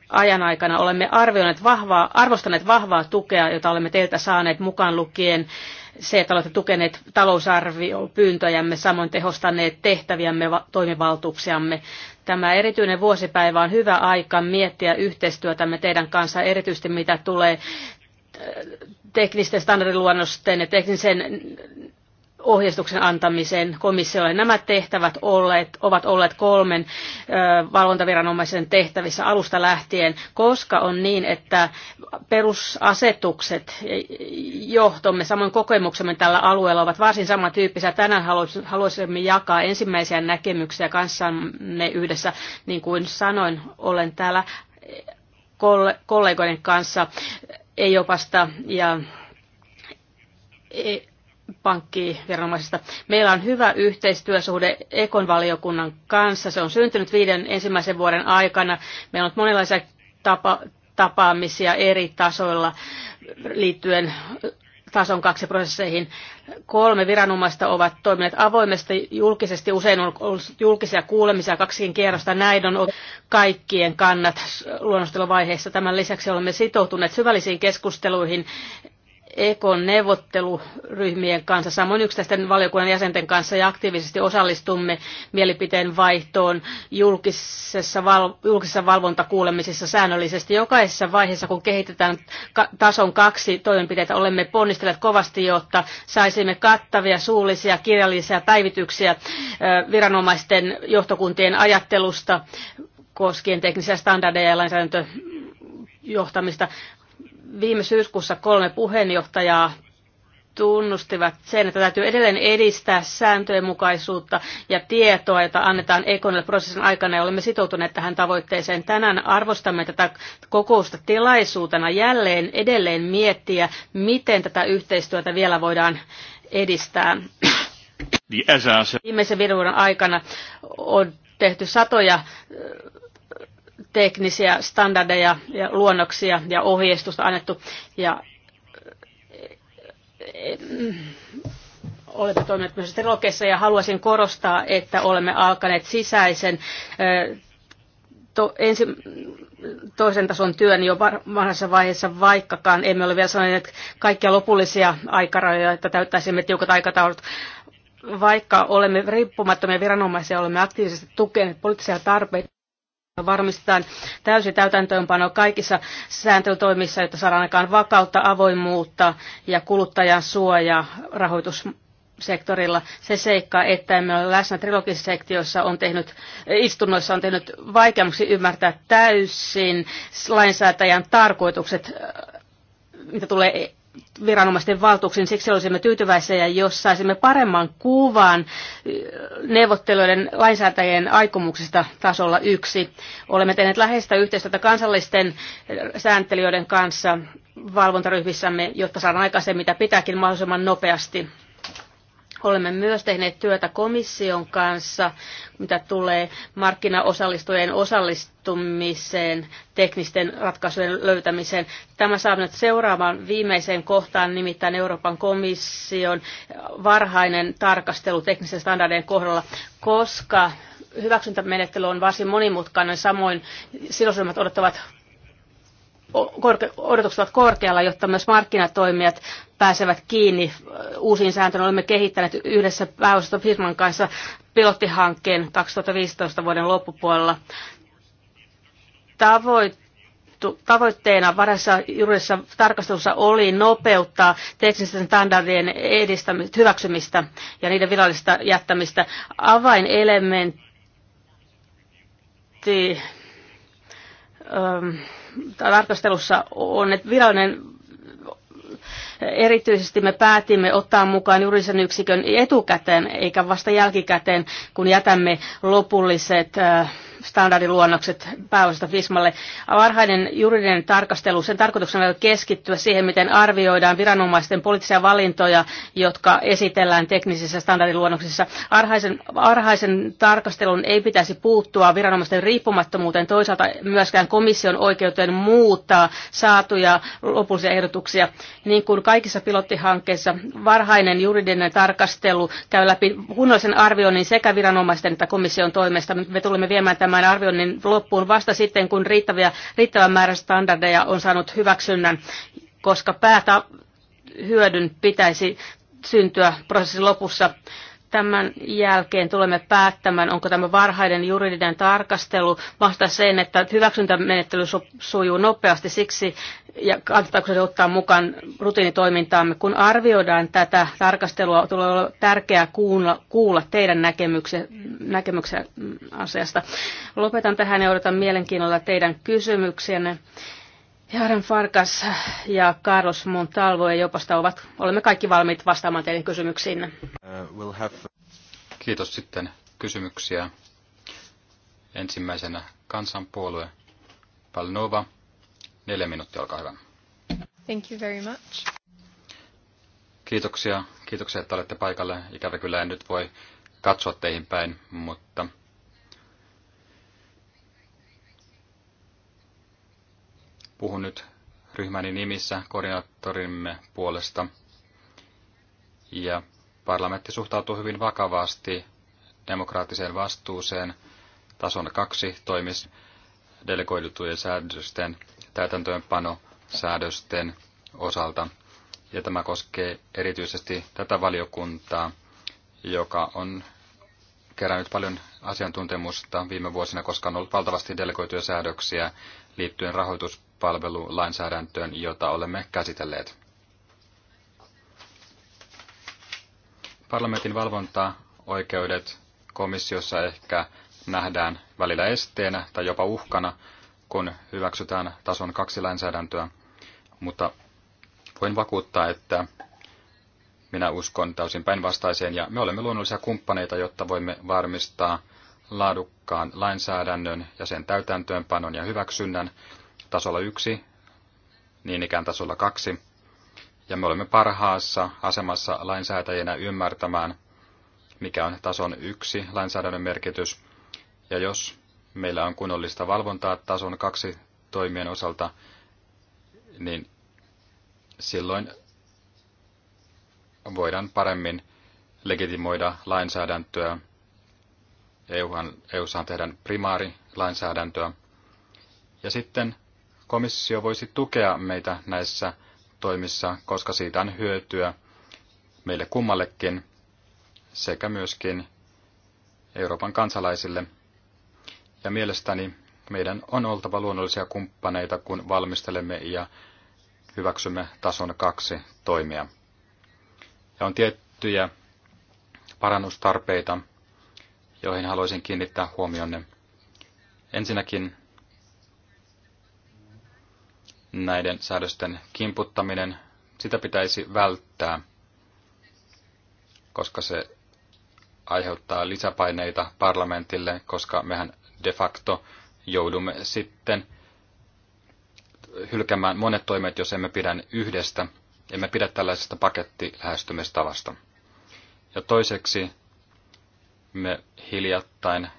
ajan aikana olemme arvioineet vahvaa, arvostaneet vahvaa tukea, jota olemme teiltä saaneet mukaan lukien se, että olette tukeneet talousarviopyyntöjämme, samoin tehostaneet tehtäviämme, toimivaltuuksiamme. Tämä erityinen vuosipäivä on hyvä aika miettiä yhteistyötämme teidän kanssa, erityisesti mitä tulee äh, teknisten standardiluonnosten ja teknisen ohjeistuksen antamiseen komissiolle. Nämä tehtävät olleet, ovat olleet kolmen ö, valvontaviranomaisen tehtävissä alusta lähtien, koska on niin, että perusasetukset, johtomme, samoin kokemuksemme tällä alueella ovat varsin samantyyppisiä. Tänään haluaisimme jakaa ensimmäisiä näkemyksiä kanssanne yhdessä. Niin kuin sanoin, olen täällä kollegoiden kanssa ei opasta ja e- pankkiviranomaisista. Meillä on hyvä yhteistyösuhde Ekon valiokunnan kanssa. Se on syntynyt viiden ensimmäisen vuoden aikana. Meillä on monenlaisia tapa, tapaamisia eri tasoilla liittyen tason kaksi prosesseihin. Kolme viranomaista ovat toimineet avoimesti julkisesti, usein on ollut julkisia kuulemisia kaksikin kierrosta. Näin on ollut kaikkien kannat luonnostelovaiheessa. Tämän lisäksi olemme sitoutuneet syvällisiin keskusteluihin Ekon neuvotteluryhmien kanssa, samoin yksittäisten valiokunnan jäsenten kanssa ja aktiivisesti osallistumme mielipiteen vaihtoon julkisessa, val, julkisessa valvontakuulemisissa säännöllisesti. Jokaisessa vaiheessa, kun kehitetään ka- tason kaksi toimenpiteitä, olemme ponnistelleet kovasti, jotta saisimme kattavia suullisia kirjallisia päivityksiä viranomaisten johtokuntien ajattelusta koskien teknisiä standardeja ja lainsäädäntöjohtamista viime syyskuussa kolme puheenjohtajaa tunnustivat sen, että täytyy edelleen edistää sääntöjen mukaisuutta ja tietoa, jota annetaan Ekonille prosessin aikana, ja olemme sitoutuneet tähän tavoitteeseen. Tänään arvostamme tätä kokousta tilaisuutena jälleen edelleen miettiä, miten tätä yhteistyötä vielä voidaan edistää. Viimeisen viiden vuoden aikana on tehty satoja teknisiä standardeja ja luonnoksia ja ohjeistusta annettu. Ja eh, eh, mm, olemme toimineet myös Trilogissa ja haluaisin korostaa, että olemme alkaneet sisäisen eh, to, ensi, toisen tason työn jo varhaisessa vaiheessa, vaikkakaan emme ole vielä sanoneet kaikkia lopullisia aikarajoja, että täyttäisimme tiukat aikataulut. Vaikka olemme riippumattomia viranomaisia, olemme aktiivisesti tukeneet poliittisia tarpeita varmistetaan täysi täytäntöönpano kaikissa sääntötoimissa, jotta saadaan aikaan vakautta, avoimuutta ja kuluttajan suojaa rahoitussektorilla. Se seikka, että emme ole läsnä trilogisektiossa on tehnyt, istunnoissa on tehnyt vaikeammaksi ymmärtää täysin lainsäätäjän tarkoitukset mitä tulee viranomaisten valtuuksiin. Siksi olisimme tyytyväisiä, jos saisimme paremman kuvan neuvotteluiden lainsäätäjien aikomuksista tasolla yksi. Olemme tehneet läheistä yhteistyötä kansallisten sääntelijöiden kanssa valvontaryhmissämme, jotta saadaan aikaisemmin mitä pitääkin mahdollisimman nopeasti. Olemme myös tehneet työtä komission kanssa, mitä tulee markkinaosallistujien osallistumiseen, teknisten ratkaisujen löytämiseen. Tämä saa nyt seuraavaan viimeiseen kohtaan, nimittäin Euroopan komission varhainen tarkastelu teknisten standardien kohdalla, koska hyväksyntämenettely on varsin monimutkainen, samoin sidosryhmät odottavat odotukset ovat korkealla, jotta myös markkinatoimijat pääsevät kiinni uusiin sääntöihin. Olemme kehittäneet yhdessä pääosaston Firman kanssa pilottihankkeen 2015 vuoden loppupuolella. Tavoitteena tavoitteena varassa juridisessa tarkastelussa oli nopeuttaa teknisten standardien edistämistä, hyväksymistä ja niiden virallista jättämistä. Avainelementti... Öm, tarkastelussa on, että virallinen erityisesti me päätimme ottaa mukaan sen yksikön etukäteen eikä vasta jälkikäteen, kun jätämme lopulliset äh, standardiluonnokset pääosasta FISMalle. Varhainen juridinen tarkastelu, sen tarkoituksena on keskittyä siihen, miten arvioidaan viranomaisten poliittisia valintoja, jotka esitellään teknisissä standardiluonnoksissa. Arhaisen, arhaisen tarkastelun ei pitäisi puuttua viranomaisten riippumattomuuteen, toisaalta myöskään komission oikeuteen muuttaa saatuja lopullisia ehdotuksia. Niin kuin kaikissa pilottihankkeissa, varhainen juridinen tarkastelu käy läpi kunnollisen arvioinnin sekä viranomaisten että komission toimesta. Me tulemme viemään tämän tämän arvioinnin loppuun vasta sitten, kun riittäviä, riittävän määrä standardeja on saanut hyväksynnän, koska päätä hyödyn pitäisi syntyä prosessin lopussa. Tämän jälkeen tulemme päättämään, onko tämä varhainen juridinen tarkastelu vastaa sen, että hyväksyntämenettely sujuu nopeasti siksi, ja kannattaako se ottaa mukaan rutiinitoimintaamme. Kun arvioidaan tätä tarkastelua, tulee olla tärkeää kuulla, kuulla teidän näkemyksen, näkemyksen asiasta. Lopetan tähän ja odotan mielenkiinnolla teidän kysymyksenne. Jaren Farkas ja Carlos Montalvo ja Jopasta ovat, olemme kaikki valmiit vastaamaan teidän kysymyksiinne. Uh, we'll have... Kiitos sitten kysymyksiä. Ensimmäisenä kansanpuolue Palnova. Neljä minuuttia, olkaa hyvä. Thank you very much. Kiitoksia. Kiitoksia, että olette paikalle. Ikävä kyllä en nyt voi katsoa teihin päin, mutta Puhun nyt ryhmäni nimissä koordinaattorimme puolesta. Ja parlamentti suhtautuu hyvin vakavasti demokraattiseen vastuuseen tason kaksi toimis delegoidutujen säädösten täytäntöönpano säädösten osalta. Ja tämä koskee erityisesti tätä valiokuntaa, joka on kerännyt paljon asiantuntemusta viime vuosina, koska on ollut valtavasti delegoituja säädöksiä liittyen rahoitus palvelulainsäädäntöön, jota olemme käsitelleet. Parlamentin valvontaoikeudet komissiossa ehkä nähdään välillä esteenä tai jopa uhkana, kun hyväksytään tason kaksi lainsäädäntöä, mutta voin vakuuttaa, että minä uskon täysin päinvastaiseen ja me olemme luonnollisia kumppaneita, jotta voimme varmistaa laadukkaan lainsäädännön ja sen täytäntöönpanon ja hyväksynnän tasolla yksi, niin ikään tasolla kaksi, ja me olemme parhaassa asemassa lainsäätäjänä ymmärtämään, mikä on tason yksi lainsäädännön merkitys, ja jos meillä on kunnollista valvontaa tason kaksi toimien osalta, niin silloin voidaan paremmin legitimoida lainsäädäntöä. eu EUssahan tehdään primaarilainsäädäntöä. Ja sitten Komissio voisi tukea meitä näissä toimissa, koska siitä on hyötyä meille kummallekin sekä myöskin Euroopan kansalaisille. Ja mielestäni meidän on oltava luonnollisia kumppaneita, kun valmistelemme ja hyväksymme tason kaksi toimia. Ja on tiettyjä parannustarpeita, joihin haluaisin kiinnittää huomionne. Ensinnäkin näiden säädösten kimputtaminen, sitä pitäisi välttää, koska se aiheuttaa lisäpaineita parlamentille, koska mehän de facto joudumme sitten hylkämään monet toimet, jos emme pidä yhdestä, emme pidä tällaisesta pakettilähestymistavasta. Ja toiseksi me hiljattain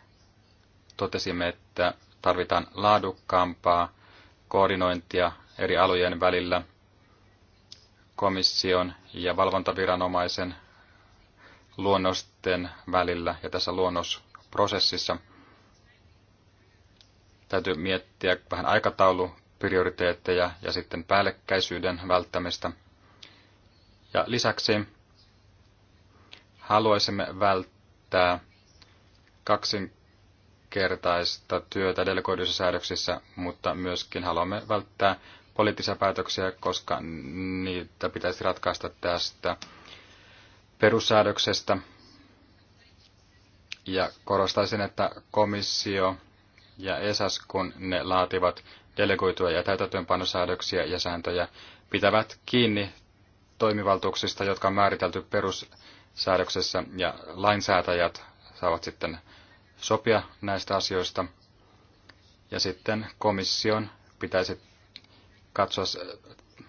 totesimme, että tarvitaan laadukkaampaa koordinointia eri alujen välillä komission ja valvontaviranomaisen luonnosten välillä ja tässä luonnosprosessissa. Täytyy miettiä vähän aikataulu, prioriteetteja ja sitten päällekkäisyyden välttämistä. Ja lisäksi haluaisimme välttää kaksin yksinkertaista työtä delegoiduissa säädöksissä, mutta myöskin haluamme välttää poliittisia päätöksiä, koska niitä pitäisi ratkaista tästä perussäädöksestä. Ja korostaisin, että komissio ja ESAS, kun ne laativat delegoituja ja täytäntöönpanosäädöksiä ja sääntöjä, pitävät kiinni toimivaltuuksista, jotka on määritelty perussäädöksessä, ja lainsäätäjät saavat sitten sopia näistä asioista. Ja sitten komission pitäisi katsoa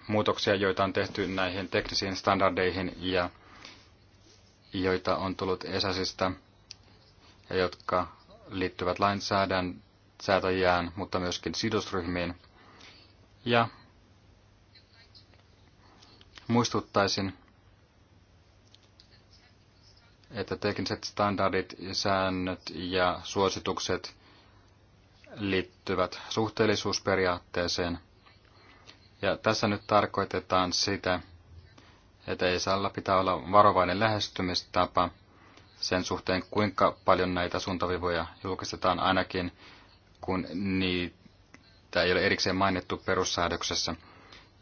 muutoksia, joita on tehty näihin teknisiin standardeihin ja joita on tullut ESASista ja jotka liittyvät lainsäätäjään, mutta myöskin sidosryhmiin. Ja muistuttaisin, että tekniset standardit, säännöt ja suositukset liittyvät suhteellisuusperiaatteeseen. Ja tässä nyt tarkoitetaan sitä, että ESAlla pitää olla varovainen lähestymistapa sen suhteen, kuinka paljon näitä suuntavivoja julkistetaan ainakin, kun niitä ei ole erikseen mainittu perussäädöksessä.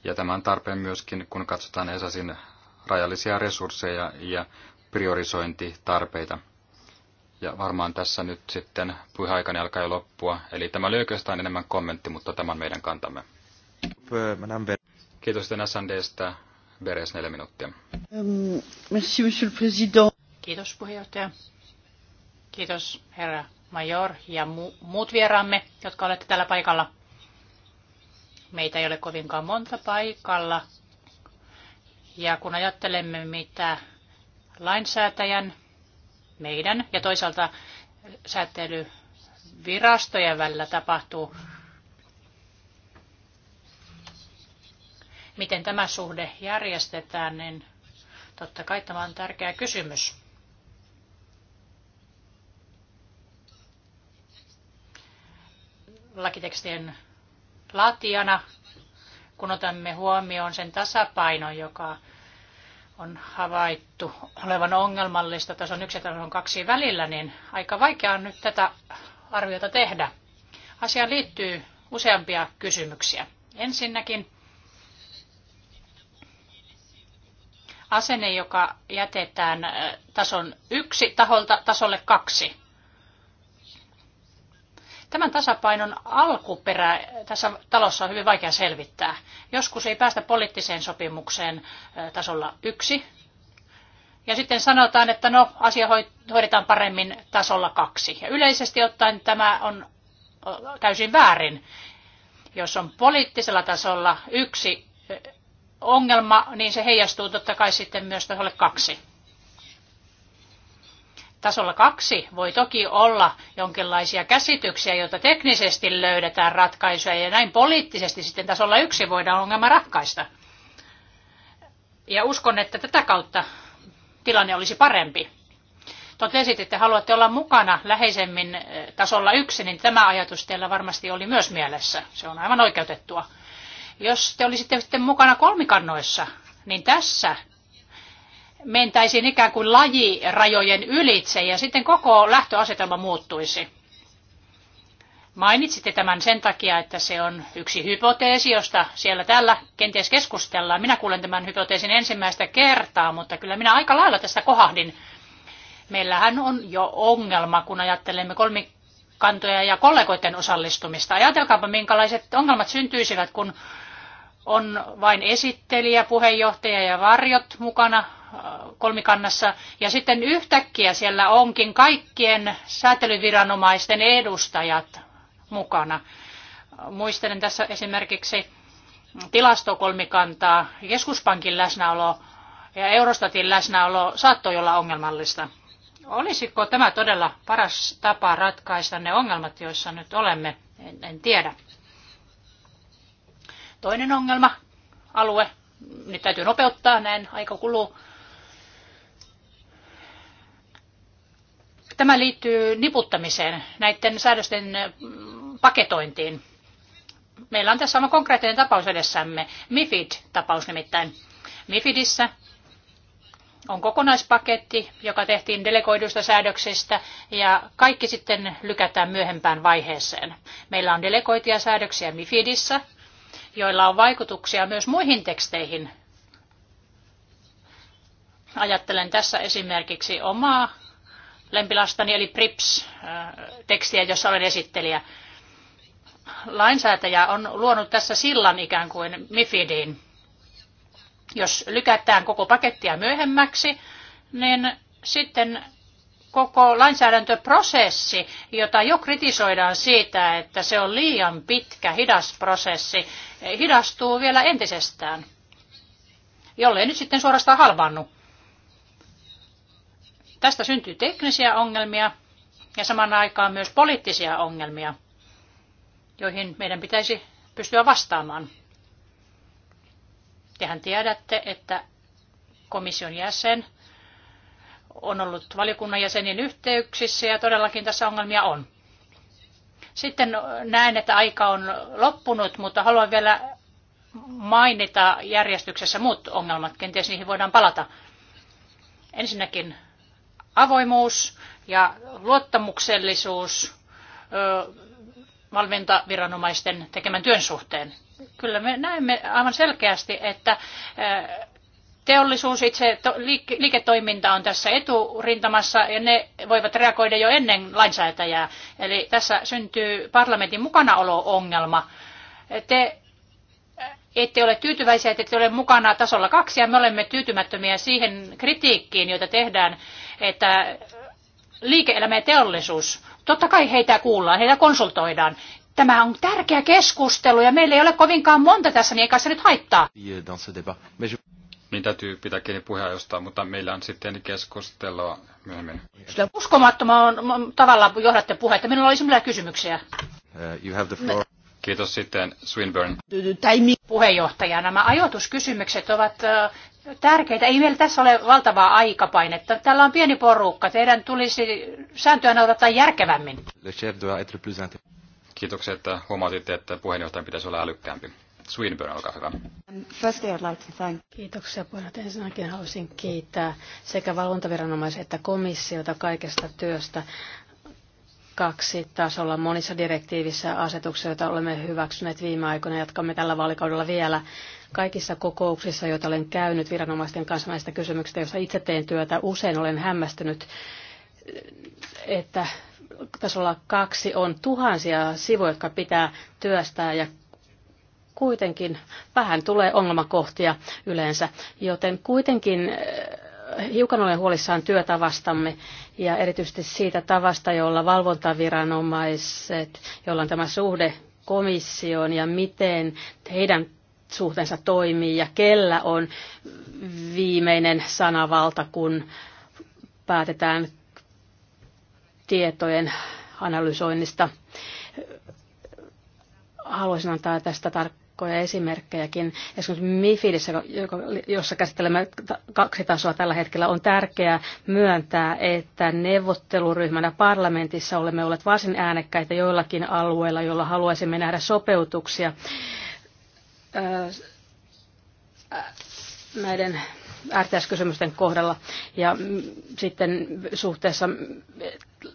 Ja tämä on tarpeen myöskin, kun katsotaan ESASin rajallisia resursseja ja priorisointitarpeita. Ja varmaan tässä nyt sitten puheaikani alkaa jo loppua. Eli tämä oli oikeastaan enemmän kommentti, mutta tämä on meidän kantamme. Kiitos sitten SNDstä. Beres neljä minuuttia. Merci, monsieur le président. Kiitos puheenjohtaja. Kiitos herra major ja mu- muut vieraamme, jotka olette täällä paikalla. Meitä ei ole kovinkaan monta paikalla. Ja kun ajattelemme, mitä lainsäätäjän, meidän ja toisaalta säätelyvirastojen välillä tapahtuu. Miten tämä suhde järjestetään, niin totta kai tämä on tärkeä kysymys. Lakitekstien laatijana, kun otamme huomioon sen tasapainon, joka on havaittu olevan ongelmallista tason yksi ja tason kaksi välillä, niin aika vaikea on nyt tätä arviota tehdä. Asiaan liittyy useampia kysymyksiä. Ensinnäkin asenne, joka jätetään äh, tason yksi taholta tasolle kaksi. Tämän tasapainon alkuperä tässä talossa on hyvin vaikea selvittää. Joskus ei päästä poliittiseen sopimukseen tasolla yksi. Ja sitten sanotaan, että no, asia hoidetaan paremmin tasolla kaksi. Ja yleisesti ottaen tämä on täysin väärin. Jos on poliittisella tasolla yksi ongelma, niin se heijastuu totta kai sitten myös tasolle kaksi tasolla kaksi voi toki olla jonkinlaisia käsityksiä, joita teknisesti löydetään ratkaisuja ja näin poliittisesti sitten tasolla yksi voidaan ongelma ratkaista. Ja uskon, että tätä kautta tilanne olisi parempi. Totesit, että haluatte olla mukana läheisemmin eh, tasolla yksi, niin tämä ajatus teillä varmasti oli myös mielessä. Se on aivan oikeutettua. Jos te olisitte sitten mukana kolmikannoissa, niin tässä mentäisiin ikään kuin lajirajojen ylitse ja sitten koko lähtöasetelma muuttuisi. Mainitsitte tämän sen takia, että se on yksi hypoteesi, josta siellä täällä kenties keskustellaan. Minä kuulen tämän hypoteesin ensimmäistä kertaa, mutta kyllä minä aika lailla tästä kohahdin. Meillähän on jo ongelma, kun ajattelemme kolmikantoja ja kollegoiden osallistumista. Ajatelkaapa, minkälaiset ongelmat syntyisivät, kun on vain esittelijä, puheenjohtaja ja varjot mukana kolmikannassa ja sitten yhtäkkiä siellä onkin kaikkien säätelyviranomaisten edustajat mukana. Muistelen tässä esimerkiksi tilastokolmikantaa, keskuspankin läsnäolo ja Eurostatin läsnäolo saattoi olla ongelmallista. Olisiko tämä todella paras tapa ratkaista ne ongelmat, joissa nyt olemme? En, en tiedä. Toinen ongelma, alue, nyt täytyy nopeuttaa, näin aika kuluu. Tämä liittyy niputtamiseen, näiden säädösten mm, paketointiin. Meillä on tässä oma konkreettinen tapaus edessämme, MIFID-tapaus nimittäin. MIFIDissä on kokonaispaketti, joka tehtiin delegoiduista säädöksistä ja kaikki sitten lykätään myöhempään vaiheeseen. Meillä on delegoitia säädöksiä MIFIDissä, joilla on vaikutuksia myös muihin teksteihin. Ajattelen tässä esimerkiksi omaa lempilastani eli PRIPS-tekstiä, äh, jossa olen esittelijä. Lainsäätäjä on luonut tässä sillan ikään kuin MIFIDiin. Jos lykätään koko pakettia myöhemmäksi, niin sitten koko lainsäädäntöprosessi, jota jo kritisoidaan siitä, että se on liian pitkä, hidas prosessi, hidastuu vielä entisestään, jollei nyt sitten suorastaan halvannut. Tästä syntyy teknisiä ongelmia ja saman aikaan myös poliittisia ongelmia, joihin meidän pitäisi pystyä vastaamaan. Tehän tiedätte, että komission jäsen on ollut valiokunnan jäsenin yhteyksissä ja todellakin tässä ongelmia on. Sitten näen, että aika on loppunut, mutta haluan vielä mainita järjestyksessä muut ongelmat. Kenties niihin voidaan palata. Ensinnäkin avoimuus ja luottamuksellisuus valvontaviranomaisten tekemän työn suhteen. Kyllä me näemme aivan selkeästi, että teollisuus, itse liiketoiminta on tässä eturintamassa ja ne voivat reagoida jo ennen lainsäätäjää. Eli tässä syntyy parlamentin mukanaolo-ongelma. Te ette ole tyytyväisiä, että ette ole mukana tasolla kaksi ja me olemme tyytymättömiä siihen kritiikkiin, jota tehdään että liike-elämä ja teollisuus, totta kai heitä kuullaan, heitä konsultoidaan. Tämä on tärkeä keskustelu ja meillä ei ole kovinkaan monta tässä, niin eikä se nyt haittaa. Niin täytyy pitää kiinni puheenjohtaja, mutta meillä on sitten keskustelua myöhemmin. Sillä uskomattoman tavalla johdatte puhetta. Minulla olisi mulla kysymyksiä. Uh, you have the floor. Kiitos sitten Swinburne. Puheenjohtaja, nämä ajoituskysymykset ovat uh, tärkeitä. Ei meillä tässä ole valtavaa aikapainetta. Täällä on pieni porukka. Teidän tulisi sääntöä noudattaa järkevämmin. Kiitoksia, että huomautitte, että puheenjohtajan pitäisi olla älykkäämpi. Swinburne, olkaa hyvä. Um, firstly, I'd like to thank... Kiitoksia puheenjohtaja. Ensinnäkin haluaisin kiittää sekä valvontaviranomaisia että komissiota kaikesta työstä kaksi tasolla monissa direktiivissä ja asetuksissa, joita olemme hyväksyneet viime aikoina. Jatkamme tällä vaalikaudella vielä Kaikissa kokouksissa, joita olen käynyt viranomaisten kanssa näistä kysymyksistä, joissa itse teen työtä, usein olen hämmästynyt, että tasolla kaksi on tuhansia sivuja, jotka pitää työstää ja kuitenkin vähän tulee ongelmakohtia yleensä, joten kuitenkin eh, hiukan olen huolissaan työtavastamme ja erityisesti siitä tavasta, jolla valvontaviranomaiset, jolla on tämä suhde komissioon ja miten heidän suhteensa toimii ja kellä on viimeinen sanavalta, kun päätetään tietojen analysoinnista. Haluaisin antaa tästä tarkkoja esimerkkejäkin. Esimerkiksi MIFIDissä, jossa käsittelemme kaksi tasoa tällä hetkellä, on tärkeää myöntää, että neuvotteluryhmänä parlamentissa olemme olleet varsin äänekkäitä joillakin alueilla, joilla haluaisimme nähdä sopeutuksia näiden RTS-kysymysten kohdalla ja sitten suhteessa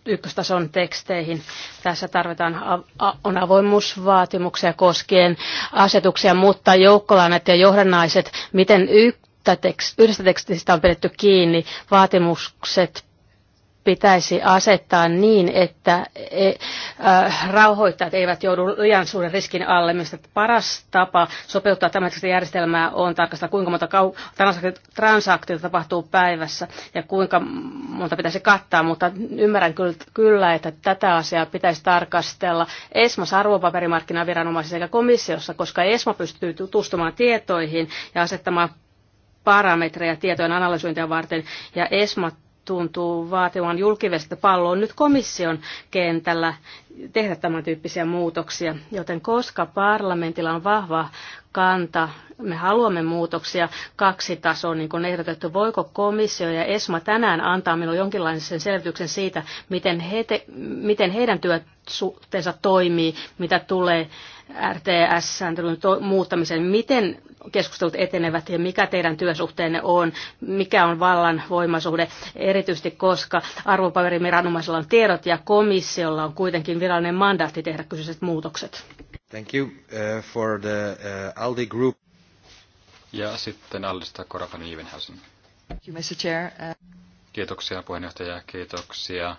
ykköstason teksteihin. Tässä tarvitaan on avoimuusvaatimuksia koskien asetuksia, mutta joukkolainet ja johdannaiset, miten yhtä tekst, yhdestä tekstistä on pidetty kiinni, vaatimukset pitäisi asettaa niin, että e, äh, rauhoittajat eivät joudu liian suuren riskin alle. Mielestäni paras tapa sopeuttaa tämänhetkistä järjestelmää on tarkastaa kuinka monta kau- transaktiota tapahtuu päivässä ja kuinka monta pitäisi kattaa, mutta ymmärrän kyllä, että tätä asiaa pitäisi tarkastella ESMAssa arvopaperimarkkinaviranomaisissa sekä komissiossa, koska ESMA pystyy tutustumaan tietoihin ja asettamaan parametreja tietojen analysointia varten, ja ESMA tuntuu vaativan julkivesta palloa nyt komission kentällä tehdä tämän tyyppisiä muutoksia, joten koska parlamentilla on vahva kanta. Me haluamme muutoksia kaksi tasoa, niin kuin ehdotettu. Voiko komissio ja ESMA tänään antaa minulle jonkinlaisen selvityksen siitä, miten, he te, miten heidän työsuhteensa toimii, mitä tulee RTS-sääntelyn muuttamiseen, miten keskustelut etenevät ja mikä teidän työsuhteenne on, mikä on vallan voimasuhde, erityisesti koska arvopaperimiranomaisella on tiedot ja komissiolla on kuitenkin virallinen mandaatti tehdä kyseiset muutokset. Uh, for the uh, ALDE group. Ja sitten Aldista Ivenhausen. Uh, kiitoksia puheenjohtaja, kiitoksia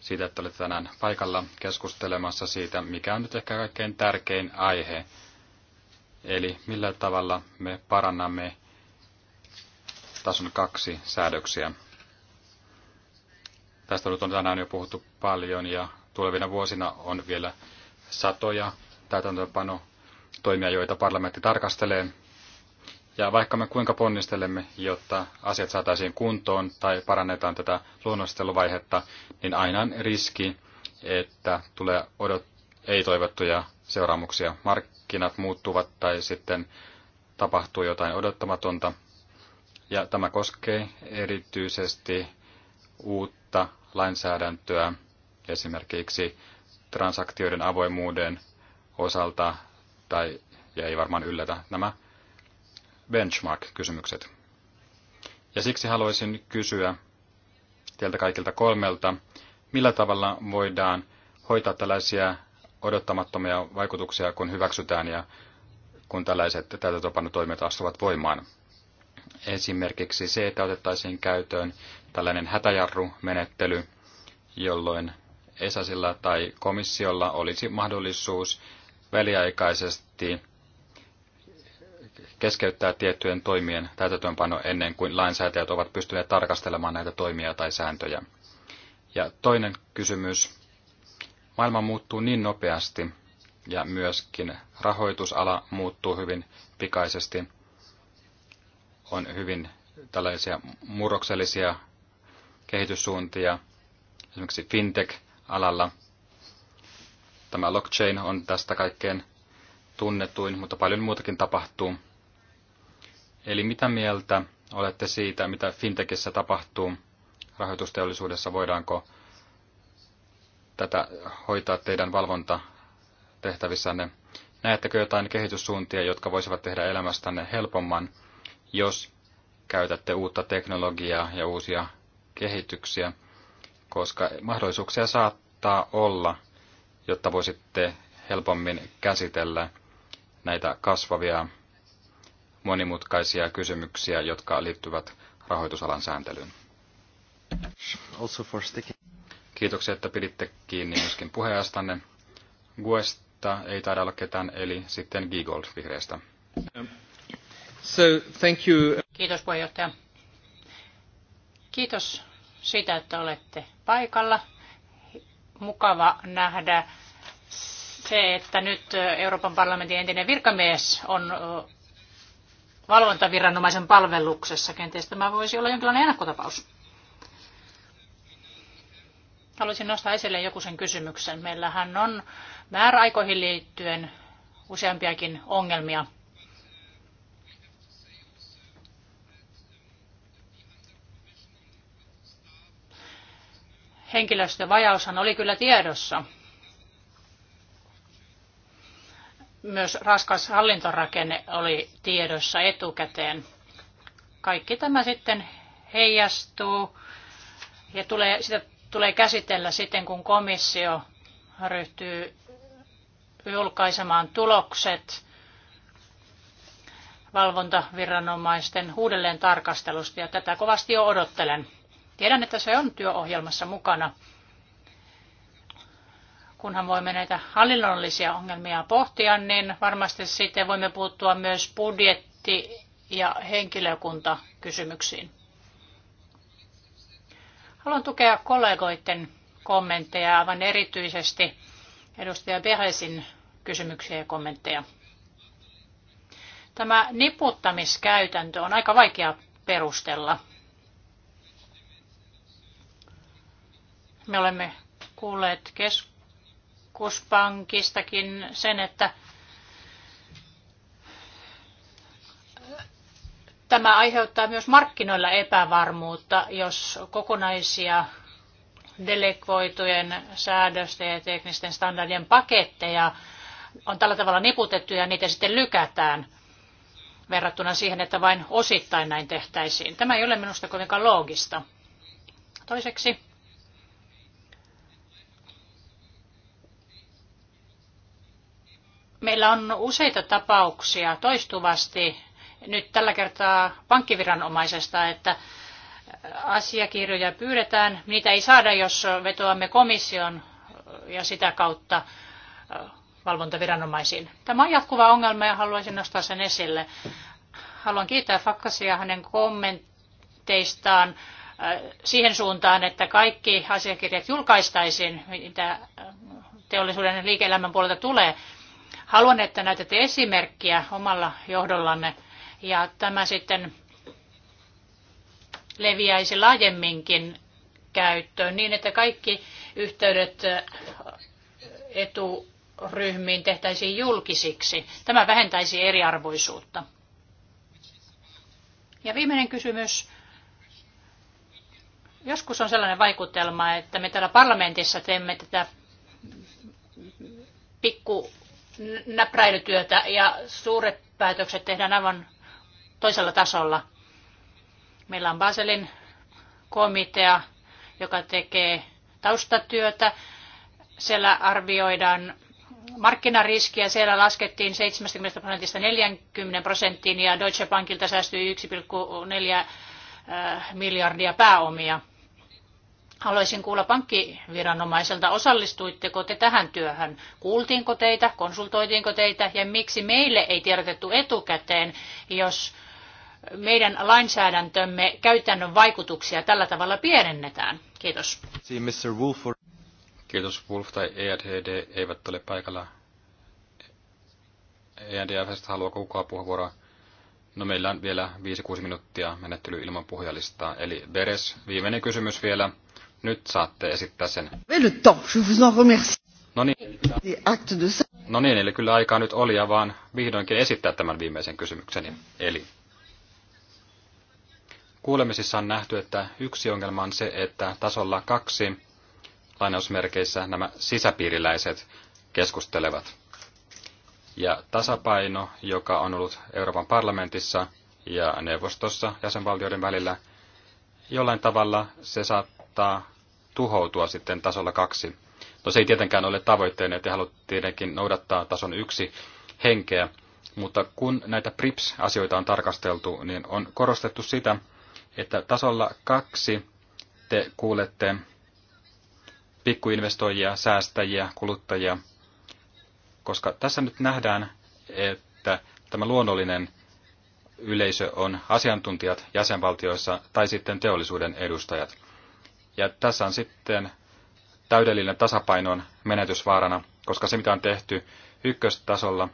siitä, että olette tänään paikalla keskustelemassa siitä, mikä on nyt ehkä kaikkein tärkein aihe. Eli millä tavalla me parannamme tason kaksi säädöksiä. Tästä on tänään jo puhuttu paljon ja tulevina vuosina on vielä satoja täytäntöönpano toimia, joita parlamentti tarkastelee. Ja vaikka me kuinka ponnistelemme, jotta asiat saataisiin kuntoon tai parannetaan tätä luonnosteluvaihetta, niin aina on riski, että tulee odot ei-toivottuja seuraamuksia. Markkinat muuttuvat tai sitten tapahtuu jotain odottamatonta. Ja tämä koskee erityisesti uutta lainsäädäntöä, esimerkiksi transaktioiden avoimuuden osalta, tai ja ei varmaan yllätä nämä benchmark-kysymykset. Ja siksi haluaisin kysyä teiltä kaikilta kolmelta, millä tavalla voidaan hoitaa tällaisia odottamattomia vaikutuksia, kun hyväksytään ja kun tällaiset täytäntöpanotoimet astuvat voimaan. Esimerkiksi se, että otettaisiin käyttöön tällainen hätäjarrumenettely, jolloin ESASilla tai komissiolla olisi mahdollisuus väliaikaisesti keskeyttää tiettyjen toimien täytäntöönpano ennen kuin lainsäätäjät ovat pystyneet tarkastelemaan näitä toimia tai sääntöjä. Ja toinen kysymys. Maailma muuttuu niin nopeasti ja myöskin rahoitusala muuttuu hyvin pikaisesti. On hyvin tällaisia murroksellisia kehityssuuntia. Esimerkiksi fintech alalla. Tämä blockchain on tästä kaikkein tunnetuin, mutta paljon muutakin tapahtuu. Eli mitä mieltä olette siitä, mitä fintechissä tapahtuu rahoitusteollisuudessa? Voidaanko tätä hoitaa teidän valvontatehtävissänne? Näettekö jotain kehityssuuntia, jotka voisivat tehdä elämästänne helpomman, jos käytätte uutta teknologiaa ja uusia kehityksiä? koska mahdollisuuksia saattaa olla, jotta voisitte helpommin käsitellä näitä kasvavia monimutkaisia kysymyksiä, jotka liittyvät rahoitusalan sääntelyyn. Kiitoksia, että piditte kiinni myöskin puheastanne. Guesta ei taida olla ketään, eli sitten Gigold vihreästä. So, thank you. Kiitos puheenjohtaja. Kiitos siitä, että olette paikalla. Mukava nähdä se, että nyt Euroopan parlamentin entinen virkamies on valvontaviranomaisen palveluksessa. Kenties tämä voisi olla jonkinlainen ennakkotapaus. Haluaisin nostaa esille joku sen kysymyksen. Meillähän on määräaikoihin liittyen useampiakin ongelmia – henkilöstövajaushan oli kyllä tiedossa. Myös raskas hallintorakenne oli tiedossa etukäteen. Kaikki tämä sitten heijastuu ja tulee, sitä tulee käsitellä sitten, kun komissio ryhtyy julkaisemaan tulokset valvontaviranomaisten uudelleen tarkastelusta ja tätä kovasti jo odottelen. Tiedän, että se on työohjelmassa mukana, kunhan voimme näitä hallinnollisia ongelmia pohtia, niin varmasti sitten voimme puuttua myös budjetti- ja henkilökuntakysymyksiin. Haluan tukea kollegoiden kommentteja, aivan erityisesti edustaja Behesin kysymyksiä ja kommentteja. Tämä niputtamiskäytäntö on aika vaikea perustella. Me olemme kuulleet keskuspankistakin sen, että tämä aiheuttaa myös markkinoilla epävarmuutta, jos kokonaisia delegoitujen säädösten ja teknisten standardien paketteja on tällä tavalla niputettu ja niitä sitten lykätään verrattuna siihen, että vain osittain näin tehtäisiin. Tämä ei ole minusta kovinkaan loogista. Toiseksi Meillä on useita tapauksia toistuvasti nyt tällä kertaa pankkiviranomaisesta, että asiakirjoja pyydetään. Niitä ei saada, jos vetoamme komission ja sitä kautta valvontaviranomaisiin. Tämä on jatkuva ongelma ja haluaisin nostaa sen esille. Haluan kiittää Fakkasia hänen kommenteistaan siihen suuntaan, että kaikki asiakirjat julkaistaisiin, mitä teollisuuden ja liike-elämän puolelta tulee. Haluan, että näytätte esimerkkiä omalla johdollanne ja tämä sitten leviäisi laajemminkin käyttöön niin, että kaikki yhteydet eturyhmiin tehtäisiin julkisiksi. Tämä vähentäisi eriarvoisuutta. Ja viimeinen kysymys. Joskus on sellainen vaikutelma, että me täällä parlamentissa teemme tätä pikku näpräilytyötä ja suuret päätökset tehdään aivan toisella tasolla. Meillä on Baselin komitea, joka tekee taustatyötä. Siellä arvioidaan markkinariskiä. Siellä laskettiin 70 prosentista 40 prosenttiin ja Deutsche Bankilta säästyi 1,4 äh, miljardia pääomia. Haluaisin kuulla pankkiviranomaiselta, osallistuitteko te tähän työhön? Kuultiinko teitä, konsultoitiinko teitä ja miksi meille ei tiedotettu etukäteen, jos meidän lainsäädäntömme käytännön vaikutuksia tällä tavalla pienennetään? Kiitos. Kiitos. Wolf tai EADD eivät ole paikalla. EADFstä haluaa kukaan puheenvuoroa. No meillä on vielä 5-6 minuuttia menettely ilman puhujalistaa. Eli Beres, viimeinen kysymys vielä. Nyt saatte esittää sen. No niin, no niin, eli kyllä aikaa nyt oli ja vaan vihdoinkin esittää tämän viimeisen kysymykseni. Eli kuulemisissa on nähty, että yksi ongelma on se, että tasolla kaksi lainausmerkeissä nämä sisäpiiriläiset keskustelevat. Ja tasapaino, joka on ollut Euroopan parlamentissa ja neuvostossa jäsenvaltioiden välillä, jollain tavalla se saattaa saattaa tuhoutua sitten tasolla kaksi. No se ei tietenkään ole tavoitteena, että haluat tietenkin noudattaa tason yksi henkeä, mutta kun näitä PRIPS-asioita on tarkasteltu, niin on korostettu sitä, että tasolla kaksi te kuulette pikkuinvestoijia, säästäjiä, kuluttajia, koska tässä nyt nähdään, että tämä luonnollinen yleisö on asiantuntijat jäsenvaltioissa tai sitten teollisuuden edustajat. Ja tässä on sitten täydellinen tasapainon menetysvaarana, koska se mitä on tehty ykköstasolla,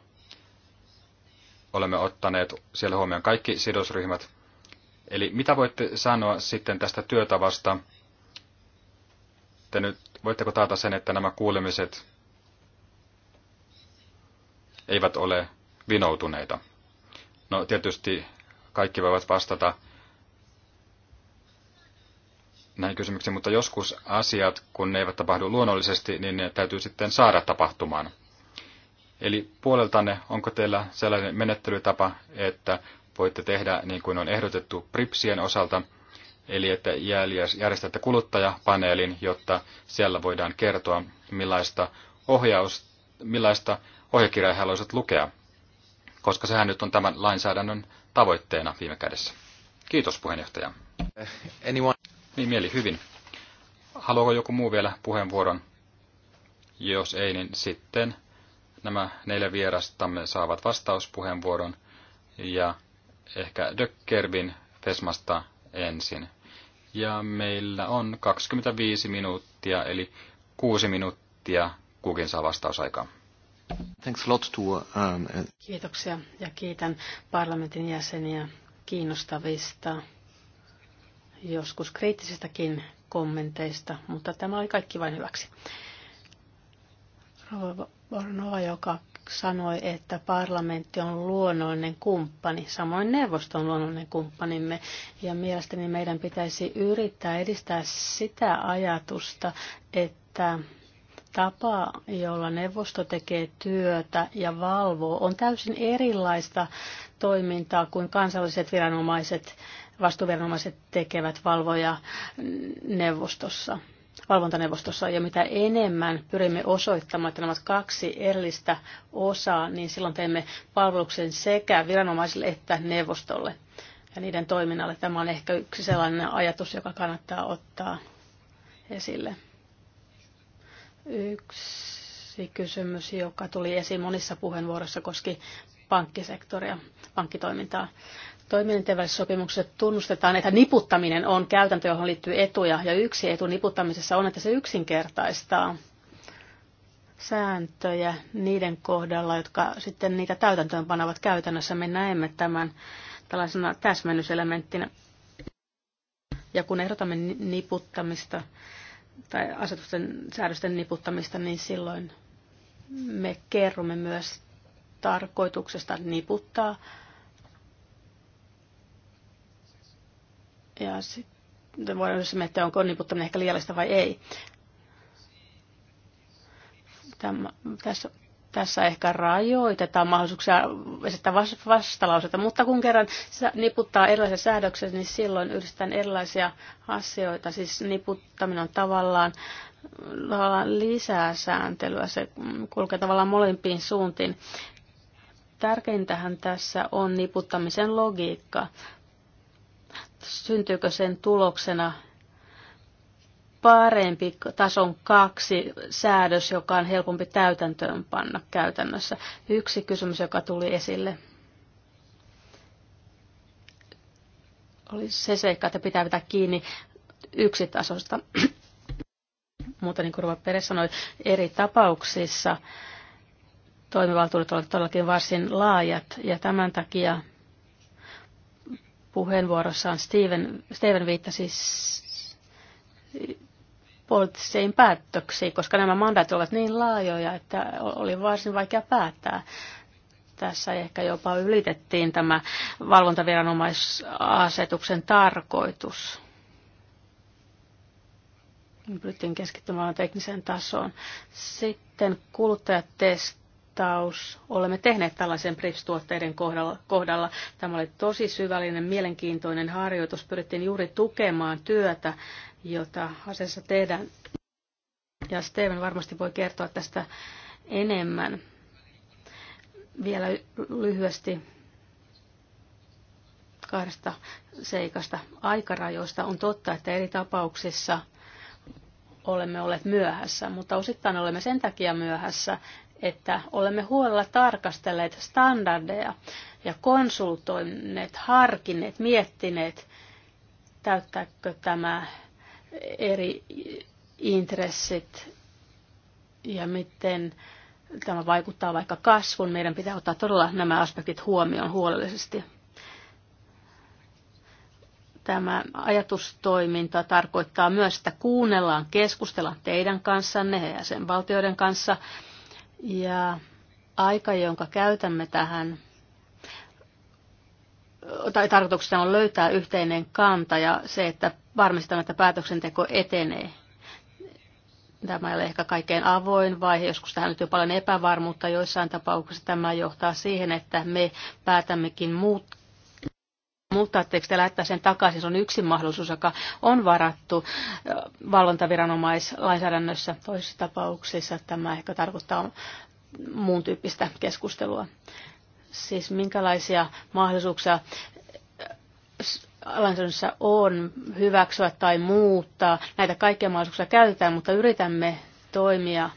olemme ottaneet siellä huomioon kaikki sidosryhmät. Eli mitä voitte sanoa sitten tästä työtavasta? Te nyt, voitteko taata sen, että nämä kuulemiset eivät ole vinoutuneita? No tietysti kaikki voivat vastata näihin kysymyksiin, mutta joskus asiat, kun ne eivät tapahdu luonnollisesti, niin ne täytyy sitten saada tapahtumaan. Eli puoleltanne, onko teillä sellainen menettelytapa, että voitte tehdä niin kuin on ehdotettu PRIPSien osalta, eli että järjestätte kuluttajapaneelin, jotta siellä voidaan kertoa, millaista, ohjaus, millaista ohjekirjaa haluaisit lukea, koska sehän nyt on tämän lainsäädännön tavoitteena viime kädessä. Kiitos puheenjohtaja. Niin, mieli hyvin. Haluaako joku muu vielä puheenvuoron? Jos ei, niin sitten nämä neljä vierastamme saavat vastauspuheenvuoron. Ja ehkä Dökkervin Fesmasta ensin. Ja meillä on 25 minuuttia, eli kuusi minuuttia kukin saa vastausaikaa. Thanks a lot to, um, uh, Kiitoksia ja kiitän parlamentin jäseniä kiinnostavista joskus kriittisistäkin kommenteista, mutta tämä oli kaikki vain hyväksi. Rova Bornova, joka sanoi, että parlamentti on luonnollinen kumppani, samoin neuvosto on luonnollinen kumppanimme, ja mielestäni meidän pitäisi yrittää edistää sitä ajatusta, että tapa, jolla neuvosto tekee työtä ja valvoo, on täysin erilaista toimintaa kuin kansalliset viranomaiset vastuuviranomaiset tekevät valvoja neuvostossa valvontaneuvostossa ja mitä enemmän pyrimme osoittamaan, että nämä ovat kaksi erillistä osaa, niin silloin teemme palveluksen sekä viranomaisille että neuvostolle ja niiden toiminnalle. Tämä on ehkä yksi sellainen ajatus, joka kannattaa ottaa esille. Yksi kysymys, joka tuli esiin monissa puheenvuoroissa, koski pankkisektoria, pankkitoimintaa toimijoiden sopimuksessa tunnustetaan, että niputtaminen on käytäntö, johon liittyy etuja, ja yksi etu niputtamisessa on, että se yksinkertaistaa sääntöjä niiden kohdalla, jotka sitten niitä täytäntöön panavat käytännössä. Me näemme tämän tällaisena täsmennyselementtinä. Ja kun ehdotamme niputtamista tai asetusten säädösten niputtamista, niin silloin me kerromme myös tarkoituksesta niputtaa Ja sitten voidaan myös miettiä, onko niputtaminen ehkä liiallista vai ei. Tämä, tässä, tässä ehkä rajoitetaan mahdollisuuksia esittää vastalauseita, mutta kun kerran niputtaa erilaisia säädöksiä, niin silloin yhdistetään erilaisia asioita. Siis niputtaminen on tavallaan, tavallaan lisää sääntelyä, se kulkee tavallaan molempiin suuntiin. Tärkeintähän tässä on niputtamisen logiikka syntyykö sen tuloksena parempi tason kaksi säädös, joka on helpompi täytäntöön panna käytännössä. Yksi kysymys, joka tuli esille, oli se seikka, että pitää pitää kiinni yksitasosta. [clears throat] Mutta niin kuin Ruva Peres sanoi, eri tapauksissa toimivaltuudet ovat todellakin varsin laajat ja tämän takia puheenvuorossaan Steven, Steven viittasi poliittisiin päätöksiin, koska nämä mandaatit ovat niin laajoja, että oli varsin vaikea päättää. Tässä ehkä jopa ylitettiin tämä valvontaviranomaisasetuksen tarkoitus. Pyrittiin keskittymään tekniseen tasoon. Sitten kuluttajatesti mittaus olemme tehneet tällaisen BRICS-tuotteiden kohdalla, kohdalla. Tämä oli tosi syvällinen, mielenkiintoinen harjoitus. Pyrittiin juuri tukemaan työtä, jota asiassa tehdään. Ja Steven varmasti voi kertoa tästä enemmän. Vielä lyhyesti kahdesta seikasta aikarajoista. On totta, että eri tapauksissa olemme olleet myöhässä, mutta osittain olemme sen takia myöhässä, että olemme huolella tarkastelleet standardeja ja konsultoineet, harkineet, miettineet, täyttääkö tämä eri intressit ja miten tämä vaikuttaa vaikka kasvun. Meidän pitää ottaa todella nämä aspektit huomioon huolellisesti. Tämä ajatustoiminta tarkoittaa myös, että kuunnellaan, keskustellaan teidän kanssanne ja sen valtioiden kanssa ja aika, jonka käytämme tähän, tai tarkoituksena on löytää yhteinen kanta ja se, että varmistetaan, että päätöksenteko etenee. Tämä ei ole ehkä kaikkein avoin vaihe, joskus tähän nyt jo paljon epävarmuutta. Joissain tapauksissa tämä johtaa siihen, että me päätämmekin muut, muuttatteko te laittaa sen takaisin? Se on yksi mahdollisuus, joka on varattu valvontaviranomaislainsäädännössä. Toisissa tapauksissa tämä ehkä tarkoittaa muun tyyppistä keskustelua. Siis minkälaisia mahdollisuuksia lainsäädännössä on hyväksyä tai muuttaa. Näitä kaikkia mahdollisuuksia käytetään, mutta yritämme toimia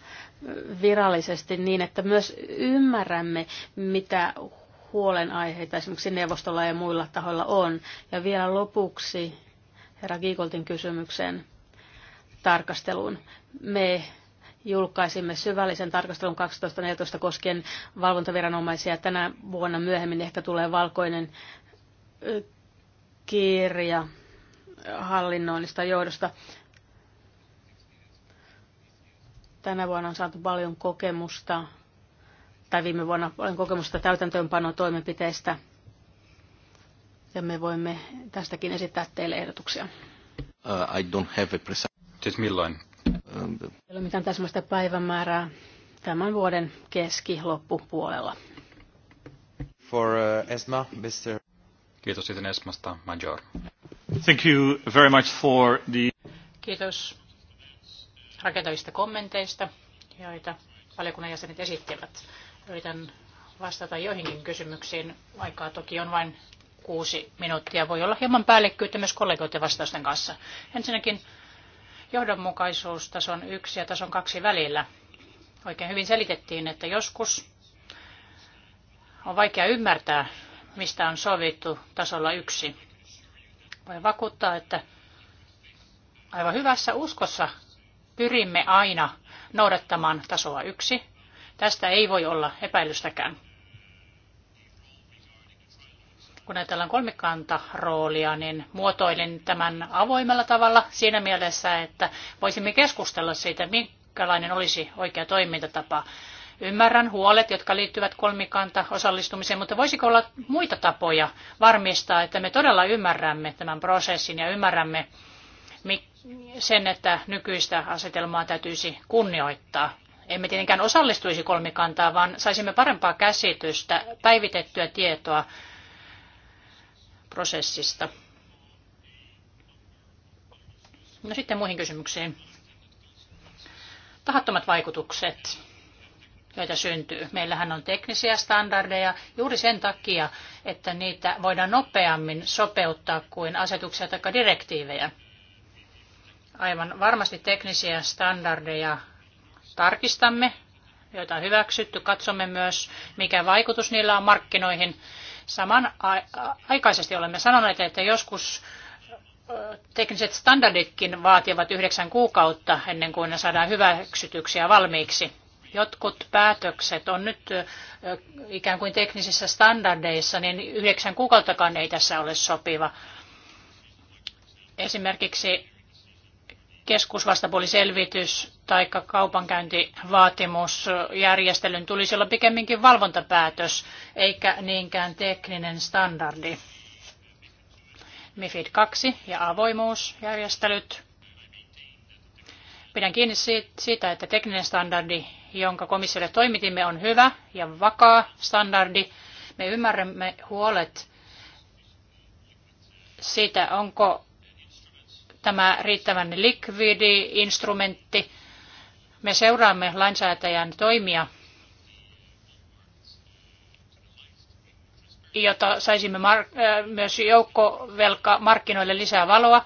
virallisesti niin, että myös ymmärrämme, mitä huolenaiheita esimerkiksi neuvostolla ja muilla tahoilla on. Ja vielä lopuksi herra Giikoltin kysymyksen tarkasteluun. Me julkaisimme syvällisen tarkastelun 2014 koskien valvontaviranomaisia. Tänä vuonna myöhemmin ehkä tulee valkoinen kirja hallinnoinnista johdosta. Tänä vuonna on saatu paljon kokemusta tai viime vuonna olen kokemusta täytäntöönpanon toimenpiteistä, ja me voimme tästäkin esittää teille ehdotuksia. Uh, I don't have a precise... Siis milloin? Um, Ei ole mitään täsmäistä päivämäärää tämän vuoden keski-loppupuolella. For uh, ESMA, Mr. Kiitos sitten ESMasta, Major. Thank you very much for the... Kiitos rakentavista kommenteista, joita valiokunnan jäsenet esittivät. Yritän vastata joihinkin kysymyksiin. Aikaa toki on vain kuusi minuuttia. Voi olla hieman päällekkyyttä myös kollegoiden vastausten kanssa. Ensinnäkin johdonmukaisuus tason yksi ja tason kaksi välillä. Oikein hyvin selitettiin, että joskus on vaikea ymmärtää, mistä on sovittu tasolla yksi. Voi vakuuttaa, että aivan hyvässä uskossa pyrimme aina noudattamaan tasoa yksi Tästä ei voi olla epäilystäkään. Kun ajatellaan kolmikantaroolia, roolia, niin muotoilen tämän avoimella tavalla siinä mielessä, että voisimme keskustella siitä, minkälainen olisi oikea toimintatapa. Ymmärrän huolet, jotka liittyvät kolmikanta osallistumiseen, mutta voisiko olla muita tapoja varmistaa, että me todella ymmärrämme tämän prosessin ja ymmärrämme sen, että nykyistä asetelmaa täytyisi kunnioittaa emme tietenkään osallistuisi kolmikantaa, vaan saisimme parempaa käsitystä, päivitettyä tietoa prosessista. No sitten muihin kysymyksiin. Tahattomat vaikutukset, joita syntyy. Meillähän on teknisiä standardeja juuri sen takia, että niitä voidaan nopeammin sopeuttaa kuin asetuksia tai direktiivejä. Aivan varmasti teknisiä standardeja tarkistamme, joita on hyväksytty. Katsomme myös, mikä vaikutus niillä on markkinoihin. aikaisesti olemme sanoneet, että joskus tekniset standarditkin vaativat yhdeksän kuukautta ennen kuin ne saadaan hyväksytyksiä valmiiksi. Jotkut päätökset on nyt ikään kuin teknisissä standardeissa, niin yhdeksän kuukauttakaan ei tässä ole sopiva. Esimerkiksi keskusvastapuoliselvitys tai kaupankäyntivaatimusjärjestelyn tulisi olla pikemminkin valvontapäätös eikä niinkään tekninen standardi. MIFID 2 ja avoimuusjärjestelyt. Pidän kiinni siitä, että tekninen standardi, jonka komissiolle toimitimme, on hyvä ja vakaa standardi. Me ymmärrämme huolet siitä, onko tämä riittävän likvidi instrumentti. Me seuraamme lainsäätäjän toimia, jotta saisimme äh, myös joukkovelka markkinoille lisää valoa,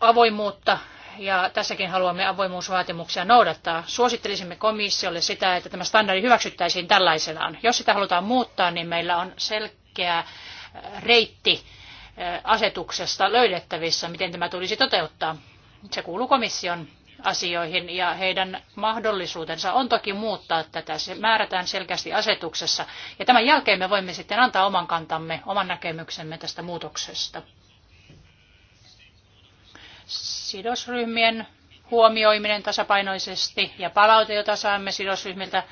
avoimuutta ja tässäkin haluamme avoimuusvaatimuksia noudattaa. Suosittelisimme komissiolle sitä, että tämä standardi hyväksyttäisiin tällaisenaan. Jos sitä halutaan muuttaa, niin meillä on selkeä reitti asetuksesta löydettävissä, miten tämä tulisi toteuttaa. Se kuuluu komission asioihin ja heidän mahdollisuutensa on toki muuttaa tätä. Se määrätään selkeästi asetuksessa ja tämän jälkeen me voimme sitten antaa oman kantamme, oman näkemyksemme tästä muutoksesta. Sidosryhmien huomioiminen tasapainoisesti ja palaute, jota saamme sidosryhmiltä,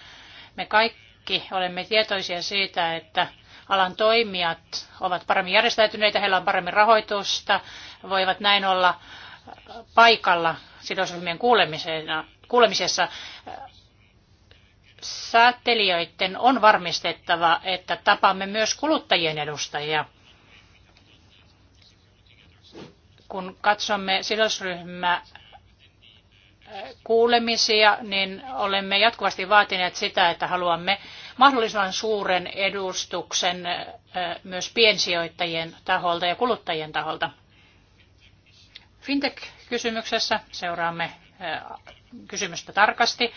me kaikki olemme tietoisia siitä, että alan toimijat ovat paremmin järjestäytyneitä, heillä on paremmin rahoitusta, voivat näin olla paikalla sidosryhmien kuulemisessa. Säätelijöiden on varmistettava, että tapaamme myös kuluttajien edustajia. Kun katsomme sidosryhmä kuulemisia, niin olemme jatkuvasti vaatineet sitä, että haluamme mahdollisimman suuren edustuksen myös piensijoittajien taholta ja kuluttajien taholta. Fintech-kysymyksessä seuraamme kysymystä tarkasti.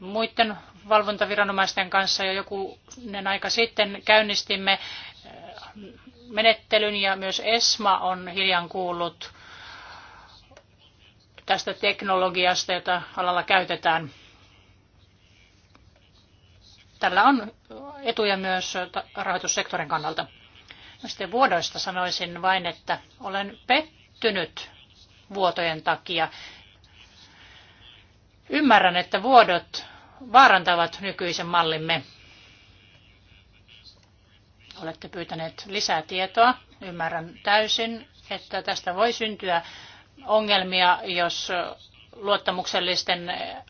Muiden valvontaviranomaisten kanssa jo joku aika sitten käynnistimme menettelyn ja myös ESMA on hiljan kuullut tästä teknologiasta, jota alalla käytetään. Tällä on etuja myös rahoitussektorin kannalta. No sitten vuodoista sanoisin vain, että olen pettynyt vuotojen takia. Ymmärrän, että vuodot vaarantavat nykyisen mallimme. Olette pyytäneet lisää tietoa. Ymmärrän täysin, että tästä voi syntyä ongelmia, jos luottamuksellisten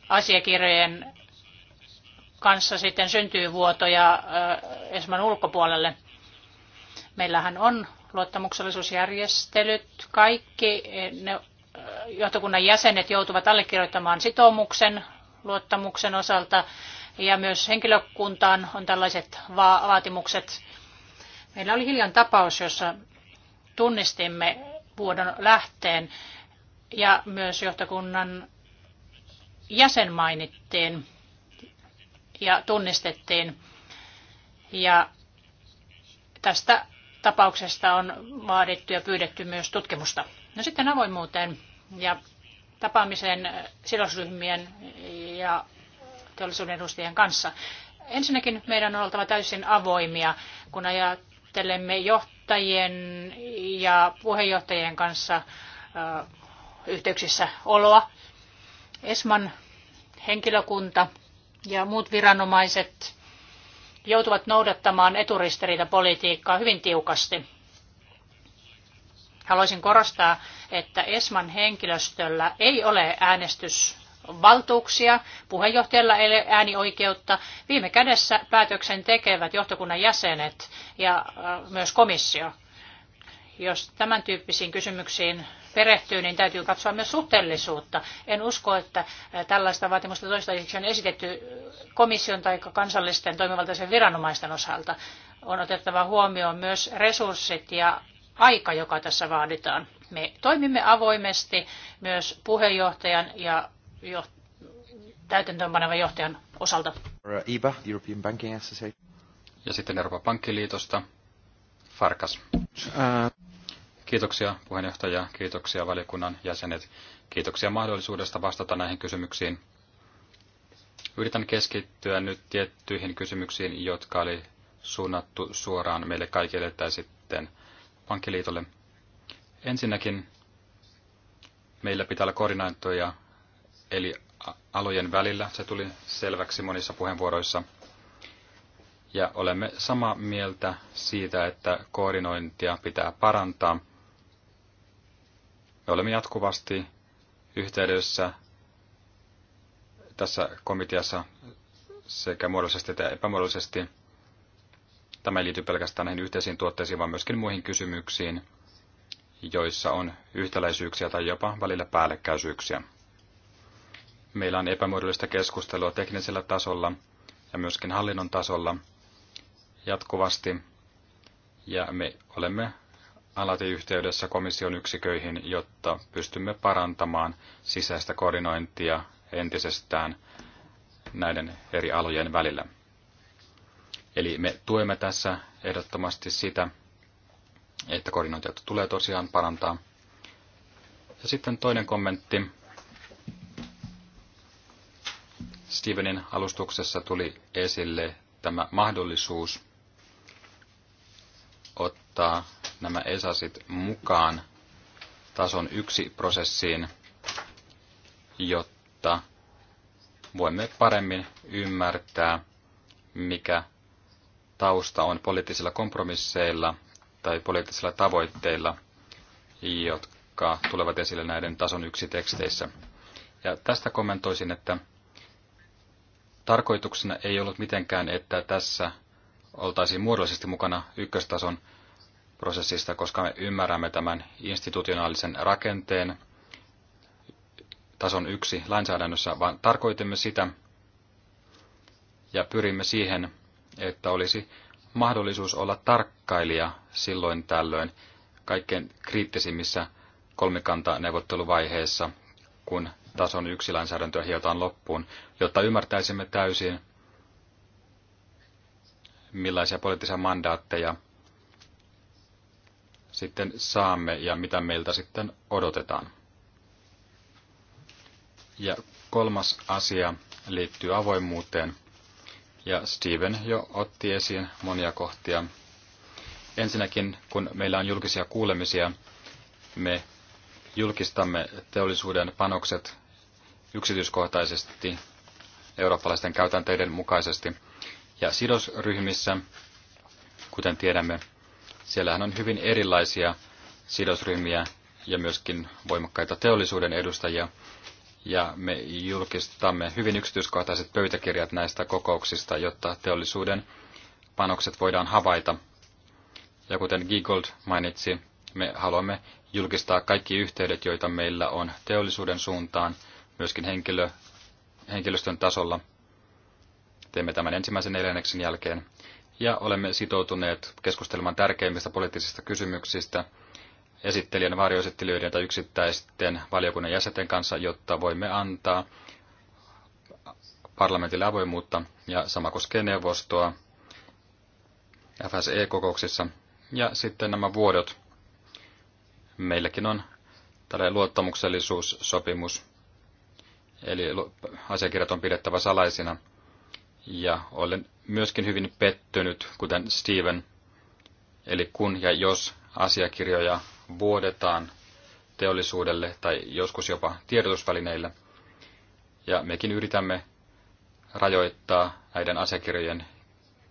asiakirjojen kanssa sitten syntyy vuotoja Esman ulkopuolelle. Meillähän on luottamuksellisuusjärjestelyt. Kaikki ne johtokunnan jäsenet joutuvat allekirjoittamaan sitoumuksen luottamuksen osalta ja myös henkilökuntaan on tällaiset va- vaatimukset. Meillä oli hiljan tapaus, jossa tunnistimme vuodon lähteen ja myös johtokunnan jäsen mainittiin ja tunnistettiin. Ja tästä tapauksesta on vaadittu ja pyydetty myös tutkimusta. No sitten avoimuuteen ja tapaamisen sidosryhmien ja teollisuuden edustajien kanssa. Ensinnäkin meidän on oltava täysin avoimia, kun ajattelemme johtajien ja puheenjohtajien kanssa yhteyksissä oloa. Esman henkilökunta ja muut viranomaiset joutuvat noudattamaan eturistiriitapolitiikkaa hyvin tiukasti. Haluaisin korostaa, että ESMAn henkilöstöllä ei ole äänestysvaltuuksia, puheenjohtajalla ei ole äänioikeutta. Viime kädessä päätöksen tekevät johtokunnan jäsenet ja äh, myös komissio. Jos tämän tyyppisiin kysymyksiin perehtyy, niin täytyy katsoa myös suhteellisuutta. En usko, että tällaista vaatimusta toistaiseksi on esitetty komission tai kansallisten toimivaltaisen viranomaisten osalta. On otettava huomioon myös resurssit ja aika, joka tässä vaaditaan. Me toimimme avoimesti myös puheenjohtajan ja joht- täytäntöönpanevan johtajan osalta. EBA, European Banking Association. Ja sitten Euroopan pankkiliitosta. Farkas. Äh. Kiitoksia puheenjohtaja, kiitoksia valiokunnan jäsenet, kiitoksia mahdollisuudesta vastata näihin kysymyksiin. Yritän keskittyä nyt tiettyihin kysymyksiin, jotka oli suunnattu suoraan meille kaikille tai sitten pankkiliitolle. Ensinnäkin meillä pitää olla koordinaattoja eli alojen välillä. Se tuli selväksi monissa puheenvuoroissa. Ja olemme samaa mieltä siitä, että koordinointia pitää parantaa me olemme jatkuvasti yhteydessä tässä komiteassa sekä muodollisesti että epämuodollisesti. Tämä ei liity pelkästään näihin yhteisiin tuotteisiin, vaan myöskin muihin kysymyksiin, joissa on yhtäläisyyksiä tai jopa välillä päällekkäisyyksiä. Meillä on epämuodollista keskustelua teknisellä tasolla ja myöskin hallinnon tasolla jatkuvasti, ja me olemme alati yhteydessä komission yksiköihin, jotta pystymme parantamaan sisäistä koordinointia entisestään näiden eri alojen välillä. Eli me tuemme tässä ehdottomasti sitä, että koordinointia tulee tosiaan parantaa. Ja sitten toinen kommentti. Stevenin alustuksessa tuli esille tämä mahdollisuus ottaa nämä ESASit mukaan tason yksi prosessiin, jotta voimme paremmin ymmärtää, mikä tausta on poliittisilla kompromisseilla tai poliittisilla tavoitteilla, jotka tulevat esille näiden tason yksi teksteissä. Ja tästä kommentoisin, että tarkoituksena ei ollut mitenkään, että tässä oltaisiin muodollisesti mukana ykköstason prosessista, koska me ymmärrämme tämän institutionaalisen rakenteen tason yksi lainsäädännössä, vaan tarkoitimme sitä ja pyrimme siihen, että olisi mahdollisuus olla tarkkailija silloin tällöin kaikkein kriittisimmissä kolmikantaneuvotteluvaiheissa, kun tason yksi lainsäädäntöä hiotaan loppuun, jotta ymmärtäisimme täysin, millaisia poliittisia mandaatteja – sitten saamme ja mitä meiltä sitten odotetaan. Ja kolmas asia liittyy avoimuuteen. Ja Steven jo otti esiin monia kohtia. Ensinnäkin, kun meillä on julkisia kuulemisia, me julkistamme teollisuuden panokset yksityiskohtaisesti eurooppalaisten käytänteiden mukaisesti. Ja sidosryhmissä, kuten tiedämme, Siellähän on hyvin erilaisia sidosryhmiä ja myöskin voimakkaita teollisuuden edustajia. Ja me julkistamme hyvin yksityiskohtaiset pöytäkirjat näistä kokouksista, jotta teollisuuden panokset voidaan havaita. Ja kuten Gigold mainitsi, me haluamme julkistaa kaikki yhteydet, joita meillä on teollisuuden suuntaan, myöskin henkilö, henkilöstön tasolla. Teemme tämän ensimmäisen neljänneksen jälkeen ja olemme sitoutuneet keskustelemaan tärkeimmistä poliittisista kysymyksistä esittelijän, varjoesittelijöiden tai yksittäisten valiokunnan jäsenten kanssa, jotta voimme antaa parlamentille avoimuutta, ja sama koskee neuvostoa FSE-kokouksissa. Ja sitten nämä vuodot. Meilläkin on tällainen luottamuksellisuussopimus, eli asiakirjat on pidettävä salaisina – ja olen myöskin hyvin pettynyt, kuten Steven, eli kun ja jos asiakirjoja vuodetaan teollisuudelle tai joskus jopa tiedotusvälineille. Ja mekin yritämme rajoittaa näiden asiakirjojen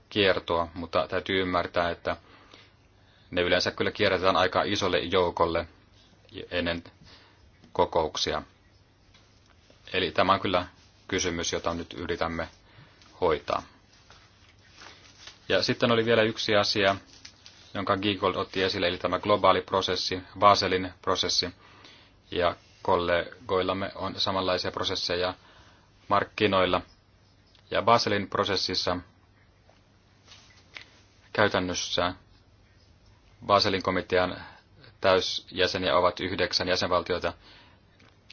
kiertoa, mutta täytyy ymmärtää, että ne yleensä kyllä kierretään aika isolle joukolle ennen kokouksia. Eli tämä on kyllä kysymys, jota nyt yritämme hoitaa. Ja sitten oli vielä yksi asia, jonka Giegold otti esille, eli tämä globaali prosessi, Baselin prosessi. Ja kollegoillamme on samanlaisia prosesseja markkinoilla. Ja Baselin prosessissa käytännössä Baselin komitean täysjäseniä ovat yhdeksän jäsenvaltiota,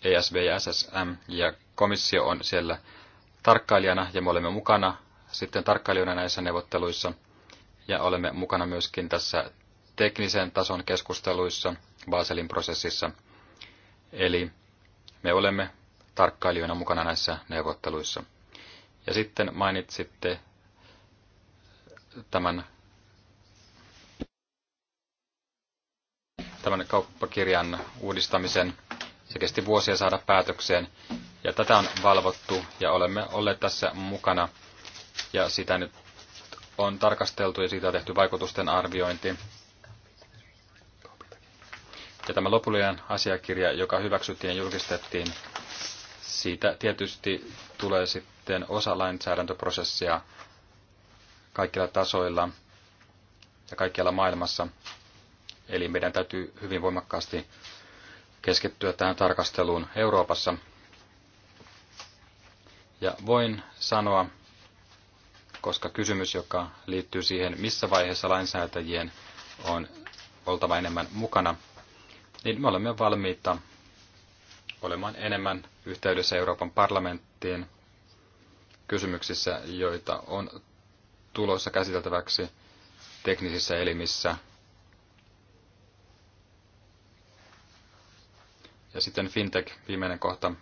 ESV ja SSM, ja komissio on siellä tarkkailijana ja me olemme mukana sitten tarkkailijoina näissä neuvotteluissa ja olemme mukana myöskin tässä teknisen tason keskusteluissa Baselin prosessissa. Eli me olemme tarkkailijoina mukana näissä neuvotteluissa. Ja sitten mainitsitte tämän, tämän kauppakirjan uudistamisen. Se kesti vuosia saada päätökseen ja tätä on valvottu ja olemme olleet tässä mukana ja sitä nyt on tarkasteltu ja siitä on tehty vaikutusten arviointi. Ja tämä lopullinen asiakirja, joka hyväksyttiin ja julkistettiin, siitä tietysti tulee sitten osa lainsäädäntöprosessia kaikilla tasoilla ja kaikkialla maailmassa. Eli meidän täytyy hyvin voimakkaasti keskittyä tähän tarkasteluun Euroopassa, ja voin sanoa, koska kysymys, joka liittyy siihen, missä vaiheessa lainsäätäjien on oltava enemmän mukana, niin me olemme valmiita olemaan enemmän yhteydessä Euroopan parlamenttiin kysymyksissä, joita on tulossa käsiteltäväksi teknisissä elimissä. Ja sitten fintech, viimeinen kohta.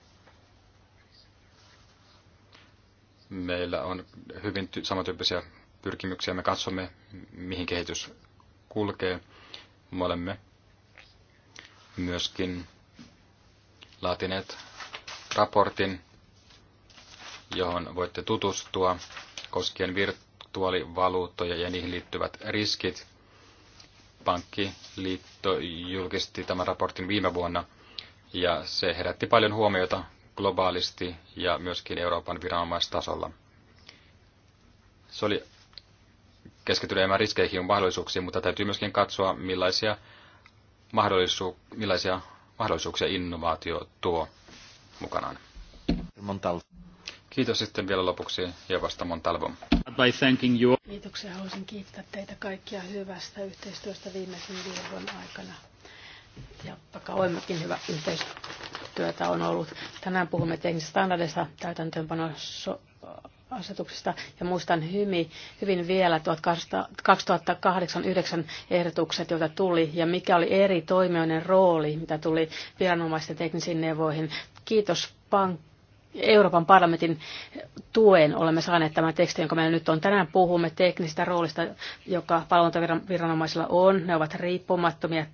Meillä on hyvin ty- samantyyppisiä pyrkimyksiä. Me katsomme, mihin kehitys kulkee. Me olemme myöskin laatineet raportin, johon voitte tutustua koskien virtuaalivaluuttoja ja niihin liittyvät riskit. Pankkiliitto julkisti tämän raportin viime vuonna ja se herätti paljon huomiota globaalisti ja myöskin Euroopan viranomaistasolla. Se oli keskittynyt enemmän riskeihin ja mahdollisuuksiin, mutta täytyy myöskin katsoa, millaisia, mahdollisu- millaisia mahdollisuuksia innovaatio tuo mukanaan. Montal. Kiitos sitten vielä lopuksi Jevasta Montalvo. Kiitoksia. Haluaisin kiittää teitä kaikkia hyvästä yhteistyöstä viimeisen viikon aikana. Ja vaikka olemmekin hyvä yhteistyö työtä on ollut. Tänään puhumme teknisistä standardeista täytäntöönpanoasetuksista ja muistan hyvin, hyvin vielä 2008-2009 ehdotukset, joita tuli ja mikä oli eri toimijoiden rooli, mitä tuli viranomaisten teknisiin neuvoihin. Kiitos pank- Euroopan parlamentin tuen olemme saaneet tämän tekstin, jonka meillä nyt on. Tänään puhumme teknisistä roolista, joka valvontaviranomaisilla on. Ne ovat riippumattomia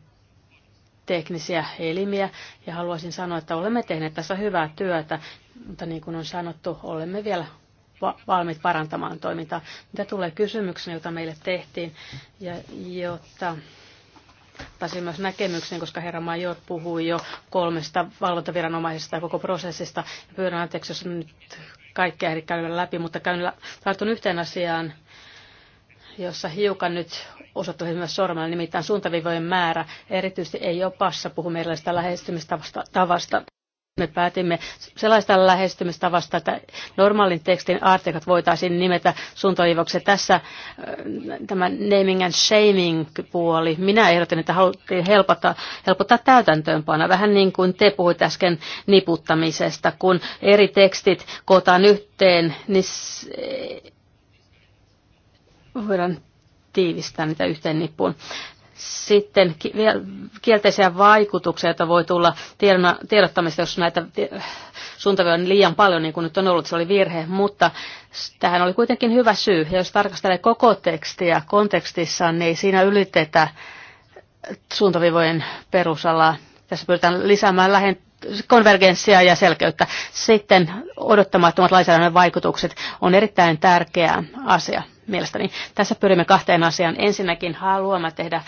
teknisiä elimiä ja haluaisin sanoa, että olemme tehneet tässä hyvää työtä, mutta niin kuin on sanottu, olemme vielä valmiit parantamaan toimintaa. Mitä tulee kysymyksiin, joita meille tehtiin, ja jotta ottaisin myös näkemyksen, koska herra Major puhui jo kolmesta valvontaviranomaisesta ja koko prosessista. Pyydän anteeksi, jos nyt kaikkea ehdi käydä läpi, mutta käyn, tartun yhteen asiaan, jossa hiukan nyt osoittaisi myös sormella, nimittäin suuntaviivojen määrä. Erityisesti ei passa, puhumme erilaisista lähestymistavasta. Me päätimme sellaista lähestymistavasta, että normaalin tekstin artikat voitaisiin nimetä suuntaviivoksi. Tässä äh, tämä naming and shaming puoli, minä ehdotin, että haluttiin helpottaa, helpottaa täytäntöönpana. Vähän niin kuin te puhuit äsken niputtamisesta, kun eri tekstit kootaan yhteen, niin voidaan tiivistää niitä yhteen nippuun. Sitten kielteisiä vaikutuksia, joita voi tulla tiedottamista, jos näitä suuntavia on liian paljon, niin kuin nyt on ollut, se oli virhe, mutta tähän oli kuitenkin hyvä syy. Ja jos tarkastelee koko tekstiä kontekstissa, niin ei siinä ylitetä suuntavivojen perusalaa. Tässä pyritään lisäämään lähent- konvergenssia ja selkeyttä. Sitten odottamattomat lainsäädännön vaikutukset on erittäin tärkeä asia mielestäni. Tässä pyrimme kahteen asiaan. Ensinnäkin haluamme tehdä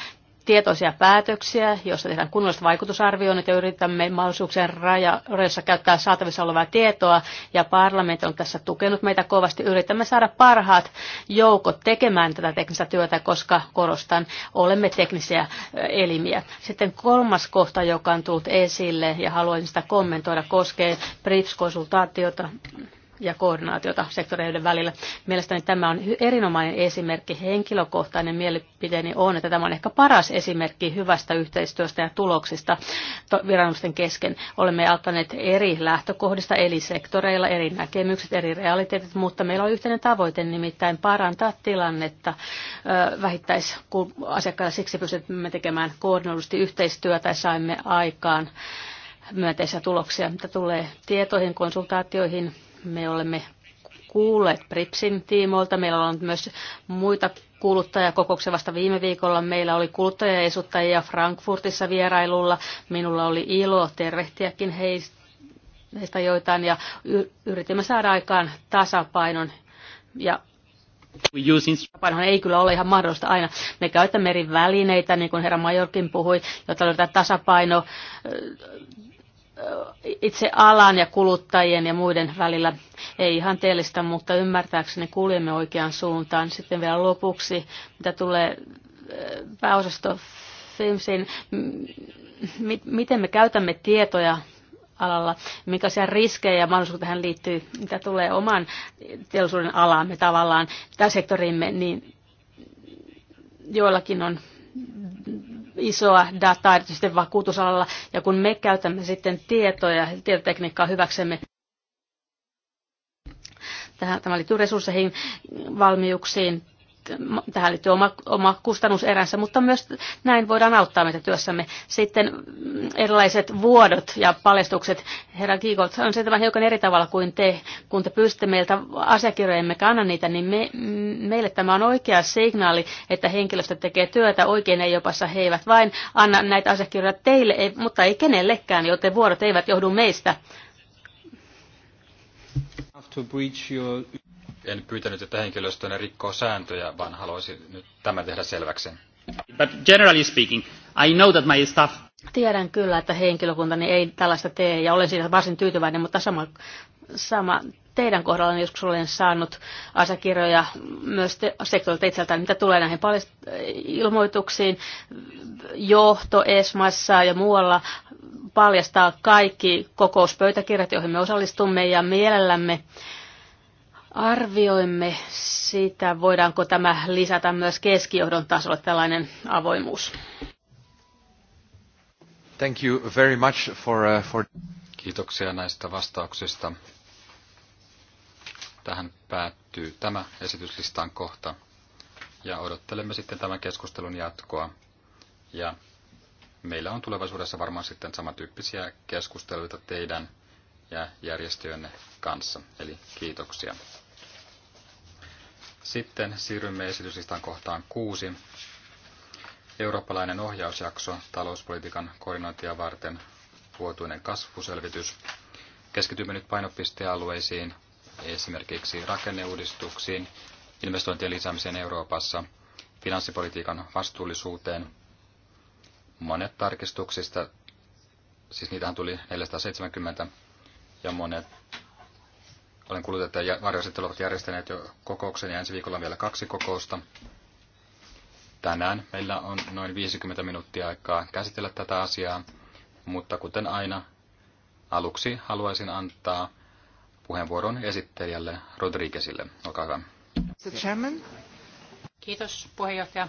tietoisia päätöksiä, joissa tehdään kunnolliset vaikutusarvioinnit ja yritämme mahdollisuuksien rajoissa käyttää saatavissa olevaa tietoa. Ja parlamentti on tässä tukenut meitä kovasti. Yritämme saada parhaat joukot tekemään tätä teknistä työtä, koska korostan, olemme teknisiä eh, elimiä. Sitten kolmas kohta, joka on tullut esille ja haluaisin sitä kommentoida, koskee BRIPS-konsultaatiota ja koordinaatiota sektoreiden välillä. Mielestäni tämä on erinomainen esimerkki. Henkilökohtainen mielipiteeni on, että tämä on ehkä paras esimerkki hyvästä yhteistyöstä ja tuloksista viranomaisten kesken. Olemme auttaneet eri lähtökohdista, eli sektoreilla, eri näkemykset, eri realiteetit, mutta meillä on yhteinen tavoite nimittäin parantaa tilannetta vähittäisasiakkailla. Siksi pystymme tekemään koordinoidusti yhteistyötä ja saimme aikaan myönteisiä tuloksia, mitä tulee tietoihin, konsultaatioihin, me olemme kuulleet BRIPSin tiimoilta. Meillä on myös muita kuluttajakokouksia vasta viime viikolla. Meillä oli kuluttajaesuttajia Frankfurtissa vierailulla. Minulla oli ilo tervehtiäkin heistä joitain ja yritimme saada aikaan tasapainon. Ja Tasapainohan ei kyllä ole ihan mahdollista aina. Me käytämme eri välineitä, niin kuin herra Majorkin puhui, jotta löytää tasapaino itse alan ja kuluttajien ja muiden välillä ei ihan teellistä, mutta ymmärtääkseni kuljemme oikeaan suuntaan. Sitten vielä lopuksi, mitä tulee eh, pääosasto FIMSin, miten me käytämme tietoja alalla, mikä se riskejä ja mahdollisuus tähän liittyy, mitä tulee oman teollisuuden alaamme tavallaan, tässä sektoriimme, niin joillakin on isoa dataa, erityisesti vakuutusalalla, ja kun me käytämme sitten tietoja, tietotekniikkaa hyväksemme, Tähän, tämä liittyy resursseihin, valmiuksiin, tähän liittyy oma, oma kustannuseränsä, mutta myös näin voidaan auttaa meitä työssämme. Sitten erilaiset vuodot ja paljastukset. Herra Kiikot, on se tämän hiukan eri tavalla kuin te. Kun te pyysitte meiltä asiakirjoja, emmekä anna niitä, niin me, meille tämä on oikea signaali, että henkilöstö tekee työtä oikein ei jopassa. He eivät vain anna näitä asiakirjoja teille, ei, mutta ei kenellekään, joten vuodot eivät johdu meistä en pyytänyt, että henkilöstönne rikkoo sääntöjä, vaan haluaisin nyt tämän tehdä selväksi. But generally speaking, I know that my staff... Tiedän kyllä, että henkilökuntani ei tällaista tee ja olen siitä varsin tyytyväinen, mutta sama, sama teidän kohdalla joskus olen saanut asiakirjoja myös te, sektorilta itseltään, mitä tulee näihin paljast- ilmoituksiin. Johto Esmassa ja muualla paljastaa kaikki kokouspöytäkirjat, joihin me osallistumme ja mielellämme äh, Arvioimme sitä, voidaanko tämä lisätä myös keskijohdon tasolle tällainen avoimuus. Thank you very much for, uh, for... Kiitoksia näistä vastauksista. Tähän päättyy tämä esityslistan kohta. Ja odottelemme sitten tämän keskustelun jatkoa. Ja meillä on tulevaisuudessa varmaan sitten samantyyppisiä keskusteluita teidän ja järjestöjenne kanssa. Eli kiitoksia. Sitten siirrymme esityslistan kohtaan kuusi. Eurooppalainen ohjausjakso talouspolitiikan koordinointia varten vuotuinen kasvuselvitys. Keskitymme nyt painopistealueisiin, esimerkiksi rakenneuudistuksiin, investointien lisäämiseen Euroopassa, finanssipolitiikan vastuullisuuteen. Monet tarkistuksista, siis niitähän tuli 470, ja monet olen kuullut, että varjoiset ovat järjestäneet jo kokouksen ja ensi viikolla on vielä kaksi kokousta. Tänään meillä on noin 50 minuuttia aikaa käsitellä tätä asiaa, mutta kuten aina, aluksi haluaisin antaa puheenvuoron esittelijälle Rodriguezille. Olkaa hyvä. Mr. Chairman. Kiitos puheenjohtaja.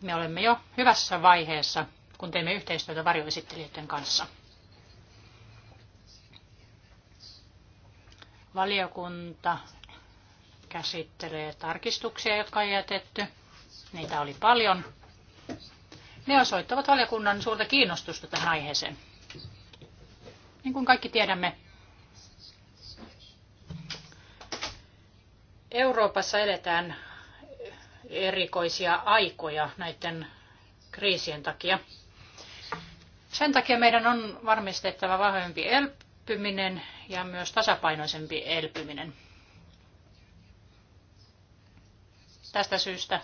Me olemme jo hyvässä vaiheessa kun teemme yhteistyötä varjoesittelijöiden kanssa. Valiokunta käsittelee tarkistuksia, jotka on jätetty. Niitä oli paljon. Ne osoittavat valiokunnan suurta kiinnostusta tähän aiheeseen. Niin kuin kaikki tiedämme, Euroopassa eletään erikoisia aikoja näiden kriisien takia. Sen takia meidän on varmistettava vahvempi elpyminen ja myös tasapainoisempi elpyminen. Tästä syystä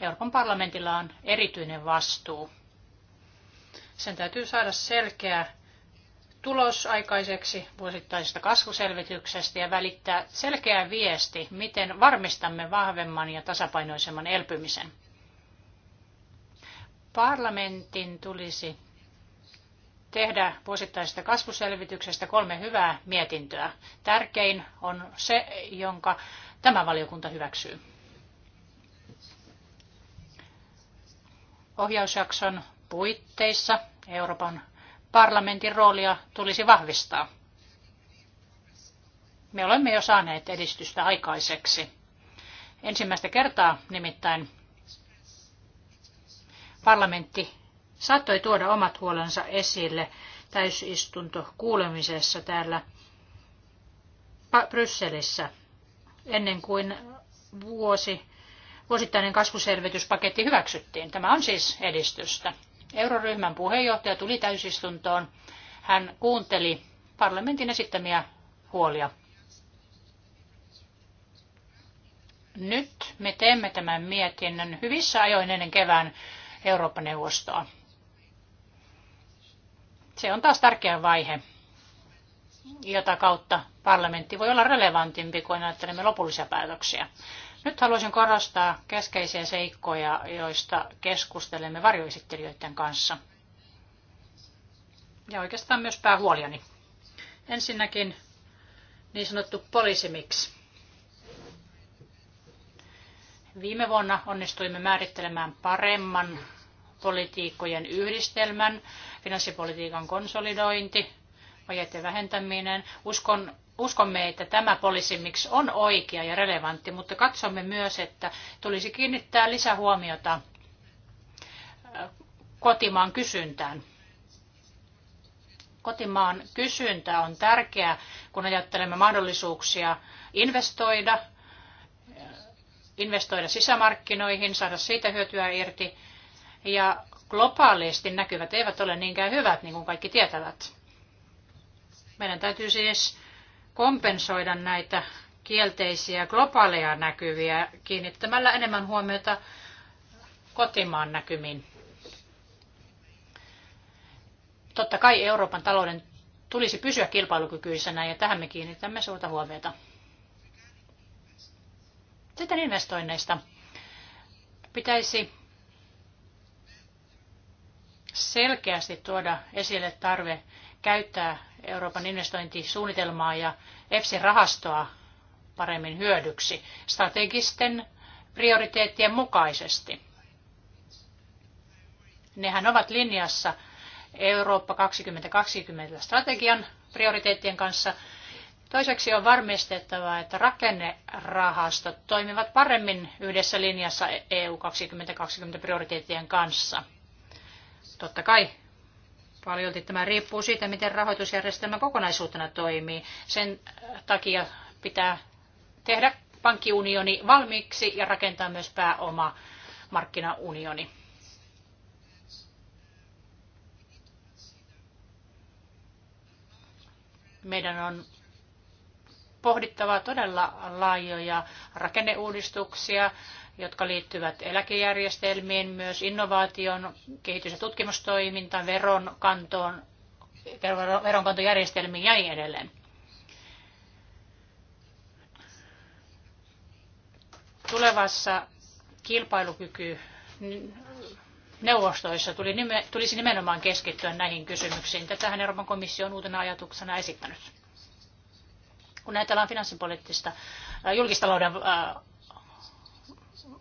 Euroopan parlamentilla on erityinen vastuu. Sen täytyy saada selkeä tulos aikaiseksi vuosittaisesta kasvuselvityksestä ja välittää selkeä viesti, miten varmistamme vahvemman ja tasapainoisemman elpymisen. Parlamentin tulisi tehdä vuosittaisesta kasvuselvityksestä kolme hyvää mietintöä. Tärkein on se, jonka tämä valiokunta hyväksyy. Ohjausjakson puitteissa Euroopan parlamentin roolia tulisi vahvistaa. Me olemme jo saaneet edistystä aikaiseksi. Ensimmäistä kertaa nimittäin parlamentti saattoi tuoda omat huolensa esille täysistunto kuulemisessa täällä Brysselissä ennen kuin vuosi, vuosittainen kasvuselvityspaketti hyväksyttiin. Tämä on siis edistystä. Euroryhmän puheenjohtaja tuli täysistuntoon. Hän kuunteli parlamentin esittämiä huolia. Nyt me teemme tämän mietinnön hyvissä ajoin ennen kevään Eurooppa-neuvostoa. Se on taas tärkeä vaihe, jota kautta parlamentti voi olla relevantimpi, kuin ajattelemme lopullisia päätöksiä. Nyt haluaisin korostaa keskeisiä seikkoja, joista keskustelemme varjoesittelijöiden kanssa. Ja oikeastaan myös päähuoliani. Ensinnäkin niin sanottu poliisimiksi. Viime vuonna onnistuimme määrittelemään paremman politiikkojen yhdistelmän, finanssipolitiikan konsolidointi, vajeiden vähentäminen. Uskon, uskomme, että tämä policy mix on oikea ja relevantti, mutta katsomme myös, että tulisi kiinnittää lisähuomiota kotimaan kysyntään. Kotimaan kysyntä on tärkeää, kun ajattelemme mahdollisuuksia investoida, investoida sisämarkkinoihin, saada siitä hyötyä irti ja globaalisti näkyvät eivät ole niinkään hyvät, niin kuin kaikki tietävät. Meidän täytyy siis kompensoida näitä kielteisiä globaaleja näkyviä kiinnittämällä enemmän huomiota kotimaan näkymiin. Totta kai Euroopan talouden tulisi pysyä kilpailukykyisenä ja tähän me kiinnitämme suurta huomiota. Sitten investoinneista. Pitäisi selkeästi tuoda esille tarve käyttää Euroopan investointisuunnitelmaa ja EFSI-rahastoa paremmin hyödyksi strategisten prioriteettien mukaisesti. Nehän ovat linjassa Eurooppa 2020 strategian prioriteettien kanssa. Toiseksi on varmistettava, että rakennerahastot toimivat paremmin yhdessä linjassa EU e 2020 prioriteettien kanssa – Totta kai paljolti tämä riippuu siitä, miten rahoitusjärjestelmä kokonaisuutena toimii. Sen äh, takia pitää tehdä pankkiunioni valmiiksi ja rakentaa myös pääoma markkinaunioni. Meidän on pohdittava todella laajoja rakenneuudistuksia, jotka liittyvät eläkejärjestelmiin, myös innovaation, kehitys- ja tutkimustoimintaan, veronkantoon, veronkantojärjestelmiin ja niin edelleen. Tulevassa kilpailukyky neuvostoissa tuli, tulisi nimenomaan keskittyä näihin kysymyksiin. Tätähän Euroopan komissio on uutena ajatuksena esittänyt. Kun ajatellaan finanssipoliittista äh, julkistalouden äh,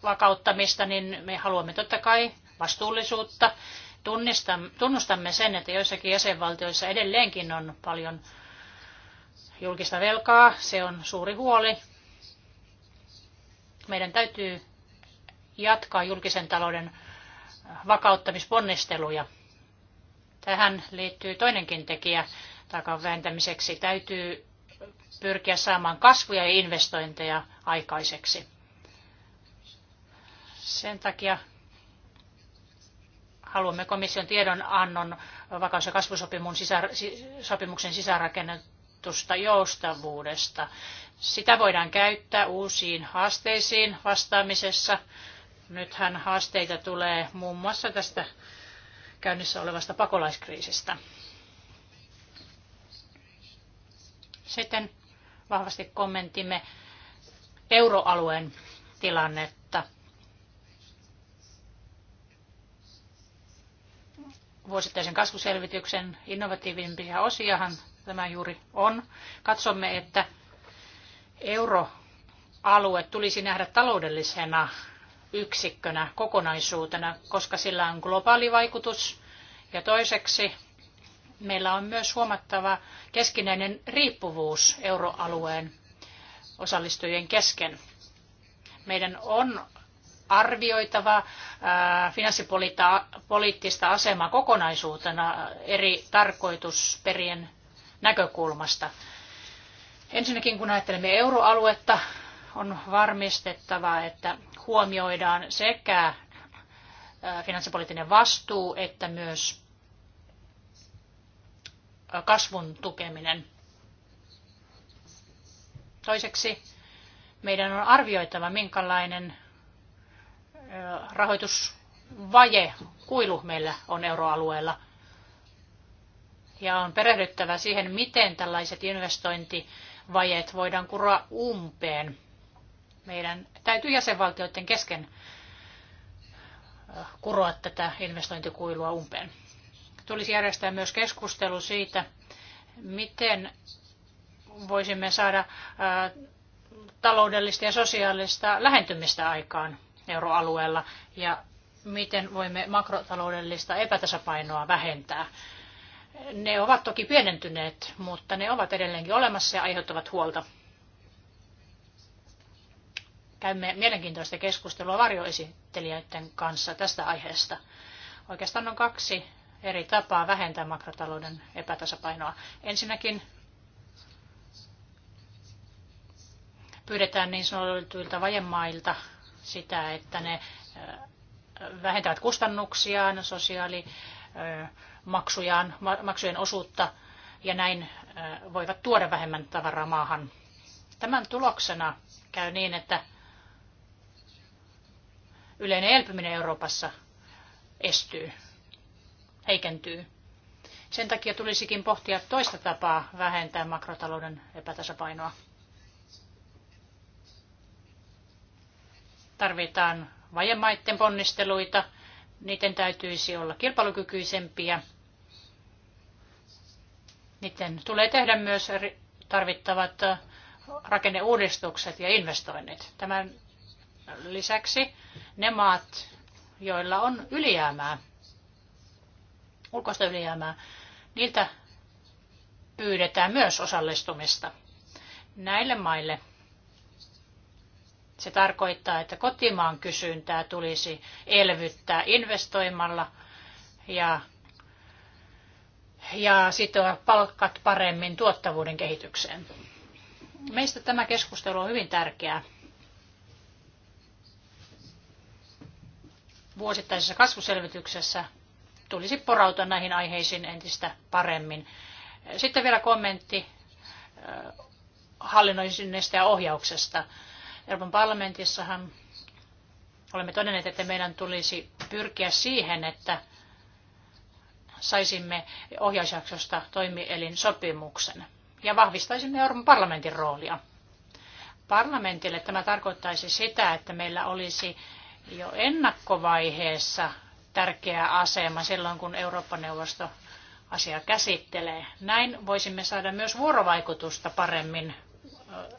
vakauttamista, niin me haluamme totta kai vastuullisuutta. Tunnustamme sen, että joissakin jäsenvaltioissa edelleenkin on paljon julkista velkaa. Se on suuri huoli. Meidän täytyy jatkaa julkisen talouden vakauttamisponnisteluja. Tähän liittyy toinenkin tekijä taakan vähentämiseksi. Täytyy pyrkiä saamaan kasvuja ja investointeja aikaiseksi. Sen takia haluamme komission tiedonannon vakaus- ja kasvusopimuksen sisärakennetusta joustavuudesta. Sitä voidaan käyttää uusiin haasteisiin vastaamisessa. Nythän haasteita tulee muun muassa tästä käynnissä olevasta pakolaiskriisistä. Sitten vahvasti kommentimme euroalueen tilannetta – vuosittaisen kasvuselvityksen innovatiivisimpia osiahan tämä juuri on. Katsomme, että euroalue tulisi nähdä taloudellisena yksikkönä, kokonaisuutena, koska sillä on globaali vaikutus ja toiseksi meillä on myös huomattava keskinäinen riippuvuus euroalueen osallistujien kesken. Meidän on arvioitava finanssipoliittista asemaa kokonaisuutena eri tarkoitusperien näkökulmasta. Ensinnäkin kun ajattelemme euroaluetta, on varmistettava, että huomioidaan sekä finanssipoliittinen vastuu että myös kasvun tukeminen. Toiseksi meidän on arvioitava, minkälainen rahoitusvaje, kuilu meillä on euroalueella. Ja on perehdyttävä siihen, miten tällaiset investointivajeet voidaan kuroa umpeen. Meidän täytyy jäsenvaltioiden kesken äh, kuroa tätä investointikuilua umpeen. Tulisi järjestää myös keskustelu siitä, miten voisimme saada äh, taloudellista ja sosiaalista lähentymistä aikaan euroalueella ja miten voimme makrotaloudellista epätasapainoa vähentää. Ne ovat toki pienentyneet, mutta ne ovat edelleenkin olemassa ja aiheuttavat huolta. Käymme mielenkiintoista keskustelua varjoesittelijöiden kanssa tästä aiheesta. Oikeastaan on kaksi eri tapaa vähentää makrotalouden epätasapainoa. Ensinnäkin pyydetään niin sanotuilta vajemailta sitä, että ne vähentävät kustannuksiaan, sosiaalimaksujaan, maksujen osuutta ja näin voivat tuoda vähemmän tavaraa maahan. Tämän tuloksena käy niin, että yleinen elpyminen Euroopassa estyy, heikentyy. Sen takia tulisikin pohtia toista tapaa vähentää makrotalouden epätasapainoa. tarvitaan vajemaiden ponnisteluita, niiden täytyisi olla kilpailukykyisempiä. Niiden tulee tehdä myös tarvittavat rakenneuudistukset ja investoinnit. Tämän lisäksi ne maat, joilla on ylijäämää, ulkoista ylijäämää, niiltä pyydetään myös osallistumista. Näille maille se tarkoittaa, että kotimaan kysyntää tulisi elvyttää investoimalla ja, ja sitoa palkat paremmin tuottavuuden kehitykseen. Meistä tämä keskustelu on hyvin tärkeää. Vuosittaisessa kasvuselvityksessä tulisi porautua näihin aiheisiin entistä paremmin. Sitten vielä kommentti hallinnollisesta ja ohjauksesta. Euroopan parlamentissahan olemme todenneet, että meidän tulisi pyrkiä siihen, että saisimme ohjausjaksosta toimielin sopimuksen ja vahvistaisimme Euroopan parlamentin roolia. Parlamentille tämä tarkoittaisi sitä, että meillä olisi jo ennakkovaiheessa tärkeä asema silloin, kun Eurooppa-neuvosto asiaa käsittelee. Näin voisimme saada myös vuorovaikutusta paremmin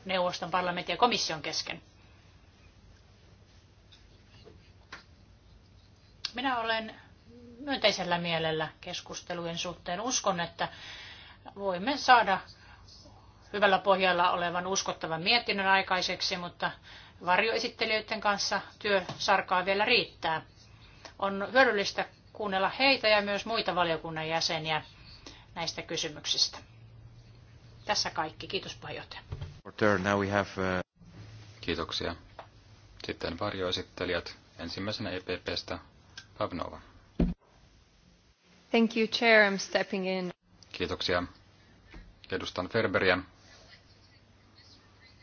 neuvoston, parlamentin ja komission kesken. Minä olen myönteisellä mielellä keskustelujen suhteen. Uskon, että voimme saada hyvällä pohjalla olevan uskottavan mietinnön aikaiseksi, mutta varjoesittelijöiden kanssa työsarkaa vielä riittää. On hyödyllistä kuunnella heitä ja myös muita valiokunnan jäseniä näistä kysymyksistä. Tässä kaikki. Kiitos puheenjohtaja. Uh, Kiitoksia. Sitten varjoesittelijät. Ensimmäisenä EPPstä Pavnova. Thank you, Chair. I'm stepping in. Kiitoksia. Edustan Ferberia.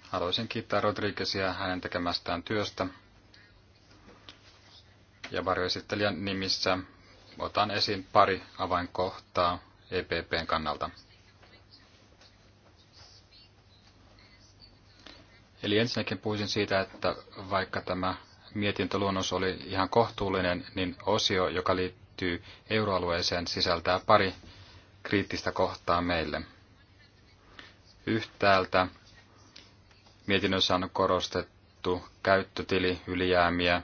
Haluaisin kiittää Rodriguezia hänen tekemästään työstä. Ja varjoesittelijän nimissä otan esiin pari avainkohtaa EPPn kannalta. Eli ensinnäkin puhuisin siitä, että vaikka tämä mietintöluonnos oli ihan kohtuullinen, niin osio, joka liittyy euroalueeseen, sisältää pari kriittistä kohtaa meille. Yhtäältä mietinnössä on korostettu käyttötili ylijäämiä,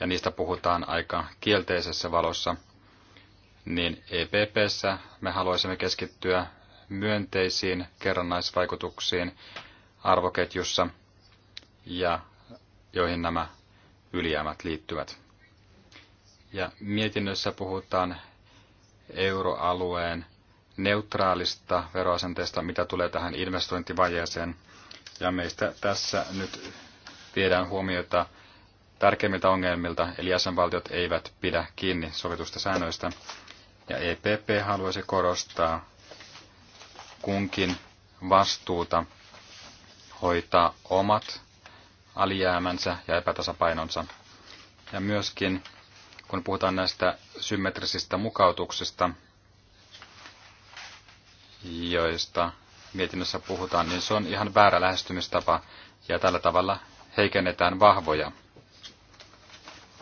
ja niistä puhutaan aika kielteisessä valossa, niin EPPssä me haluaisimme keskittyä myönteisiin kerrannaisvaikutuksiin, arvoketjussa ja joihin nämä ylijäämät liittyvät. Ja mietinnössä puhutaan euroalueen neutraalista veroasenteesta, mitä tulee tähän investointivajeeseen. Ja meistä tässä nyt viedään huomiota tärkeimmiltä ongelmilta, eli jäsenvaltiot eivät pidä kiinni sovitusta säännöistä. Ja EPP haluaisi korostaa kunkin vastuuta hoitaa omat alijäämänsä ja epätasapainonsa. Ja myöskin, kun puhutaan näistä symmetrisistä mukautuksista, joista mietinnössä puhutaan, niin se on ihan väärä lähestymistapa ja tällä tavalla heikennetään vahvoja.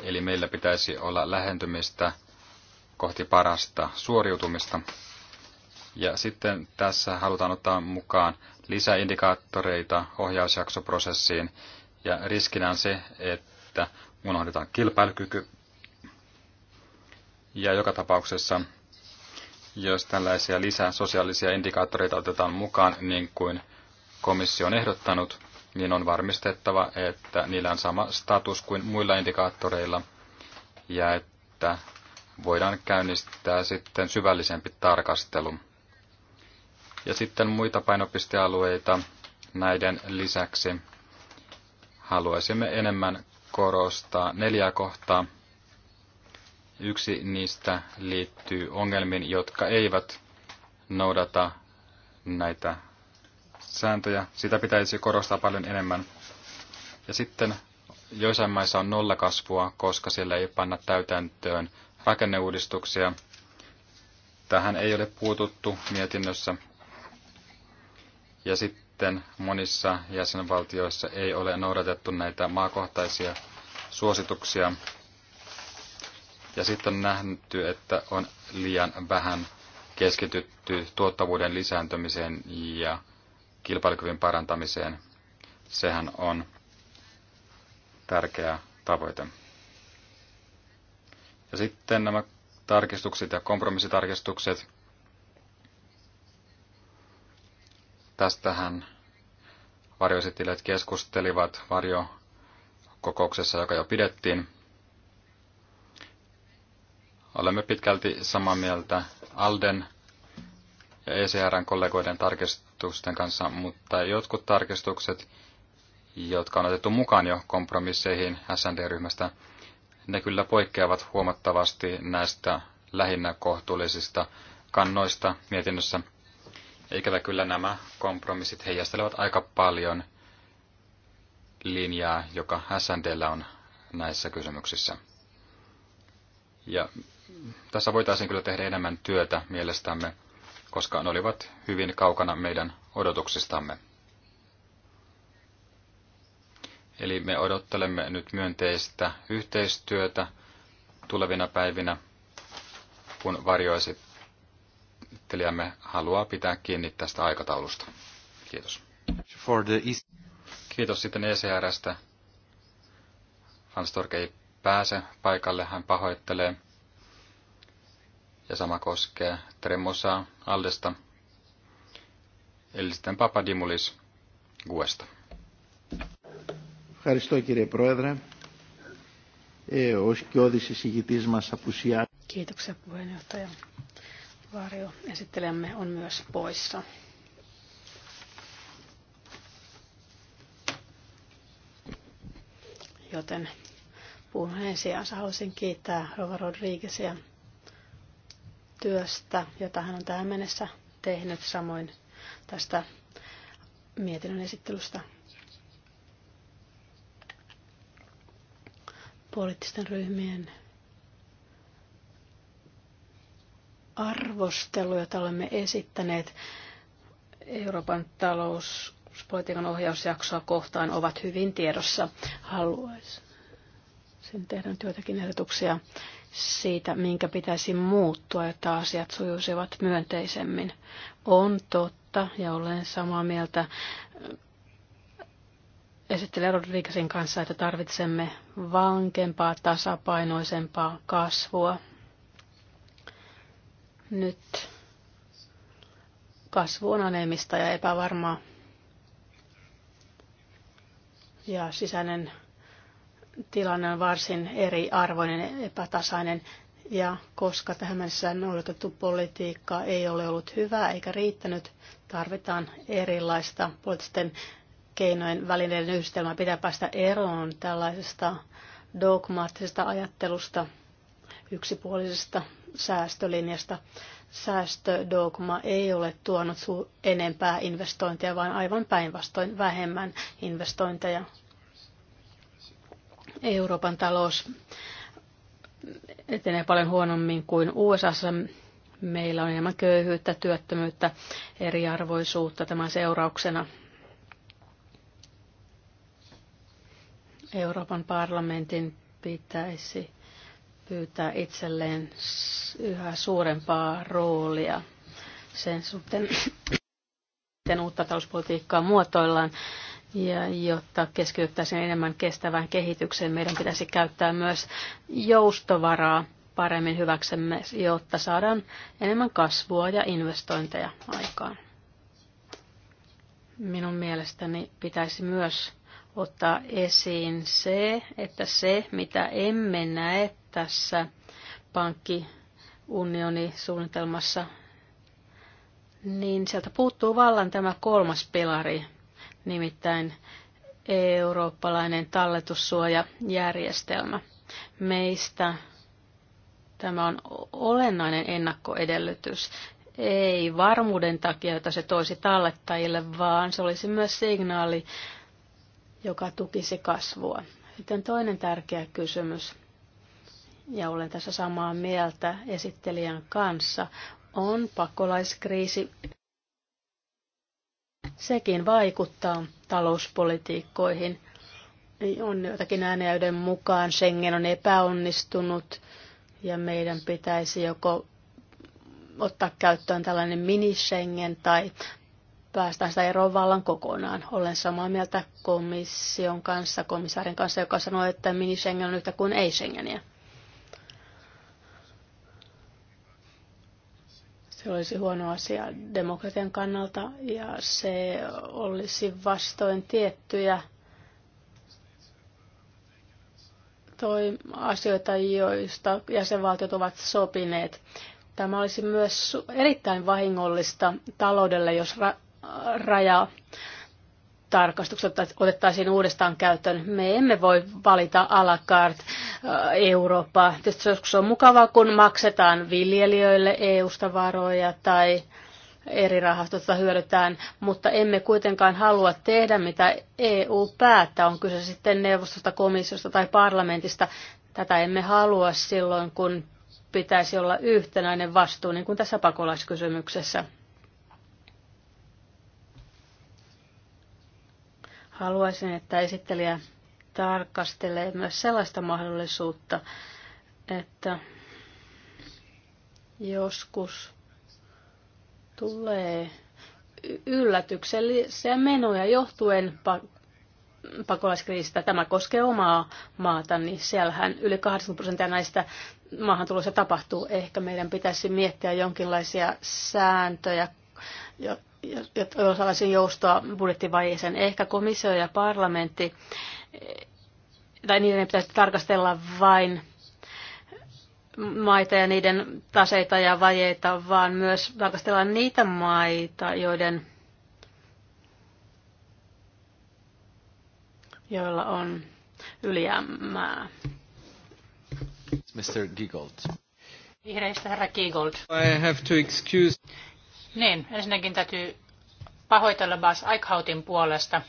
Eli meillä pitäisi olla lähentymistä kohti parasta suoriutumista. Ja sitten tässä halutaan ottaa mukaan lisäindikaattoreita ohjausjaksoprosessiin ja riskinä on se, että unohdetaan kilpailukyky. Ja joka tapauksessa, jos tällaisia lisää sosiaalisia indikaattoreita otetaan mukaan, niin kuin komissio on ehdottanut, niin on varmistettava, että niillä on sama status kuin muilla indikaattoreilla ja että voidaan käynnistää sitten syvällisempi tarkastelu ja sitten muita painopistealueita näiden lisäksi haluaisimme enemmän korostaa neljä kohtaa. Yksi niistä liittyy ongelmiin, jotka eivät noudata näitä sääntöjä. Sitä pitäisi korostaa paljon enemmän. Ja sitten joissain maissa on nollakasvua, koska siellä ei panna täytäntöön rakenneuudistuksia. Tähän ei ole puututtu mietinnössä. Ja sitten monissa jäsenvaltioissa ei ole noudatettu näitä maakohtaisia suosituksia. Ja sitten on nähty, että on liian vähän keskitytty tuottavuuden lisääntymiseen ja kilpailukyvyn parantamiseen. Sehän on tärkeä tavoite. Ja sitten nämä tarkistukset ja kompromissitarkistukset – Tästähän varjoesittelijät keskustelivat varjokokouksessa, joka jo pidettiin. Olemme pitkälti samaa mieltä Alden ja ECRn kollegoiden tarkistusten kanssa, mutta jotkut tarkistukset, jotka on otettu mukaan jo kompromisseihin SND-ryhmästä, ne kyllä poikkeavat huomattavasti näistä lähinnä kohtuullisista kannoista mietinnössä. Ikävä kyllä nämä kompromissit heijastelevat aika paljon linjaa, joka SNDllä on näissä kysymyksissä. Ja tässä voitaisiin kyllä tehdä enemmän työtä mielestämme, koska ne olivat hyvin kaukana meidän odotuksistamme. Eli me odottelemme nyt myönteistä yhteistyötä tulevina päivinä, kun varjoisit esittelijämme haluaa pitää kiinni tästä aikataulusta. Kiitos. For the East... Kiitos sitten ECRstä. Hanstorg ei pääse paikalle, hän pahoittelee. Ja sama koskee Tremosa Aldesta. Eli sitten Papadimulis Guesta. Kiitoksia puheenjohtaja. Varjo esittelemme on myös poissa. Joten puheen sijaan haluaisin kiittää Rova Rodriguezia työstä, jota hän on tähän mennessä tehnyt, samoin tästä mietinnön esittelystä poliittisten ryhmien arvostelu, jota olemme esittäneet Euroopan talouspolitiikan ohjausjaksoa kohtaan, ovat hyvin tiedossa. Haluaisin sen tehdä joitakin ehdotuksia siitä, minkä pitäisi muuttua, jotta asiat sujuisivat myönteisemmin. On totta, ja olen samaa mieltä esittelee Rodriguezin kanssa, että tarvitsemme vankempaa, tasapainoisempaa kasvua nyt kasvu on anemista ja epävarmaa. Ja sisäinen tilanne on varsin eriarvoinen, epätasainen. Ja koska tähän mennessä noudatettu politiikka ei ole ollut hyvää eikä riittänyt, tarvitaan erilaista poliittisten keinojen välineiden yhdistelmää. Pitää päästä eroon tällaisesta dogmaattisesta ajattelusta, yksipuolisesta säästölinjasta. Säästödogma ei ole tuonut enempää investointeja, vaan aivan päinvastoin vähemmän investointeja. Euroopan talous etenee paljon huonommin kuin USA. Meillä on enemmän köyhyyttä, työttömyyttä, eriarvoisuutta tämän seurauksena. Euroopan parlamentin pitäisi pyytää itselleen yhä suurempaa roolia sen suhteen, miten uutta talouspolitiikkaa muotoillaan. Ja jotta keskityttäisiin enemmän kestävään kehitykseen, meidän pitäisi käyttää myös joustovaraa paremmin hyväksemme, jotta saadaan enemmän kasvua ja investointeja aikaan. Minun mielestäni pitäisi myös ottaa esiin se, että se, mitä emme näe tässä pankkiunionisuunnitelmassa, niin sieltä puuttuu vallan tämä kolmas pilari, nimittäin eurooppalainen talletussuojajärjestelmä. Meistä tämä on olennainen ennakkoedellytys, ei varmuuden takia, jota se toisi tallettajille, vaan se olisi myös signaali joka tukisi kasvua. Sitten toinen tärkeä kysymys, ja olen tässä samaa mieltä esittelijän kanssa, on pakolaiskriisi. Sekin vaikuttaa talouspolitiikkoihin. On joitakin ääniäyden mukaan Schengen on epäonnistunut ja meidän pitäisi joko ottaa käyttöön tällainen mini-Schengen tai päästään sitä eroon vallan kokonaan. Olen samaa mieltä komission kanssa, komissaarin kanssa, joka sanoi, että mini Schengen on yhtä kuin ei Schengeniä. Se olisi huono asia demokratian kannalta ja se olisi vastoin tiettyjä toi asioita, joista jäsenvaltiot ovat sopineet. Tämä olisi myös erittäin vahingollista taloudelle, jos ra- raja otettaisiin uudestaan käyttöön. Me emme voi valita a la carte äh, Eurooppaa. Tietysti joskus on mukavaa, kun maksetaan viljelijöille EU-sta varoja tai eri rahastosta hyödytään, mutta emme kuitenkaan halua tehdä, mitä EU päättää. On kyse sitten neuvostosta, komissiosta tai parlamentista. Tätä emme halua silloin, kun pitäisi olla yhtenäinen vastuu, niin kuin tässä pakolaiskysymyksessä. Haluaisin, että esittelijä tarkastelee myös sellaista mahdollisuutta, että joskus tulee yllätyksellisiä menoja johtuen pakolaiskriisistä. Tämä koskee omaa maata, niin siellähän yli 80 prosenttia näistä maahantulossa tapahtuu. Ehkä meidän pitäisi miettiä jonkinlaisia sääntöjä, jotta saataisiin joustaa budjettivaiheeseen. Ehkä komissio ja parlamentti, tai niiden pitäisi tarkastella vain maita ja niiden taseita ja vajeita, vaan myös tarkastella niitä maita, joiden joilla on ylijäämää. Mr. Giegold. Vihreistä herra Giegold. I have to excuse. Niin, ensinnäkin täytyy pahoitella Bas Aikhautin puolesta.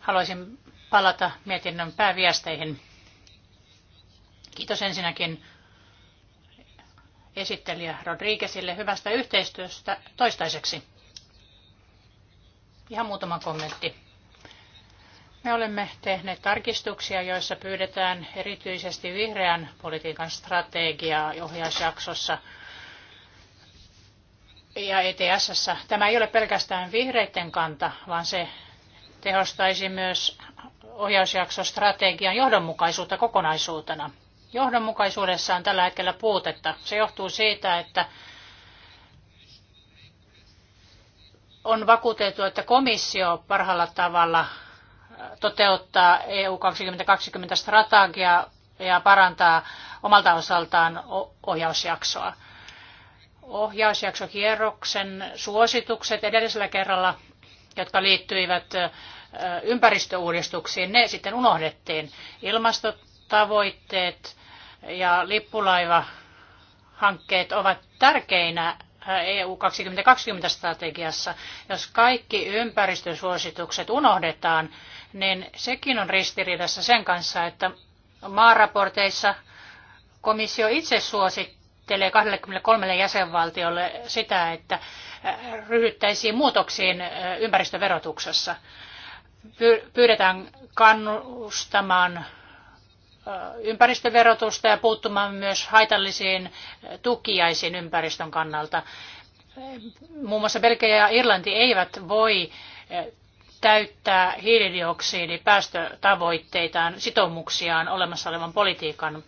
Haluaisin palata mietinnön pääviesteihin. Kiitos ensinnäkin esittelijä Rodriguezille hyvästä yhteistyöstä toistaiseksi. Ihan muutama kommentti. Me olemme tehneet tarkistuksia, joissa pyydetään erityisesti vihreän politiikan strategiaa ohjausjaksossa – ja ETS. Tämä ei ole pelkästään vihreiden kanta, vaan se tehostaisi myös ohjausjaksostrategian johdonmukaisuutta kokonaisuutena. Johdonmukaisuudessa on tällä hetkellä puutetta. Se johtuu siitä, että on vakuutettu, että komissio parhaalla tavalla toteuttaa EU 2020 strategiaa ja parantaa omalta osaltaan ohjausjaksoa ohjausjaksokierroksen suositukset edellisellä kerralla, jotka liittyivät ympäristöuudistuksiin, ne sitten unohdettiin. Ilmastotavoitteet ja lippulaiva hankkeet ovat tärkeinä EU 2020-strategiassa. Jos kaikki ympäristösuositukset unohdetaan, niin sekin on ristiriidassa sen kanssa, että maaraporteissa komissio itse suosittaa, suosittelee 23 jäsenvaltiolle sitä, että äh, ryhdyttäisiin muutoksiin äh, ympäristöverotuksessa. Pyydetään kannustamaan äh, ympäristöverotusta ja puuttumaan myös haitallisiin tukiaisiin ympäristön kannalta. Muun muassa Belgia ja Irlanti eivät voi täyttää hiilidioksidipäästötavoitteitaan, sitoumuksiaan olemassa olevan politiikan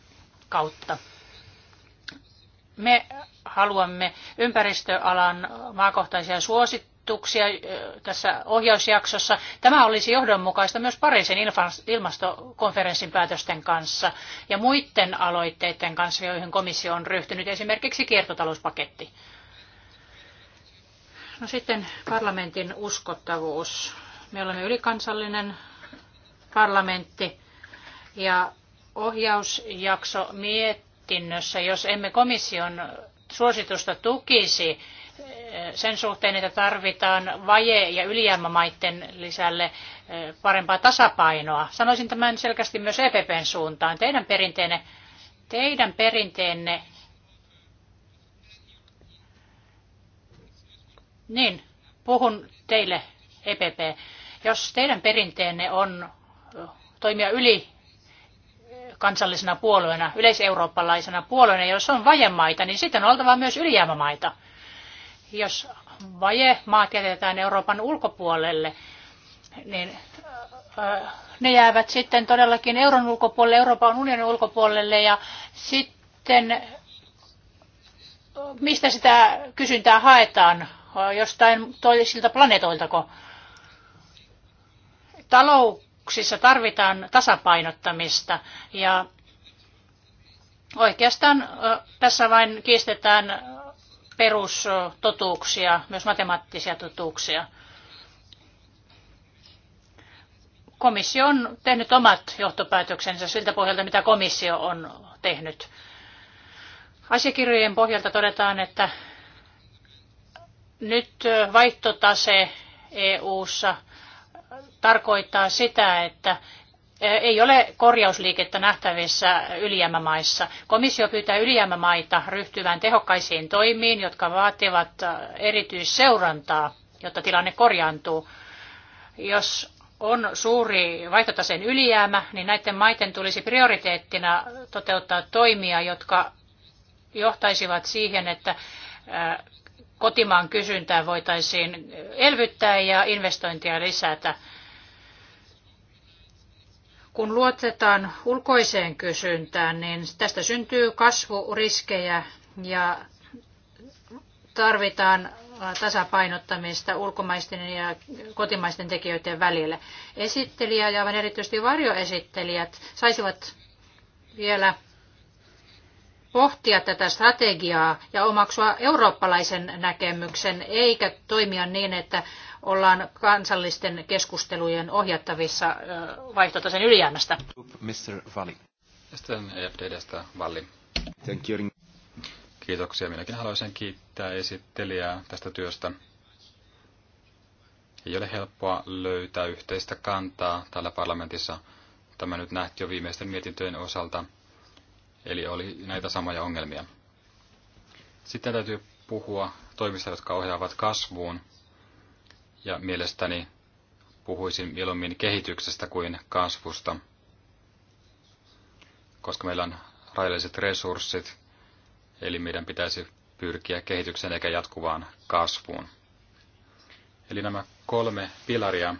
kautta. Me haluamme ympäristöalan maakohtaisia suosituksia tässä ohjausjaksossa. Tämä olisi johdonmukaista myös Pariisin ilmastokonferenssin päätösten kanssa ja muiden aloitteiden kanssa, joihin komissio on ryhtynyt, esimerkiksi kiertotalouspaketti. No sitten parlamentin uskottavuus. Me olemme ylikansallinen parlamentti ja ohjausjakso miettii mietinnössä, jos emme komission suositusta tukisi eh, sen suhteen, että tarvitaan vaje- ja ylijäämämaiden lisälle eh, parempaa tasapainoa. Sanoisin tämän selkeästi myös EPPn suuntaan. Teidän perinteenne, teidän perinteenne Niin, puhun teille EPP. Jos teidän perinteenne on eh, toimia yli kansallisena puolueena, yleiseurooppalaisena puolueena, jos on vajemaita, niin sitten on oltava myös ylijäämämaita. Jos maat jätetään Euroopan ulkopuolelle, niin äh, ne jäävät sitten todellakin euron ulkopuolelle, Euroopan unionin ulkopuolelle ja sitten äh, mistä sitä kysyntää haetaan? Jostain toisilta planeetoiltako? Talou sopimuksissa tarvitaan tasapainottamista ja oikeastaan tässä vain kiistetään perustotuuksia, myös matemaattisia totuuksia. Komissio on tehnyt omat johtopäätöksensä siltä pohjalta, mitä komissio on tehnyt. Asiakirjojen pohjalta todetaan, että nyt vaihtotase EU:ssa ssa tarkoittaa sitä, että e, ei ole korjausliikettä nähtävissä ylijäämämaissa. Komissio pyytää ylijäämämaita ryhtymään tehokkaisiin toimiin, jotka vaativat e, erityisseurantaa, jotta tilanne korjaantuu. Jos on suuri vaihtotaseen ylijäämä, niin näiden maiden tulisi prioriteettina toteuttaa toimia, jotka johtaisivat siihen, että e, kotimaan kysyntää voitaisiin elvyttää ja investointia lisätä kun luotetaan ulkoiseen kysyntään, niin tästä syntyy kasvuriskejä ja tarvitaan tasapainottamista ulkomaisten ja kotimaisten tekijöiden välillä. Esittelijä ja aivan erityisesti varjoesittelijät saisivat vielä pohtia tätä strategiaa ja omaksua eurooppalaisen näkemyksen, eikä toimia niin, että ollaan kansallisten keskustelujen ohjattavissa vaihtotasen ylijäämästä. Mr. Valli. Sitten EFDDstä Valli. Thank you. Kiitoksia. Minäkin haluaisin kiittää esittelijää tästä työstä. Ei ole helppoa löytää yhteistä kantaa täällä parlamentissa. Tämä nyt nähtiin jo viimeisten mietintöjen osalta – Eli oli näitä samoja ongelmia. Sitten täytyy puhua toimista, jotka ohjaavat kasvuun. Ja mielestäni puhuisin mieluummin kehityksestä kuin kasvusta, koska meillä on rajalliset resurssit, eli meidän pitäisi pyrkiä kehitykseen eikä jatkuvaan kasvuun. Eli nämä kolme pilaria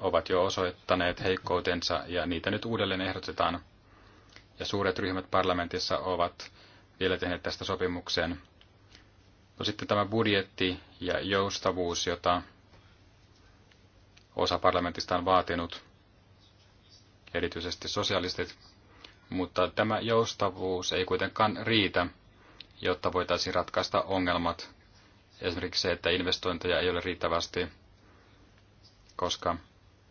ovat jo osoittaneet heikkoutensa ja niitä nyt uudelleen ehdotetaan ja suuret ryhmät parlamentissa ovat vielä tehneet tästä sopimuksen. No sitten tämä budjetti ja joustavuus, jota osa parlamentista on vaatinut, erityisesti sosialistit, mutta tämä joustavuus ei kuitenkaan riitä, jotta voitaisiin ratkaista ongelmat. Esimerkiksi se, että investointeja ei ole riittävästi, koska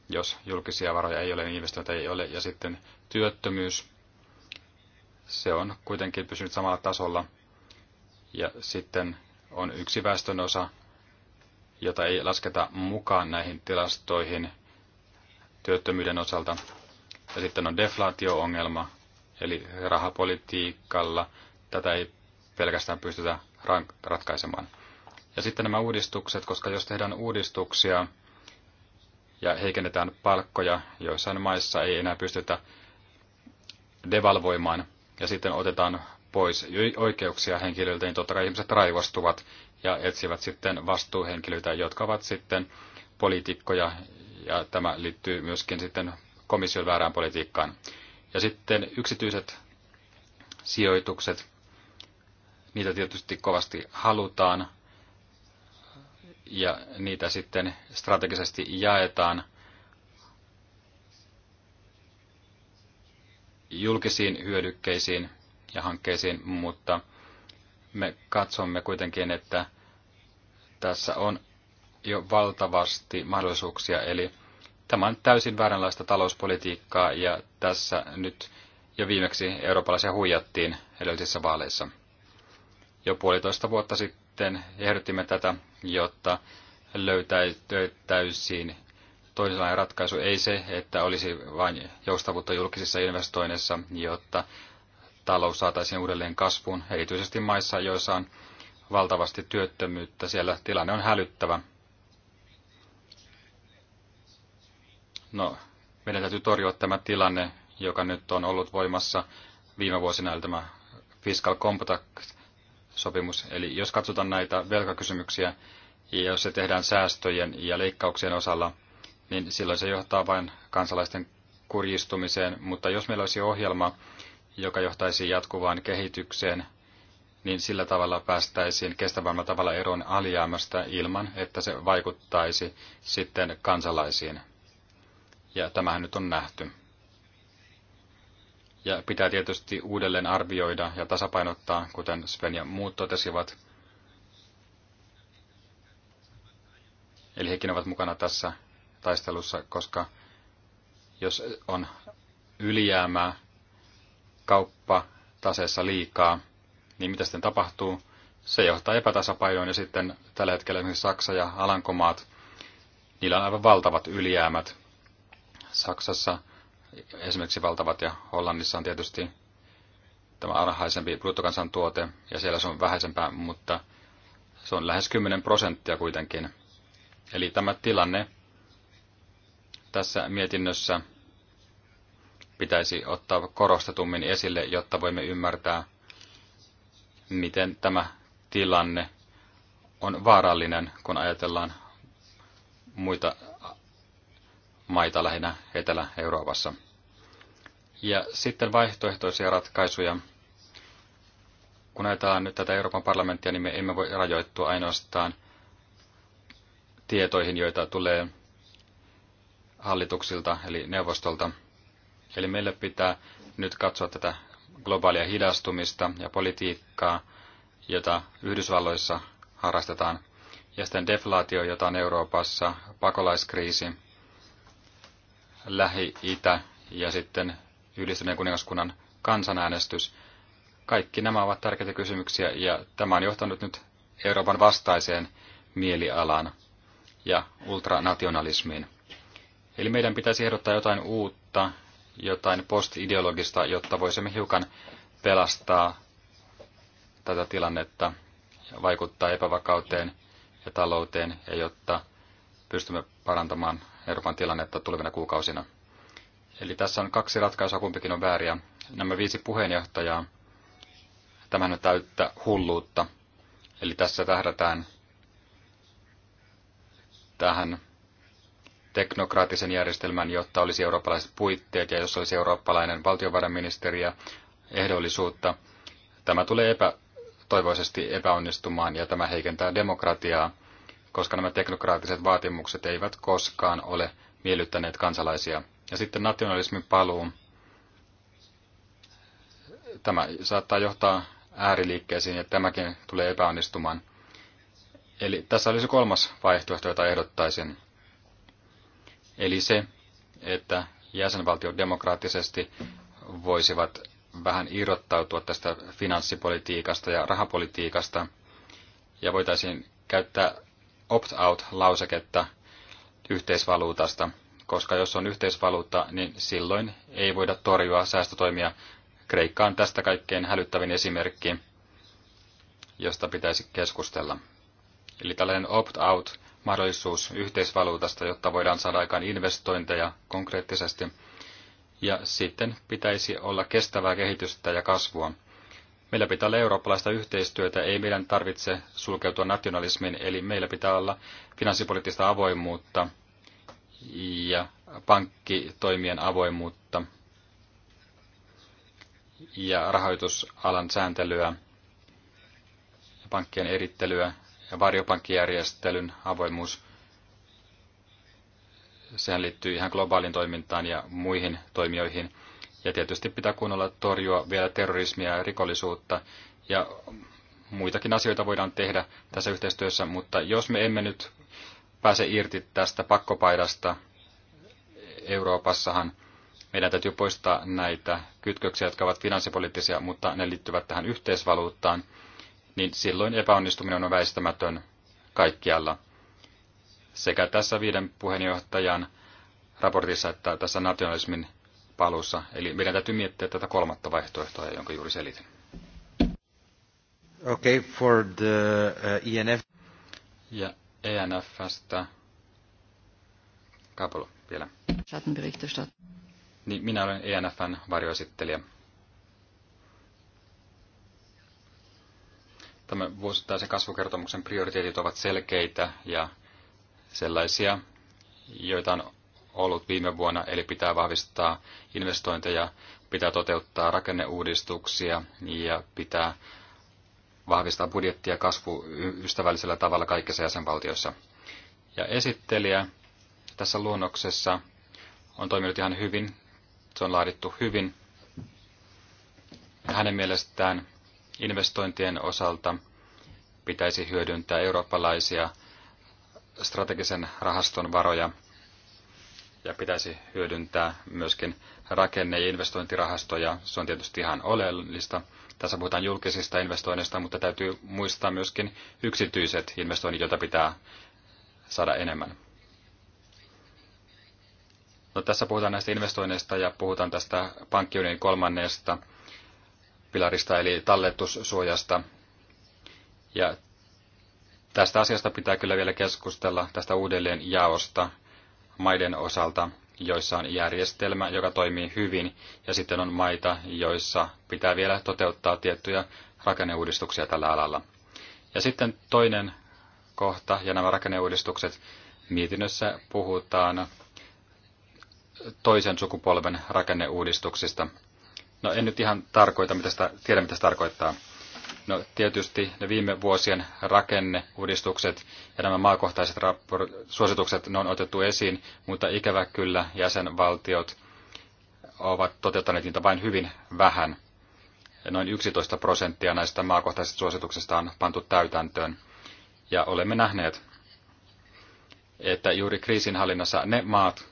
jos julkisia varoja ei ole, niin investointeja ei ole, ja sitten työttömyys se on kuitenkin pysynyt samalla tasolla. Ja sitten on yksi väestönosa, jota ei lasketa mukaan näihin tilastoihin työttömyyden osalta. Ja sitten on deflaatio-ongelma, eli rahapolitiikalla tätä ei pelkästään pystytä ratkaisemaan. Ja sitten nämä uudistukset, koska jos tehdään uudistuksia ja heikennetään palkkoja, joissain maissa ei enää pystytä devalvoimaan – ja sitten otetaan pois oikeuksia henkilöiltä, niin totta kai ihmiset raivostuvat ja etsivät sitten vastuuhenkilöitä, jotka ovat sitten poliitikkoja, ja tämä liittyy myöskin sitten komission väärään politiikkaan. Ja sitten yksityiset sijoitukset, niitä tietysti kovasti halutaan, ja niitä sitten strategisesti jaetaan – julkisiin hyödykkeisiin ja hankkeisiin, mutta me katsomme kuitenkin, että tässä on jo valtavasti mahdollisuuksia. Eli tämä on täysin vääränlaista talouspolitiikkaa ja tässä nyt jo viimeksi eurooppalaisia huijattiin edellisissä vaaleissa. Jo puolitoista vuotta sitten ehdottimme tätä, jotta löytäisiin toisenlainen ratkaisu ei se, että olisi vain joustavuutta julkisissa investoinneissa, jotta talous saataisiin uudelleen kasvuun, erityisesti maissa, joissa on valtavasti työttömyyttä. Siellä tilanne on hälyttävä. No, meidän täytyy torjua tämä tilanne, joka nyt on ollut voimassa viime vuosina, eli tämä Fiscal Compact-sopimus. Eli jos katsotaan näitä velkakysymyksiä, ja jos se tehdään säästöjen ja leikkauksien osalla, niin silloin se johtaa vain kansalaisten kurjistumiseen, mutta jos meillä olisi ohjelma, joka johtaisi jatkuvaan kehitykseen, niin sillä tavalla päästäisiin kestävällä tavalla eroon alijäämästä ilman, että se vaikuttaisi sitten kansalaisiin. Ja tämähän nyt on nähty. Ja pitää tietysti uudelleen arvioida ja tasapainottaa, kuten Sven ja muut totesivat. Eli hekin ovat mukana tässä taistelussa, koska jos on ylijäämää kauppa taseessa liikaa, niin mitä sitten tapahtuu? Se johtaa epätasapainoon ja sitten tällä hetkellä esimerkiksi Saksa ja Alankomaat, niillä on aivan valtavat ylijäämät. Saksassa esimerkiksi valtavat ja Hollannissa on tietysti tämä alhaisempi bruttokansantuote ja siellä se on vähäisempää, mutta se on lähes 10 prosenttia kuitenkin. Eli tämä tilanne tässä mietinnössä pitäisi ottaa korostetummin esille, jotta voimme ymmärtää, miten tämä tilanne on vaarallinen, kun ajatellaan muita maita lähinnä Etelä-Euroopassa. Ja sitten vaihtoehtoisia ratkaisuja. Kun ajatellaan nyt tätä Euroopan parlamenttia, niin me emme voi rajoittua ainoastaan tietoihin, joita tulee hallituksilta, eli neuvostolta. Eli meille pitää nyt katsoa tätä globaalia hidastumista ja politiikkaa, jota Yhdysvalloissa harrastetaan, ja sitten deflaatio, jota on Euroopassa, pakolaiskriisi, Lähi-Itä ja sitten yhdistyneen kuningaskunnan kansanäänestys. Kaikki nämä ovat tärkeitä kysymyksiä ja tämä on johtanut nyt Euroopan vastaiseen mielialaan ja ultranationalismiin. Eli meidän pitäisi ehdottaa jotain uutta, jotain postideologista, jotta voisimme hiukan pelastaa tätä tilannetta, vaikuttaa epävakauteen ja talouteen, ja jotta pystymme parantamaan Euroopan tilannetta tulevina kuukausina. Eli tässä on kaksi ratkaisua, kumpikin on vääriä. Nämä viisi puheenjohtajaa, tämähän on täyttä hulluutta. Eli tässä tähdätään tähän teknokraattisen järjestelmän, jotta olisi eurooppalaiset puitteet ja jos olisi eurooppalainen valtiovarainministeri ja ehdollisuutta. Tämä tulee epätoivoisesti epäonnistumaan ja tämä heikentää demokratiaa, koska nämä teknokraattiset vaatimukset eivät koskaan ole miellyttäneet kansalaisia. Ja sitten nationalismin paluu. Tämä saattaa johtaa ääriliikkeisiin ja tämäkin tulee epäonnistumaan. Eli tässä olisi kolmas vaihtoehto, jota ehdottaisin. Eli se, että jäsenvaltiot demokraattisesti voisivat vähän irrottautua tästä finanssipolitiikasta ja rahapolitiikasta ja voitaisiin käyttää opt-out-lauseketta yhteisvaluutasta, koska jos on yhteisvaluutta, niin silloin ei voida torjua säästötoimia. Kreikka on tästä kaikkein hälyttävin esimerkki, josta pitäisi keskustella. Eli tällainen opt-out mahdollisuus yhteisvaluutasta, jotta voidaan saada aikaan investointeja konkreettisesti. Ja sitten pitäisi olla kestävää kehitystä ja kasvua. Meillä pitää olla eurooppalaista yhteistyötä, ei meidän tarvitse sulkeutua nationalismiin, eli meillä pitää olla finanssipoliittista avoimuutta ja pankkitoimien avoimuutta ja rahoitusalan sääntelyä, ja pankkien erittelyä ja varjopankkijärjestelyn avoimuus, sehän liittyy ihan globaalin toimintaan ja muihin toimijoihin. Ja tietysti pitää kunnolla torjua vielä terrorismia ja rikollisuutta. Ja muitakin asioita voidaan tehdä tässä yhteistyössä, mutta jos me emme nyt pääse irti tästä pakkopaidasta Euroopassahan, meidän täytyy poistaa näitä kytköksiä, jotka ovat finanssipoliittisia, mutta ne liittyvät tähän yhteisvaluuttaan – niin silloin epäonnistuminen on väistämätön kaikkialla. Sekä tässä viiden puheenjohtajan raportissa että tässä nationalismin palussa Eli meidän täytyy miettiä tätä kolmatta vaihtoehtoa, jonka juuri selitin. Okay, for the uh, ENF. Ja ENFstä Kapolo vielä. Niin, minä olen ENFn varjoesittelijä. Tämän vuosittaisen kasvukertomuksen prioriteetit ovat selkeitä ja sellaisia, joita on ollut viime vuonna, eli pitää vahvistaa investointeja, pitää toteuttaa rakenneuudistuksia ja pitää vahvistaa budjettia kasvuystävällisellä tavalla kaikissa jäsenvaltioissa. Ja esittelijä tässä luonnoksessa on toiminut ihan hyvin, se on laadittu hyvin. Ja hänen mielestään investointien osalta pitäisi hyödyntää eurooppalaisia strategisen rahaston varoja ja pitäisi hyödyntää myöskin rakenne- ja investointirahastoja. Se on tietysti ihan oleellista. Tässä puhutaan julkisista investoinneista, mutta täytyy muistaa myöskin yksityiset investoinnit, joita pitää saada enemmän. No, tässä puhutaan näistä investoinneista ja puhutaan tästä pankkiunionin kolmannesta pilarista eli talletussuojasta. Ja tästä asiasta pitää kyllä vielä keskustella tästä uudelleen jaosta maiden osalta, joissa on järjestelmä, joka toimii hyvin, ja sitten on maita, joissa pitää vielä toteuttaa tiettyjä rakenneuudistuksia tällä alalla. Ja sitten toinen kohta, ja nämä rakenneuudistukset, mietinnössä puhutaan toisen sukupolven rakenneuudistuksista. No en nyt ihan tarkoita, mitä sitä, tiedä mitä se tarkoittaa. No tietysti ne viime vuosien rakenneuudistukset ja nämä maakohtaiset suositukset, ne on otettu esiin, mutta ikävä kyllä jäsenvaltiot ovat toteuttaneet niitä vain hyvin vähän. Noin 11 prosenttia näistä maakohtaisista suosituksista on pantu täytäntöön. Ja olemme nähneet, että juuri kriisinhallinnassa ne maat,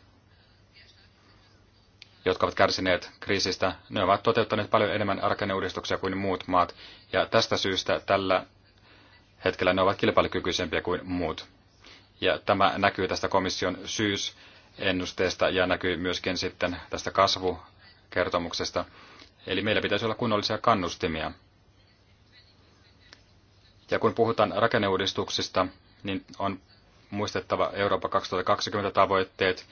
jotka ovat kärsineet kriisistä, ne ovat toteuttaneet paljon enemmän rakenneuudistuksia kuin muut maat, ja tästä syystä tällä hetkellä ne ovat kilpailukykyisempiä kuin muut. Ja tämä näkyy tästä komission syysennusteesta ja näkyy myöskin sitten tästä kasvukertomuksesta. Eli meillä pitäisi olla kunnollisia kannustimia. Ja kun puhutaan rakenneuudistuksista, niin on muistettava Eurooppa 2020 tavoitteet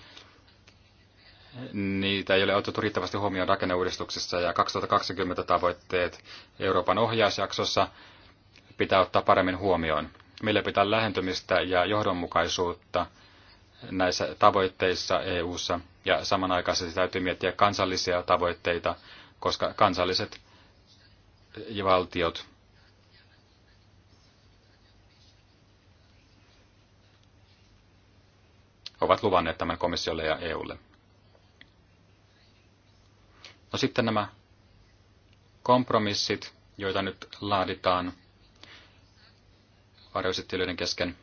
niitä ei ole otettu riittävästi huomioon rakenneuudistuksessa ja 2020 tavoitteet Euroopan ohjausjaksossa pitää ottaa paremmin huomioon. Meillä pitää lähentymistä ja johdonmukaisuutta näissä tavoitteissa EU:ssa ja samanaikaisesti täytyy miettiä kansallisia tavoitteita, koska kansalliset valtiot ovat luvanneet tämän komissiolle ja EUlle. No sitten nämä kompromissit, joita nyt laaditaan varjoesittelyiden kesken.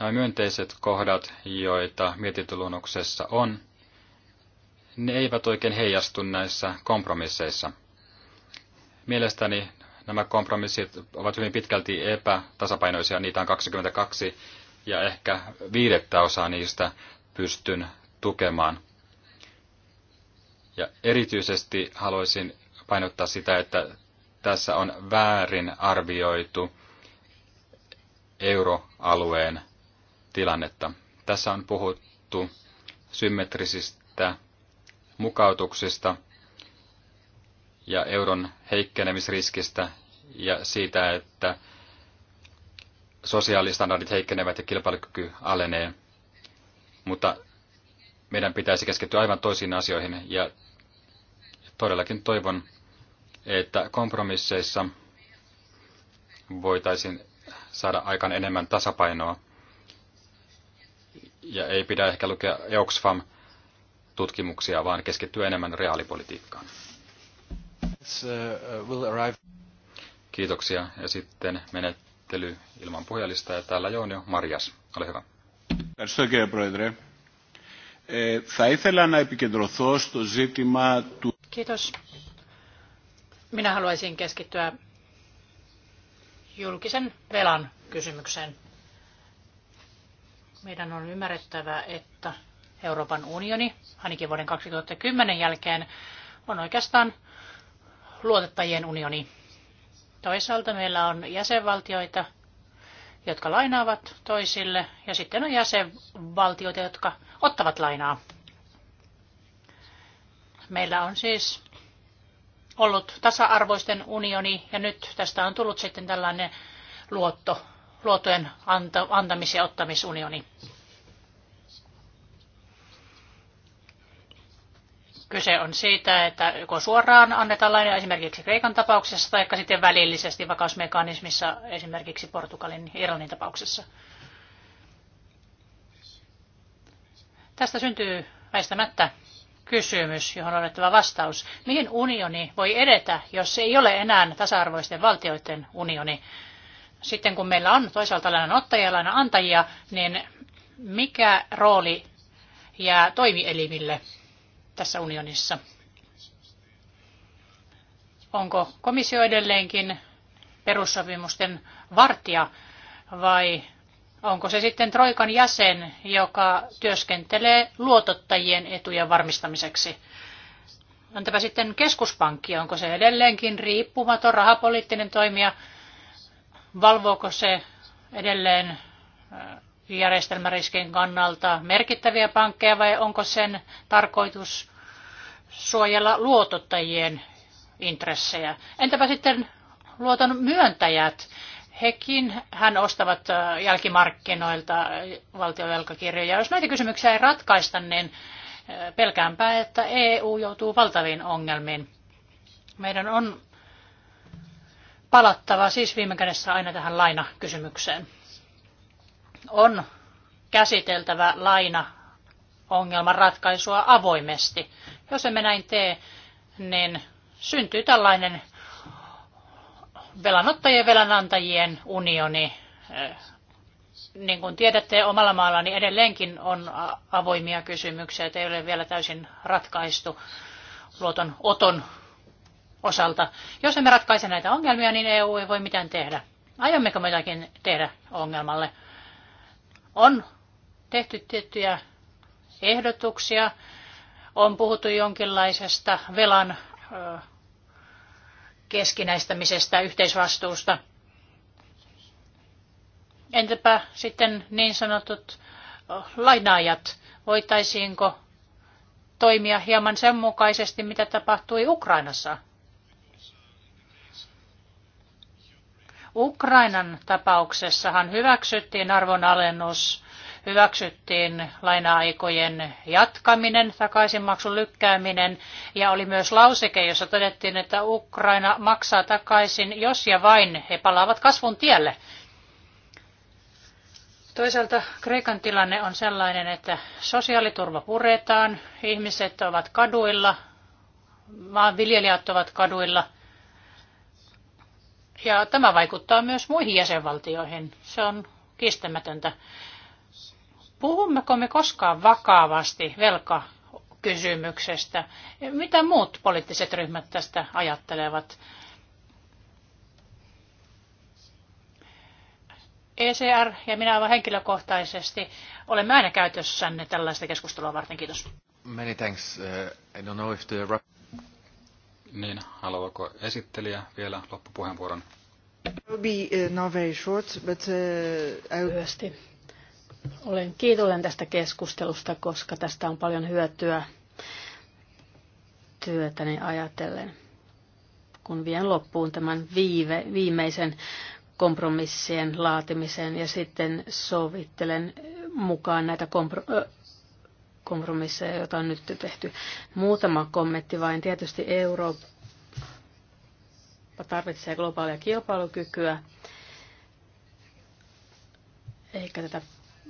Nämä myönteiset kohdat, joita mietintöluonnoksessa on, ne eivät oikein heijastu näissä kompromisseissa. Mielestäni nämä kompromissit ovat hyvin pitkälti epätasapainoisia, niitä on 22, ja ehkä viidettä osaa niistä pystyn tukemaan – ja erityisesti haluaisin painottaa sitä, että tässä on väärin arvioitu euroalueen tilannetta. Tässä on puhuttu symmetrisistä mukautuksista ja euron heikkenemisriskistä ja siitä, että sosiaalistandardit heikkenevät ja kilpailukyky alenee. Mutta meidän pitäisi keskittyä aivan toisiin asioihin ja todellakin toivon, että kompromisseissa voitaisiin saada aikaan enemmän tasapainoa. Ja ei pidä ehkä lukea Oxfam-tutkimuksia, vaan keskittyä enemmän reaalipolitiikkaan. Kiitoksia. Ja sitten menettely ilman puhelista. Ja täällä Joonio Marjas. Ole hyvä. Ευχαριστώ κύριε Πρόεδρε. Ε, θα ήθελα να επικεντρωθώ στο ζήτημα του... Kiitos. Minä haluaisin keskittyä julkisen velan kysymykseen. Meidän on ymmärrettävä, että Euroopan unioni, ainakin vuoden 2010 jälkeen, on oikeastaan luotettajien unioni. Toisaalta meillä on jäsenvaltioita, jotka lainaavat toisille, ja sitten on jäsenvaltioita, jotka ottavat lainaa Meillä on siis ollut tasa-arvoisten unioni ja nyt tästä on tullut sitten tällainen luotto, luottojen anta, antamis- ja ottamisunioni. Kyse on siitä, että joko suoraan annetaan lainoja esimerkiksi Kreikan tapauksessa tai sitten välillisesti vakausmekanismissa esimerkiksi Portugalin ja Irlannin tapauksessa. Tästä syntyy väistämättä kysymys, johon on annettava vastaus. Mihin unioni voi edetä, jos se ei ole enää tasa-arvoisten valtioiden unioni? Sitten kun meillä on toisaalta lainan ottajia ja antajia, niin mikä rooli jää toimielimille tässä unionissa? Onko komissio edelleenkin perussopimusten vartija vai Onko se sitten Troikan jäsen, joka työskentelee luotottajien etujen varmistamiseksi? Entäpä sitten keskuspankki, onko se edelleenkin riippumaton rahapoliittinen toimija? Valvooko se edelleen äh, järjestelmäriskin kannalta merkittäviä pankkeja vai onko sen tarkoitus suojella luotottajien intressejä? Entäpä sitten luoton myöntäjät? hekin hän ostavat äh, jälkimarkkinoilta äh, valtiovelkakirjoja. Jos näitä kysymyksiä ei ratkaista, niin äh, pelkäänpä, että EU joutuu valtaviin ongelmiin. Meidän on palattava siis viime kädessä aina tähän lainakysymykseen. On käsiteltävä laina ongelman ratkaisua avoimesti. Jos emme näin tee, niin syntyy tällainen velanottajien ja velanantajien unioni. Eh, niin kuin tiedätte, omalla maallani niin edelleenkin on avoimia kysymyksiä, että ei ole vielä täysin ratkaistu luoton oton osalta. Jos emme ratkaise näitä ongelmia, niin EU ei voi mitään tehdä. Aiommeko me jotakin tehdä ongelmalle? On tehty tiettyjä ehdotuksia. On puhuttu jonkinlaisesta velan keskinäistämisestä, yhteisvastuusta. Entäpä sitten niin sanotut lainaajat? Voitaisiinko toimia hieman sen mukaisesti, mitä tapahtui Ukrainassa? Ukrainan tapauksessahan hyväksyttiin arvonalennus hyväksyttiin laina-aikojen jatkaminen, takaisinmaksun lykkääminen ja oli myös lauseke, jossa todettiin, että Ukraina maksaa takaisin, jos ja vain he palaavat kasvun tielle. Toisaalta Kreikan tilanne on sellainen, että sosiaaliturva puretaan, ihmiset ovat kaduilla, maanviljelijät ovat kaduilla. Ja tämä vaikuttaa myös muihin jäsenvaltioihin. Se on kistämätöntä. Puhummeko me koskaan vakavasti velkakysymyksestä? Mitä muut poliittiset ryhmät tästä ajattelevat? ECR ja minä aivan henkilökohtaisesti olemme aina käytössänne tällaista keskustelua varten. Kiitos. Many thanks. Uh, I don't know if the... Niin, haluaako esittelijä vielä loppupuheenvuoron? Be, uh, not very short, but, uh, Lyhyesti olen kiitollinen tästä keskustelusta, koska tästä on paljon hyötyä työtäni ajatellen, kun vien loppuun tämän viive, viimeisen kompromissien laatimisen ja sitten sovittelen mukaan näitä kompro- kompromisseja, joita on nyt tehty. Muutama kommentti vain. Tietysti Eurooppa tarvitsee globaalia kilpailukykyä, eikä tätä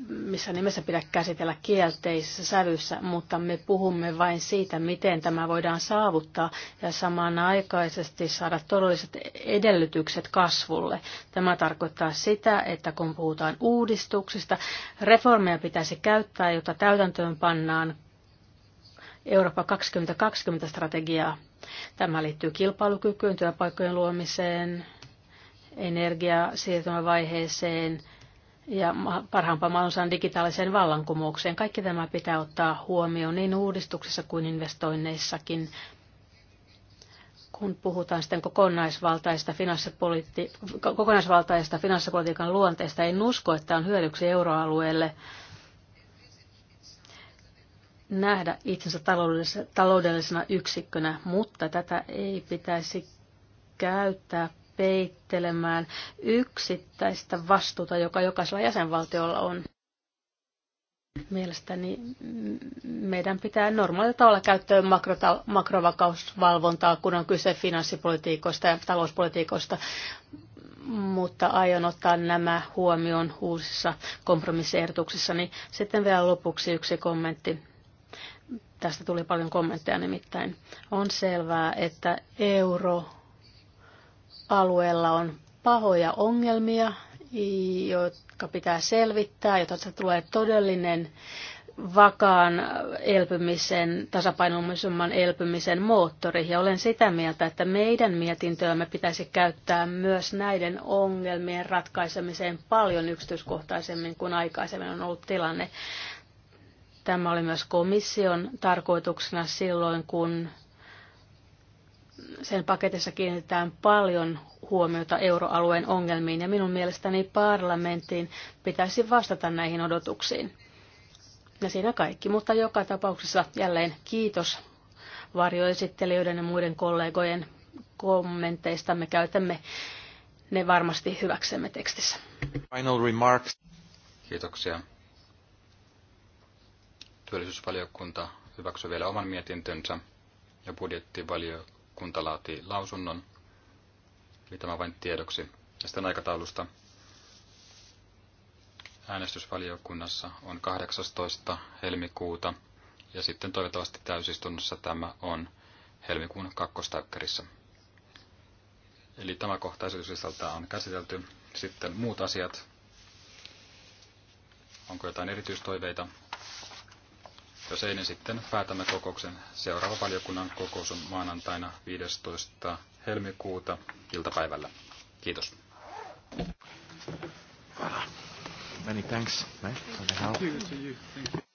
missä nimessä pidä käsitellä kielteisessä sävyssä, mutta me puhumme vain siitä, miten tämä voidaan saavuttaa ja samanaikaisesti saada todelliset edellytykset kasvulle. Tämä tarkoittaa sitä, että kun puhutaan uudistuksista, reformeja pitäisi käyttää, jotta täytäntöön pannaan Eurooppa 2020-strategiaa. Tämä liittyy kilpailukykyyn, työpaikkojen luomiseen, energiasiirtymävaiheeseen – ja parhaampaan mahdollisaan digitaaliseen vallankumoukseen. Kaikki tämä pitää ottaa huomioon niin uudistuksissa kuin investoinneissakin, kun puhutaan sitten kokonaisvaltaista, finanssipoliitti- kokonaisvaltaista finanssipolitiikan luonteesta. En usko, että on hyödyksi euroalueelle nähdä itsensä taloudellisena yksikkönä, mutta tätä ei pitäisi käyttää peittelemään yksittäistä vastuuta, joka jokaisella jäsenvaltiolla on. Mielestäni meidän pitää normaalilla tavalla käyttää makrota- makrovakausvalvontaa, kun on kyse finanssipolitiikoista ja talouspolitiikoista, mutta aion ottaa nämä huomioon uusissa kompromissiehdotuksissa. Niin sitten vielä lopuksi yksi kommentti. Tästä tuli paljon kommentteja nimittäin. On selvää, että euro alueella on pahoja ongelmia, jotka pitää selvittää, jotta se tulee todellinen vakaan elpymisen, tasapainoisemman elpymisen moottori. Ja olen sitä mieltä, että meidän mietintöämme pitäisi käyttää myös näiden ongelmien ratkaisemiseen paljon yksityiskohtaisemmin kuin aikaisemmin on ollut tilanne. Tämä oli myös komission tarkoituksena silloin, kun sen paketissa kiinnitetään paljon huomiota euroalueen ongelmiin ja minun mielestäni parlamenttiin pitäisi vastata näihin odotuksiin. Ja siinä kaikki, mutta joka tapauksessa jälleen kiitos varjoesittelijöiden ja muiden kollegojen kommenteista. Me käytämme ne varmasti hyväksemme tekstissä. Final remarks. Kiitoksia. Työllisyysvaliokunta hyväksyi vielä oman mietintönsä ja budjettivaliokunta Kunta laatii lausunnon. Eli tämä vain tiedoksi. Ja sitten aikataulusta. Äänestysvaliokunnassa on 18. helmikuuta ja sitten toivottavasti täysistunnossa tämä on helmikuun kakkostäykkärissä. Eli tämä kohta sisältää on käsitelty. Sitten muut asiat. Onko jotain erityistoiveita? Jos ei, niin sitten päätämme kokouksen. Seuraava valiokunnan kokous on maanantaina 15. helmikuuta iltapäivällä. Kiitos. Many thanks, mate, Thank you. Thank you.